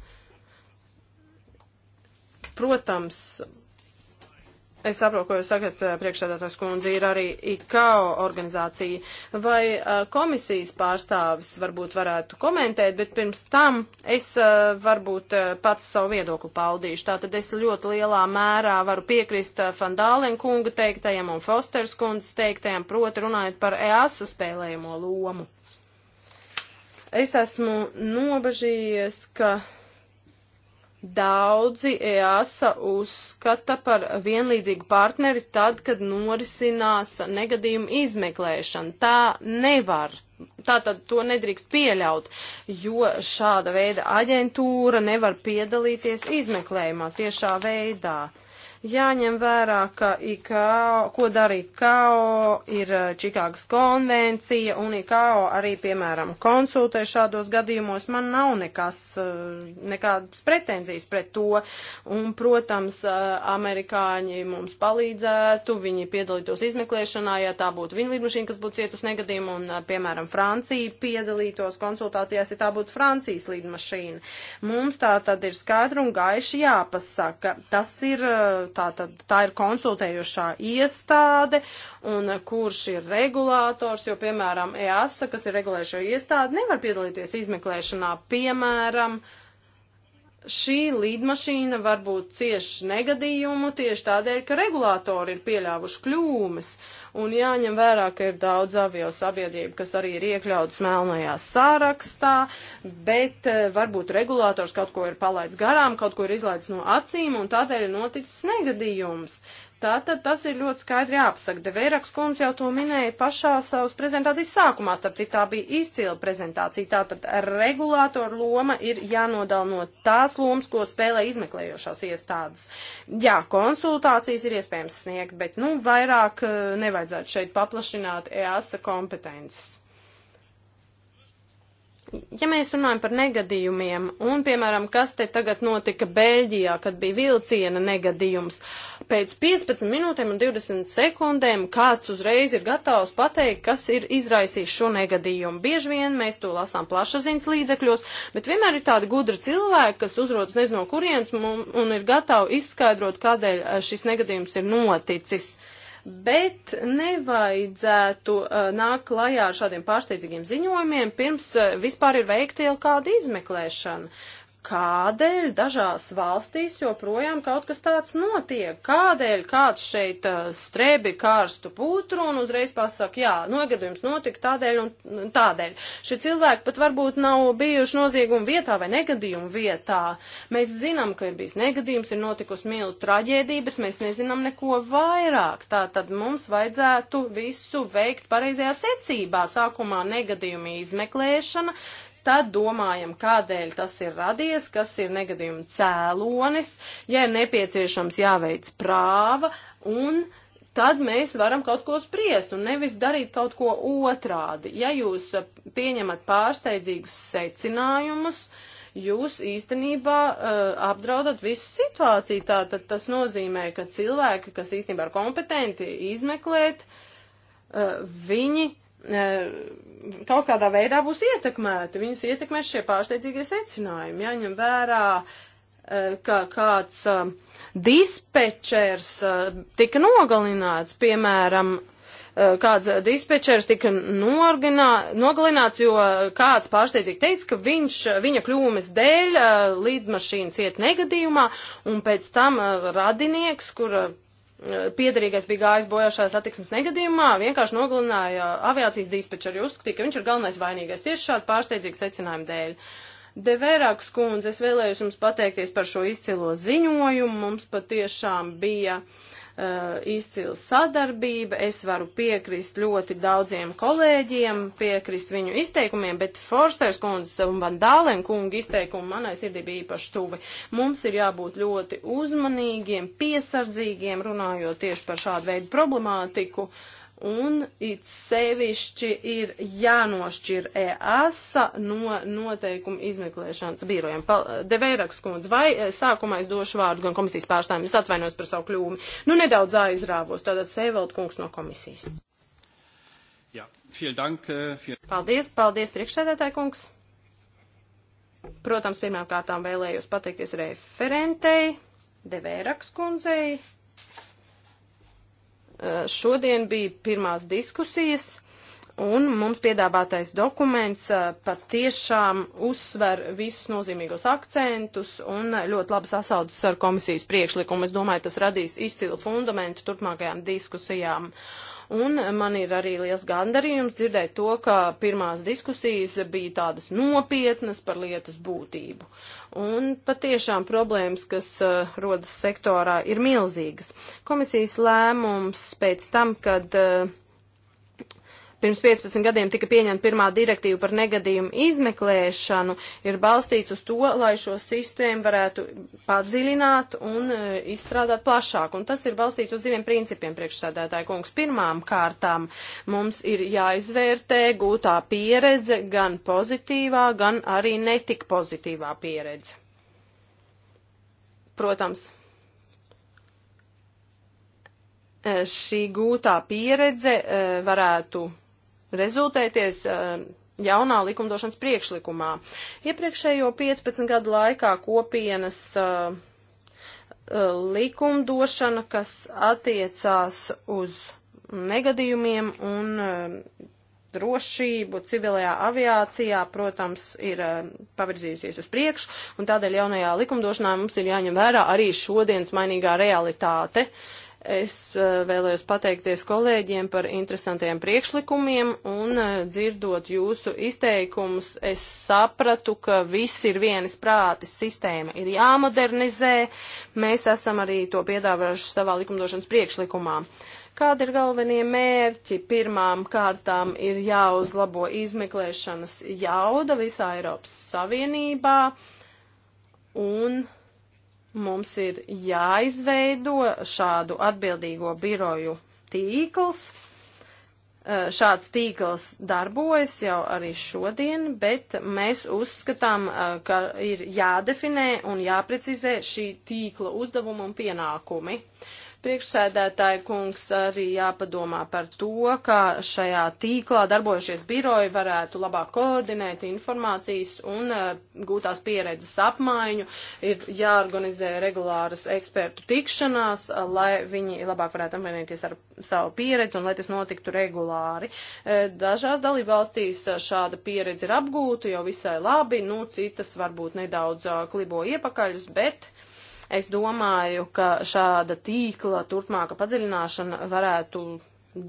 Protams, Es saprotu, ko jūs sakat, eh, priekšsēdētājs kundze, ir arī IKO organizācija. Vai uh, komisijas pārstāvis varbūt varētu komentēt, bet pirms tam es uh, varbūt uh, pats savu viedokli paudīšu. Tātad es ļoti lielā mērā varu piekrist Fandālien kunga teiktajam un Fosters kundzes teiktajam, proti runājot par EASA spēlējamo lomu. Es esmu nobažījies, ka Daudzi EASA uzskata par vienlīdzīgu partneri tad, kad norisinās negadījumu izmeklēšana. Tā nevar. Tātad to nedrīkst pieļaut, jo šāda veida aģentūra nevar piedalīties izmeklējumā tiešā veidā. Uh, Jāņem vērā, ka IKO, ko dara IKO, ir eh, Čikāgas konvencija, un IKO arī, piemēram, konsultē šādos gadījumos. Man nav nekas, eh, nekādas pretenzijas pret to, un, protams, eh, amerikāņi mums palīdzētu, viņi piedalītos izmeklēšanā, ja tā būtu viņa lidmašīna, kas būtu cietusi negadījumu, un, piemēram, Francija piedalītos konsultācijās, ja tā būtu Francijas lidmašīna. Mums tā tad ir skaidri un gaiši jāpasaka. Tas ir tā, tad, tā ir konsultējušā iestāde un kurš ir regulators, jo, piemēram, EASA, kas ir regulējušo iestāde, nevar piedalīties izmeklēšanā, piemēram, uh, šī lidmašīna varbūt cieši negadījumu tieši tādēļ, ka regulātori ir pieļāvuši kļūmes. Un jāņem vērā, ka ir daudz avio sabiedrību, kas arī ir iekļautas melnajā sārakstā, bet eh, varbūt regulātors kaut ko ir palaidis garām, kaut ko ir izlaidis no acīm, un tādēļ ir noticis negadījums. Tātad tas ir ļoti skaidri jāpasaka. Deveiraks kundze jau to minēja pašā savas prezentācijas sākumā, starp cik tā bija izcila prezentācija. Tātad regulātora loma ir jānodala no tās lomas, ko spēlē izmeklējošās iestādes. Jā, konsultācijas ir iespējams sniegt, bet, nu, vairāk eh, nevajadzētu šeit paplašināt EASA kompetences. Ja mēs runājam par negadījumiem, un, piemēram, kas te tagad notika Beļģijā, kad bija vilciena negadījums, pēc 15 minūtēm un 20 sekundēm kāds uzreiz ir gatavs pateikt, kas ir izraisījis šo negadījumu. Bieži vien mēs to lasām plašaziņas līdzekļos, bet vienmēr ir tādi gudri cilvēki, kas uzrodas nezinu no kurienes un, un ir gatavi izskaidrot, kādēļ eh, šis negadījums ir noticis. Uh, bet nevajadzētu uh, nākt klajā ar šādiem pārsteidzīgiem ziņojumiem, pirms uh, vispār ir veikta jau kāda izmeklēšana kādēļ dažās valstīs joprojām kaut kas tāds notiek, kādēļ kāds šeit uh, strēbi karstu putru un uzreiz pasaka, jā, nogadījums notika tādēļ un tādēļ. Šie cilvēki pat varbūt nav bijuši nozieguma vietā vai negadījuma vietā. Mēs zinām, ka ir bijis negadījums, ir notikusi mīlas traģēdija, bet mēs nezinām neko vairāk. Tā tad mums vajadzētu visu veikt pareizajā secībā. Sākumā negadījuma izmeklēšana, tad domājam, kādēļ tas ir radies, kas ir negadījuma cēlonis, ja ir nepieciešams jāveic prāva, un tad mēs varam kaut ko spriest un nevis darīt kaut ko otrādi. Ja jūs eh, pieņemat pārsteidzīgus secinājumus, jūs īstenībā uh, apdraudat visu situāciju. Tātad tas nozīmē, ka cilvēki, kas īstenībā ir kompetenti izmeklēt, uh, viņi E, kaut kādā veidā būs ietekmēti. Viņus ietekmēs šie pārsteidzīgie secinājumi. Jāņem vērā, e, ka e, kāds dispečers tika nogalināts, piemēram, kāds dispečers tika norginā, nogalināts, jo kāds pārsteidzīgi teica, ka viņš, viņa kļūmes dēļ līdmašīna ciet negadījumā, un pēc tam radinieks, kura piedarīgais bija gājis bojā šajā satiksmes negadījumā, vienkārši nogalināja aviācijas dispečeri, uzskatīja, ka viņš ir galvenais vainīgais tieši šādu pārsteidzīgu secinājumu dēļ. Deverāks kundze, es vēlējos jums pateikties par šo izcilo ziņojumu, mums patiešām bija uh, Eh, izcila sadarbība. Es varu piekrist ļoti daudziem kolēģiem, piekrist viņu izteikumiem, bet Forsters kundze un Van Dālen kunga izteikumi manai sirdī bija īpaši tuvi. Mums ir jābūt ļoti uzmanīgiem, piesardzīgiem, runājot tieši par šādu veidu problemātiku. Uh, Un it sevišķi ir jānošķir EASA no noteikuma izmeklēšanas birojiem. Deveiraks kundze, vai e, sākumā es došu vārdu gan komisijas pārstāvjiem, es atvainojos par savu kļūmi. Nu, nedaudz aizrāvos, tātad Seivald kungs no komisijas. Jā, vielen dank. E, vielen... Paldies, paldies, priekšsēdētāji kungs. Protams, pirmām kārtām vēlējos pateikties referentei, Deveiraks kundzei Šodien bija pirmās diskusijas Un mums piedāvātais dokuments eh, patiešām uzsver visus nozīmīgos akcentus un eh, ļoti labi sasaudas ar komisijas priekšlikumu. Es domāju, tas radīs izcilu fundamentu turpmākajām diskusijām. Un man ir arī liels gandarījums dzirdēt to, ka pirmās diskusijas bija tādas nopietnas par lietas būtību. Un patiešām problēmas, kas uh, rodas sektorā, ir milzīgas. Komisijas lēmums pēc tam, kad uh, pirms 15 gadiem tika pieņemta pirmā direktīva par negadījumu izmeklēšanu, ir balstīts uz to, lai šo sistēmu varētu padziļināt un uh, izstrādāt plašāk. Un tas ir balstīts uz diviem principiem, priekšsēdētāji kungs. Pirmām kārtām mums ir jāizvērtē gūtā pieredze gan pozitīvā, gan arī netik pozitīvā pieredze. Protams, e, šī gūtā pieredze e, varētu rezultēties eh, jaunā likumdošanas priekšlikumā. Iepriekšējo 15 gadu laikā kopienas eh, eh, likumdošana, kas attiecās uz negadījumiem un drošību civilajā aviācijā, protams, ir pavirzījusies uz priekšu, un tādēļ jaunajā likumdošanā mums ir jāņem vērā arī šodienas mainīgā realitāte. Uh, Es eh, vēlējos pateikties kolēģiem par interesantajiem priekšlikumiem un eh, dzirdot jūsu izteikumus, es sapratu, ka viss ir vienas prātis, sistēma ir jāmodernizē, mēs esam arī to piedāvājuši savā likumdošanas priekšlikumā. Kādi ir galvenie mērķi? Pirmām kārtām ir jāuzlabo izmeklēšanas jauda visā Eiropas Savienībā un Mums ir jāizveido šādu atbildīgo biroju tīkls. Šāds tīkls darbojas jau arī šodien, bet mēs uzskatām, ka ir jādefinē un jāprecizē šī tīkla uzdevuma un pienākumi. Uh, Priekšsēdētāji kungs arī jāpadomā par to, kā šajā tīklā darbojušies biroji varētu labāk koordinēt informācijas un uh, gūtās pieredzes apmaiņu. Ir jāorganizē regulāras ekspertu tikšanās, eh, lai viņi labāk varētu apmainīties ar savu pieredzi un lai tas notiktu regulāri. Eh, dažās dalībvalstīs šāda pieredze ir apgūta jau visai labi, nu citas varbūt nedaudz klibo iepakaļus, bet uh, Es domāju, ka šāda tīkla turpmāka padziļināšana varētu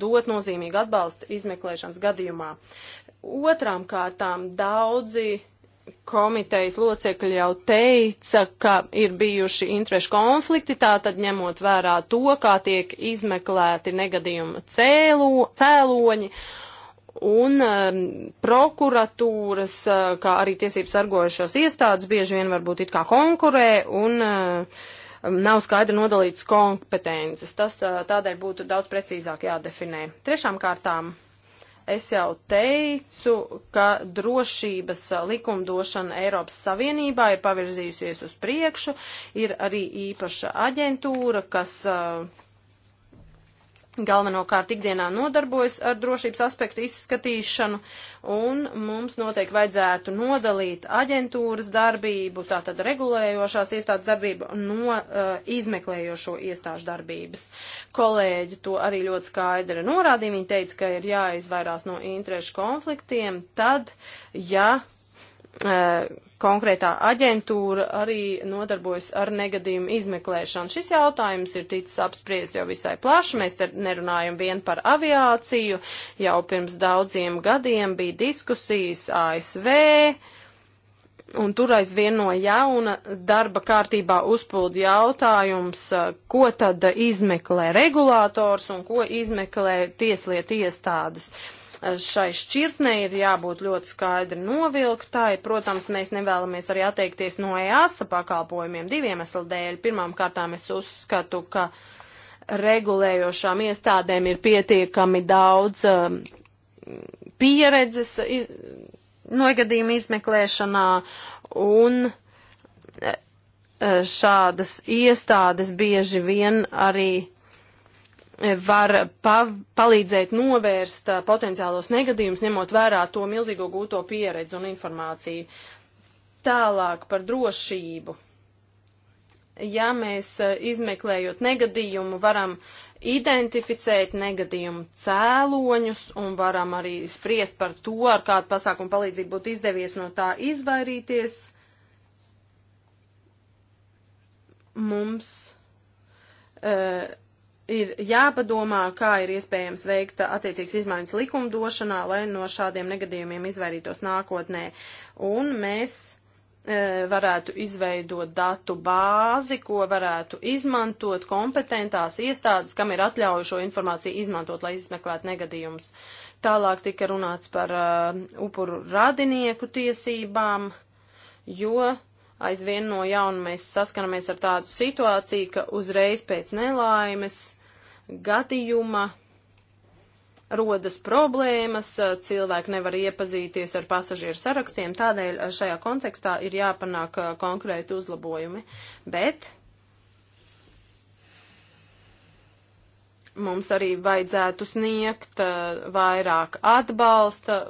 dot nozīmīgu atbalstu izmeklēšanas gadījumā. Otrām kārtām daudzi komitejas locekļi jau teica, ka ir bijuši interešu konflikti, tātad ņemot vērā to, kā tiek izmeklēti negadījuma cēlo, cēloņi Un uh, prokuratūras, uh, kā arī tiesības sargojušās iestādes, bieži vien varbūt it kā konkurē un uh, um, nav skaidri nodalīts kompetences. Tas uh, tādēļ būtu daudz precīzāk jādefinē. Trešām kārtām es jau teicu, ka drošības uh, likumdošana Eiropas Savienībā ir pavirzījusies uz priekšu, ir arī īpaša aģentūra, kas. Uh, galvenokārt ikdienā nodarbojas ar drošības aspektu izskatīšanu, un mums noteikti vajadzētu nodalīt aģentūras darbību, tātad regulējošās iestādes darbību no uh, izmeklējošo iestāžu darbības. Kolēģi to arī ļoti skaidri norādīja, viņi teica, ka ir jāizvairās no interešu konfliktiem, tad, ja uh, konkrētā aģentūra arī nodarbojas ar negadījumu izmeklēšanu. Šis jautājums ir ticis apspriests jau visai plaši. Mēs te nerunājam vien par aviāciju. Jau pirms daudziem gadiem bija diskusijas ASV. Un tur aizvien no jauna darba kārtībā uzpūld jautājums, ko tad izmeklē regulators un ko izmeklē tieslietu iestādes. Uh, šai šķirtnei ir jābūt ļoti skaidri novilktai. Protams, mēs nevēlamies arī atteikties no EASA pakalpojumiem diviem eslu dēļ. Pirmām kārtām es uzskatu, ka regulējošām iestādēm ir pietiekami daudz um, pieredzes iz, nogadījuma izmeklēšanā un uh, šādas iestādes bieži vien arī var pa, palīdzēt novērst uh, potenciālos negadījumus, ņemot vērā to milzīgo gūto pieredzi un informāciju. Tālāk par drošību. Ja mēs uh, izmeklējot negadījumu, varam identificēt negadījumu cēloņus un varam arī spriest par to, ar kādu pasākumu palīdzību būtu izdevies no tā izvairīties. Mums. Uh, ir jāpadomā, kā ir iespējams veikt attiecīgas izmaiņas likumdošanā, lai no šādiem negadījumiem izvairītos nākotnē. Un mēs e, varētu izveidot datu bāzi, ko varētu izmantot kompetentās iestādes, kam ir atļauju šo informāciju izmantot, lai izmeklētu negadījumus. Tālāk tika runāts par uh, upuru radinieku tiesībām, jo aizvien no jauna mēs saskaramies ar tādu situāciju, ka uzreiz pēc nelaimes gadījuma rodas problēmas, cilvēki nevar iepazīties ar pasažieru sarakstiem, tādēļ šajā kontekstā ir jāpanāk eh, konkrēti uzlabojumi. Bet mums arī vajadzētu sniegt eh, vairāk atbalsta,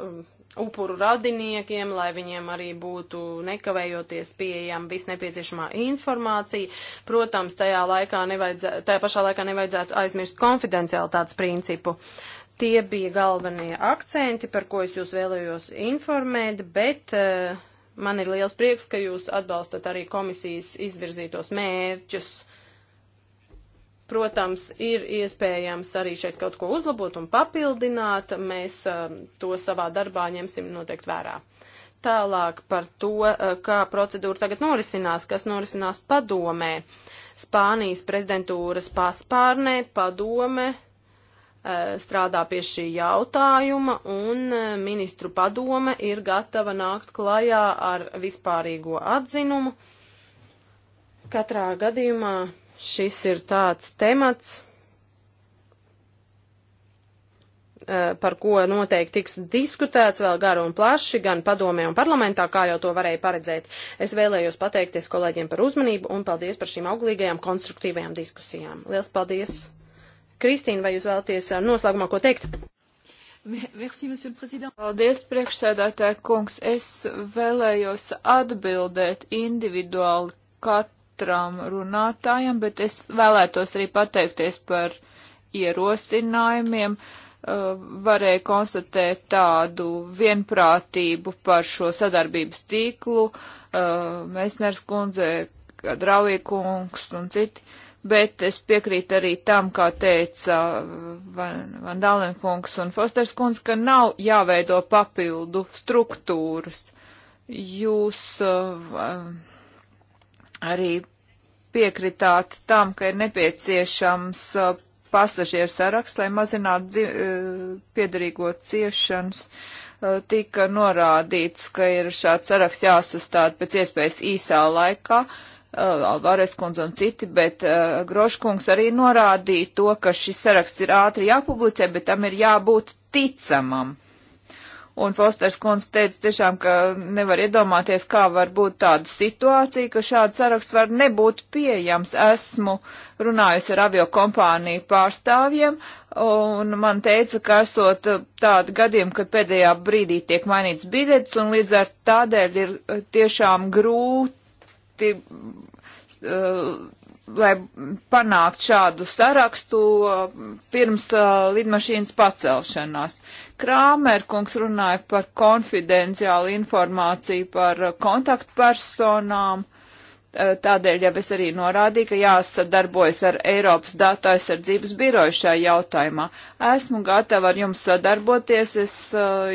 upuru radiniekiem, lai viņiem arī būtu nekavējoties pieejama visnepieciešamā informācija. Protams, tajā, laikā tajā pašā laikā nevajadzētu aizmirst konfidencialitātes principu. Tie bija galvenie akcenti, par ko es jūs vēlējos informēt, bet uh, man ir liels prieks, ka jūs atbalstat arī komisijas izvirzītos mērķus. Protams, ir iespējams arī šeit kaut ko uzlabot un papildināt. Mēs uh, to savā darbā ņemsim noteikti vērā. Tālāk par to, uh, kā procedūra tagad norisinās, kas norisinās padomē. Spānijas prezidentūras paspārnē padome uh, strādā pie šī jautājuma, un ministru padome ir gatava nākt klajā ar vispārīgo atzinumu. Katrā gadījumā Šis ir tāds temats, eh, par ko noteikti tiks diskutēts vēl garu un plaši, gan padomē un parlamentā, kā jau to varēja paredzēt. Es vēlējos pateikties kolēģiem par uzmanību un paldies par šīm auglīgajām, konstruktīvajām diskusijām. Liels paldies! Kristīna, vai jūs vēlaties eh, noslēgumā ko teikt? Merci, monsieur le président. Paldies, priekšsēdētāja kungs. Es vēlējos atbildēt individuāli katru otram runātājam, bet es vēlētos arī pateikties par ierosinājumiem. Uh, varēja konstatēt tādu vienprātību par šo sadarbības tīklu, uh, Mēsners kundze, Draujiekungs un citi, bet es piekrītu arī tam, kā teica uh, Van, Van Dalenkungs un Fosters kundze, ka nav jāveido papildu struktūras. Jūs uh, arī piekritāt tam, ka ir nepieciešams uh, pasažieru saraksts, lai mazinātu uh, piedarīgo ciešanas. Uh, tika norādīts, ka ir šāds saraksts jāsastāda pēc iespējas īsā laikā. Alvarez kundze un citi, bet uh, Groškungs arī norādīja to, ka šis saraksts ir ātri jāpublicē, bet tam ir jābūt ticamam. Uh, Un Fosters kundze teica tiešām, ka nevar iedomāties, kā var būt tāda situācija, ka šāds saraksts var nebūt pieejams. Esmu runājusi ar avio kompāniju pārstāvjiem, un man teica, ka esot tādi gadījumi, kad pēdējā brīdī tiek mainīts biļets, un līdz ar tādēļ ir tiešām grūti uh, lai panākt šādu sarakstu uh, pirms uh, lidmašīnas pacelšanās. Krāmerkungs runāja par konfidenciālu informāciju par uh, kontaktpersonām. Uh, tādēļ jau es arī norādīju, ka jāsadarbojas ar Eiropas datu aizsardzības biroju šajā jautājumā. Esmu gatava ar jums sadarboties. Es,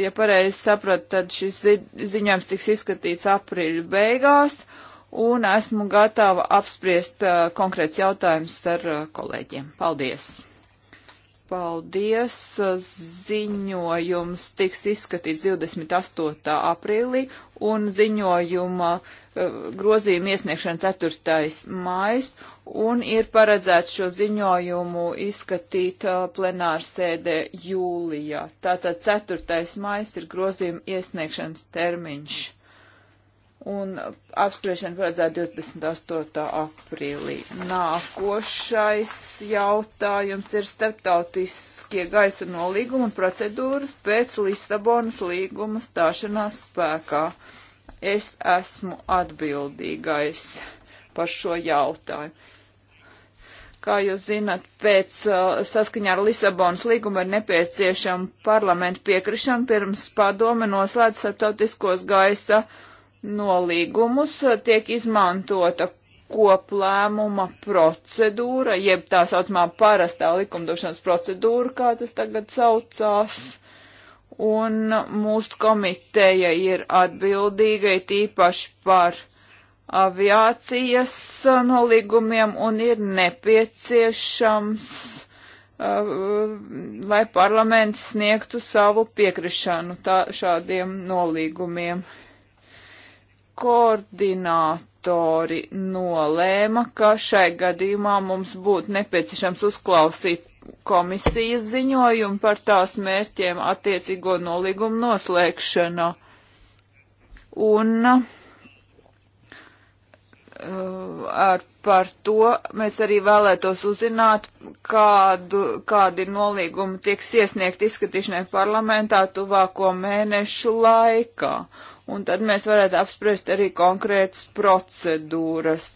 ja pareizi sapratu, tad šis zi ziņojums tiks izskatīts aprīļu beigās. Uh, un esmu gatava apspriest uh, konkrēts jautājums ar uh, kolēģiem. Paldies! Paldies! Ziņojums tiks izskatīts 28. aprīlī un ziņojuma uh, grozījuma iesniegšana 4. mājas un ir paredzēts šo ziņojumu izskatīt uh, plenārsēdē jūlijā. Tātad 4. mājas ir grozījuma iesniegšanas termiņš un apspriešana paredzēta 28. aprīlī. Nākošais jautājums ir starptautiskie gaisa nolīguma procedūras pēc Lisabonas līguma stāšanās spēkā. Es esmu atbildīgais par šo jautājumu. Kā jūs zināt, pēc uh, saskaņā ar Lisabonas līgumu ir nepieciešama parlamenta piekrišana pirms padome noslēdz starptautiskos gaisa uh, nolīgumus eh, tiek izmantota koplēmuma procedūra, jeb tā saucamā parastā likumdošanas procedūra, kā tas tagad saucās. Un mūsu komiteja ir atbildīga tīpaši par aviācijas nolīgumiem un ir nepieciešams, uh, lai parlaments sniegtu savu piekrišanu tā, šādiem nolīgumiem. Uh, koordinātori nolēma, ka šai gadījumā mums būtu nepieciešams uzklausīt komisijas ziņojumu par tās mērķiem attiecīgo nolīgumu noslēgšanu. Un uh, ar par to mēs arī vēlētos uzzināt, kādu, kādi nolīgumi tieks iesniegt izskatīšanai parlamentā tuvāko mēnešu laikā un tad mēs varētu apspriest arī konkrētas procedūras.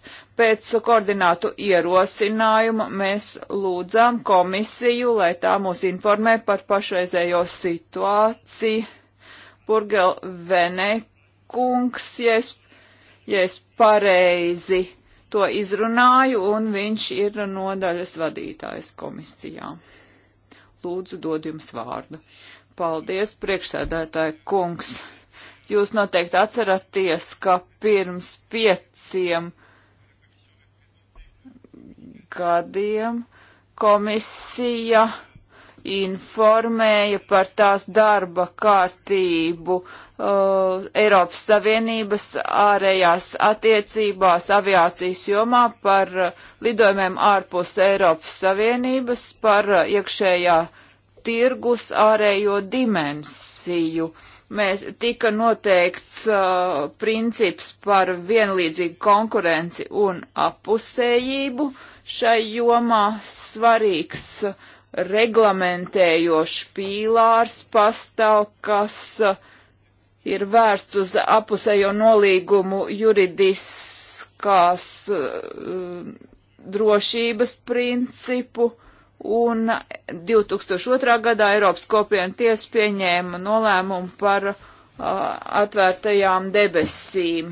Pēc koordinātu ierosinājuma mēs lūdzām komisiju, lai tā mūs informē par pašreizējo situāciju. Purgel Venekungs, ja es, ja es pareizi to izrunāju, un viņš ir nodaļas vadītājs komisijā. Lūdzu, dod jums vārdu. Paldies, priekšsēdētāji kungs. Jūs noteikti atceraties, ka pirms pieciem gadiem komisija informēja par tās darba kārtību uh, Eiropas Savienības ārējās attiecībās aviācijas jomā par uh, lidojumiem ārpus Eiropas Savienības, par uh, iekšējā tirgus ārējo dimensiju. Uh, mēs tika noteikts uh, princips par vienlīdzīgu konkurenci un apusējību. Šai jomā svarīgs reglamentējošs pīlārs pastāv, kas uh, ir vērsts uz apusējo nolīgumu juridiskās uh, drošības principu. Uh, un 2002. gadā Eiropas kopiena tiesa pieņēma nolēmumu par uh, atvērtajām debesīm.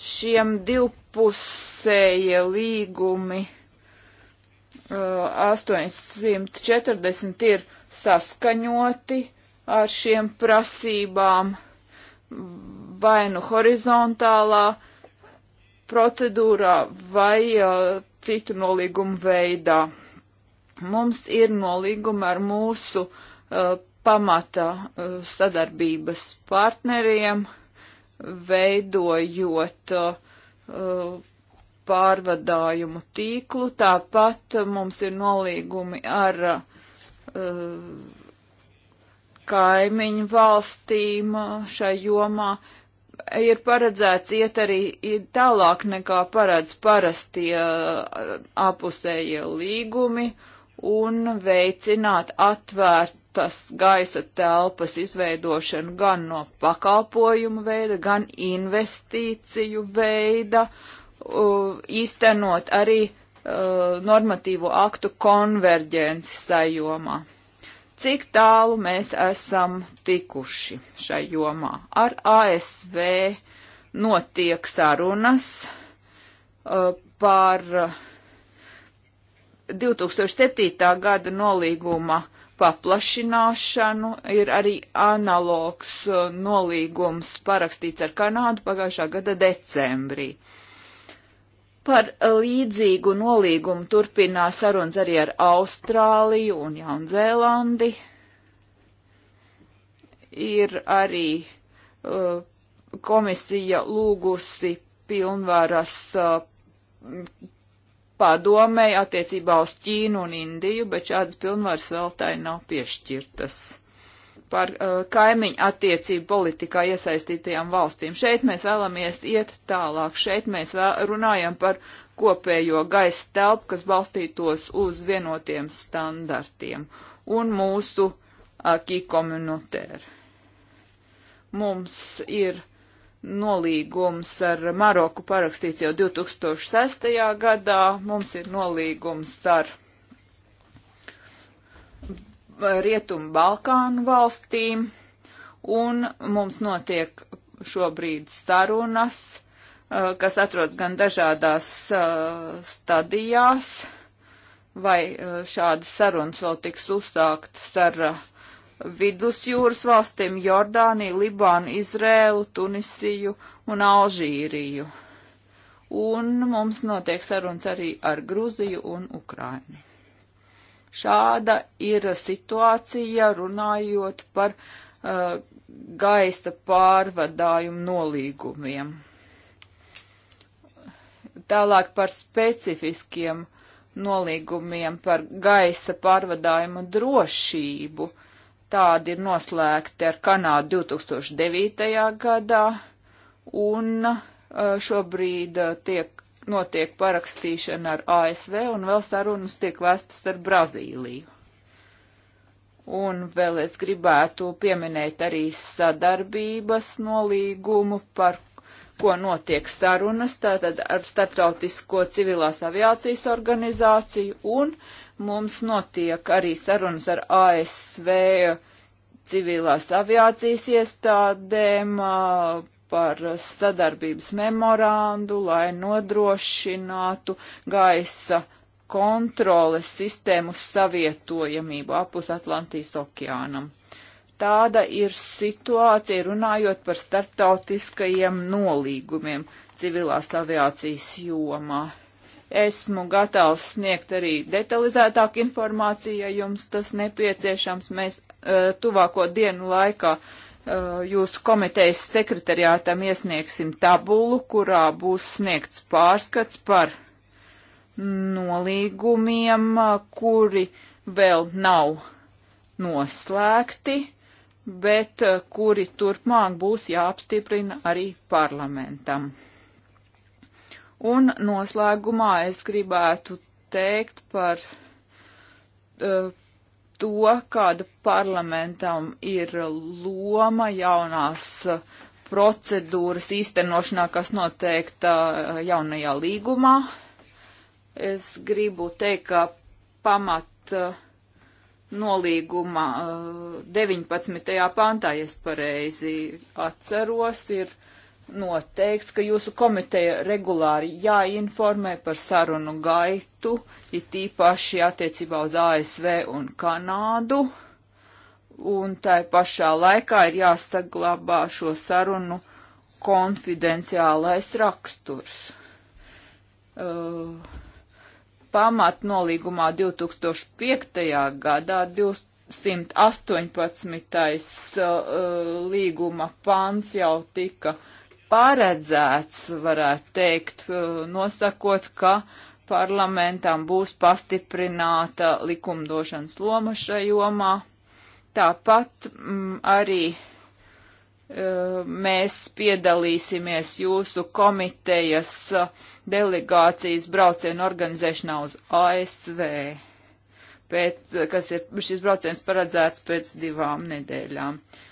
Šiem divpusēja līgumi uh, 840 ir saskaņoti ar šiem prasībām vai nu horizontālā procedūrā vai uh, citu nolīgumu veidā. Mums ir nolīguma ar mūsu uh, pamata uh, sadarbības partneriem, veidojot uh, pārvadājumu tīklu. Tāpat uh, mums ir nolīgumi ar uh, kaimiņu uh, šai šajomā ir paredzēts iet arī tālāk nekā paredz parastie apusējie līgumi, un veicināt atvērtas gaisa telpas izveidošanu gan no pakalpojumu veida, gan investīciju veida, īstenot arī normatīvo aktu konverģenci sajomā. Cik tālu mēs esam tikuši šai jomā? Ar ASV notiek sarunas uh, par uh, 2007. gada nolīguma paplašināšanu ir arī analogs uh, nolīgums parakstīts ar Kanādu pagājušā gada decembrī. Par līdzīgu nolīgumu turpinās sarunas arī ar Austrāliju un Jaunzēlandi. Ir arī uh, komisija lūgusi pilnvaras uh, padomēji attiecībā uz Ķīnu un Indiju, bet šādas pilnvaras vēl tai nav piešķirtas. Par uh, kaimiņu attiecību politikā iesaistītajām valstīm. Šeit mēs vēlamies iet tālāk. Šeit mēs runājam par kopējo gaisa telpu, kas balstītos uz vienotiem standartiem un mūsu akī uh, komunitēru. Mums ir uh, nolīgums ar Maroku parakstīts jau 2006. gadā. Mums ir nolīgums ar Rietumu Balkānu valstīm, un mums notiek šobrīd sarunas, eh, kas atrodas gan dažādās eh, stadijās, vai eh, šādas sarunas vēl tiks uzsāktas ar vidusjūras valstīm - Jordāniju, Libānu, Izrēlu, Tunisiju un Alžīriju. Un mums notiek sarunas arī ar Gruziju un Ukrainu. Šāda ir situācija runājot par uh, gaista pārvadājumu nolīgumiem. Tālāk par specifiskiem nolīgumiem par gaisa pārvadājumu drošību. Uh, Tādi ir noslēgti ar Kanādu 2009. gadā, un šobrīd tiek, notiek parakstīšana ar ASV, un vēl sarunas tiek vestas ar Brazīliju. Un vēl es gribētu pieminēt arī sadarbības nolīgumu, par ko notiek sarunas, tātad ar Starptautisko civilās aviācijas organizāciju un uh, Mums notiek arī sarunas ar ASV civilās aviācijas iestādēm par sadarbības memorandu, lai nodrošinātu gaisa kontroles sistēmu savietojamību apus Atlantijas okeānam. Tāda ir situācija runājot par starptautiskajiem nolīgumiem civilās aviācijas jomā. Esmu gatavs sniegt arī detalizētāku informāciju, ja jums tas nepieciešams. Mēs uh, tuvāko dienu laikā uh, jūsu komitejas sekretariātam iesniegsim tabulu, kurā būs sniegts pārskats par nolīgumiem, eh, kuri vēl nav noslēgti, bet kuri turpmāk būs jāapstiprina arī parlamentam. Un noslēgumā es gribētu teikt par uh, to, kāda parlamentam ir loma jaunās uh, procedūras īstenošanā, kas noteikta uh, jaunajā līgumā. Es gribu teikt, ka pamat nolīguma 19. pantā, ja es pareizi atceros, ir noteikts, ka jūsu komiteja regulāri jāinformē par sarunu gaitu, it īpaši attiecībā uz ASV un Kanādu, un tai pašā laikā ir jāsaglabā šo sarunu konfidenciālais raksturs. Uh, pamatnolīgumā 2005. gadā 20 118. Uh, līguma pants jau tika paredzēts, varētu teikt, uh, nosakot, ka parlamentam būs pastiprināta likumdošanas loma šajā jomā. Tāpat m, mm, arī uh, mēs piedalīsimies jūsu komitejas uh, delegācijas braucienu organizēšanā uz ASV, pēc, kas ir šis brauciens paredzēts pēc divām nedēļām. Uh,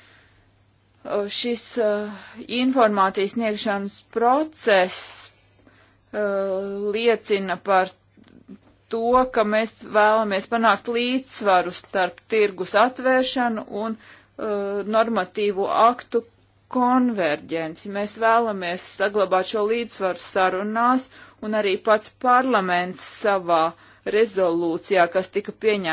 Uh, šis uh, informācijas sniegšanas process uh, liecina par to, ka mēs vēlamies panākt līdzsvaru starp tirgus atvēršanu un uh, normatīvu aktu konverģenci. Mēs vēlamies saglabāt šo līdzsvaru sarunās, un arī pats parlaments savā rezolūcijā, kas tika pieņemta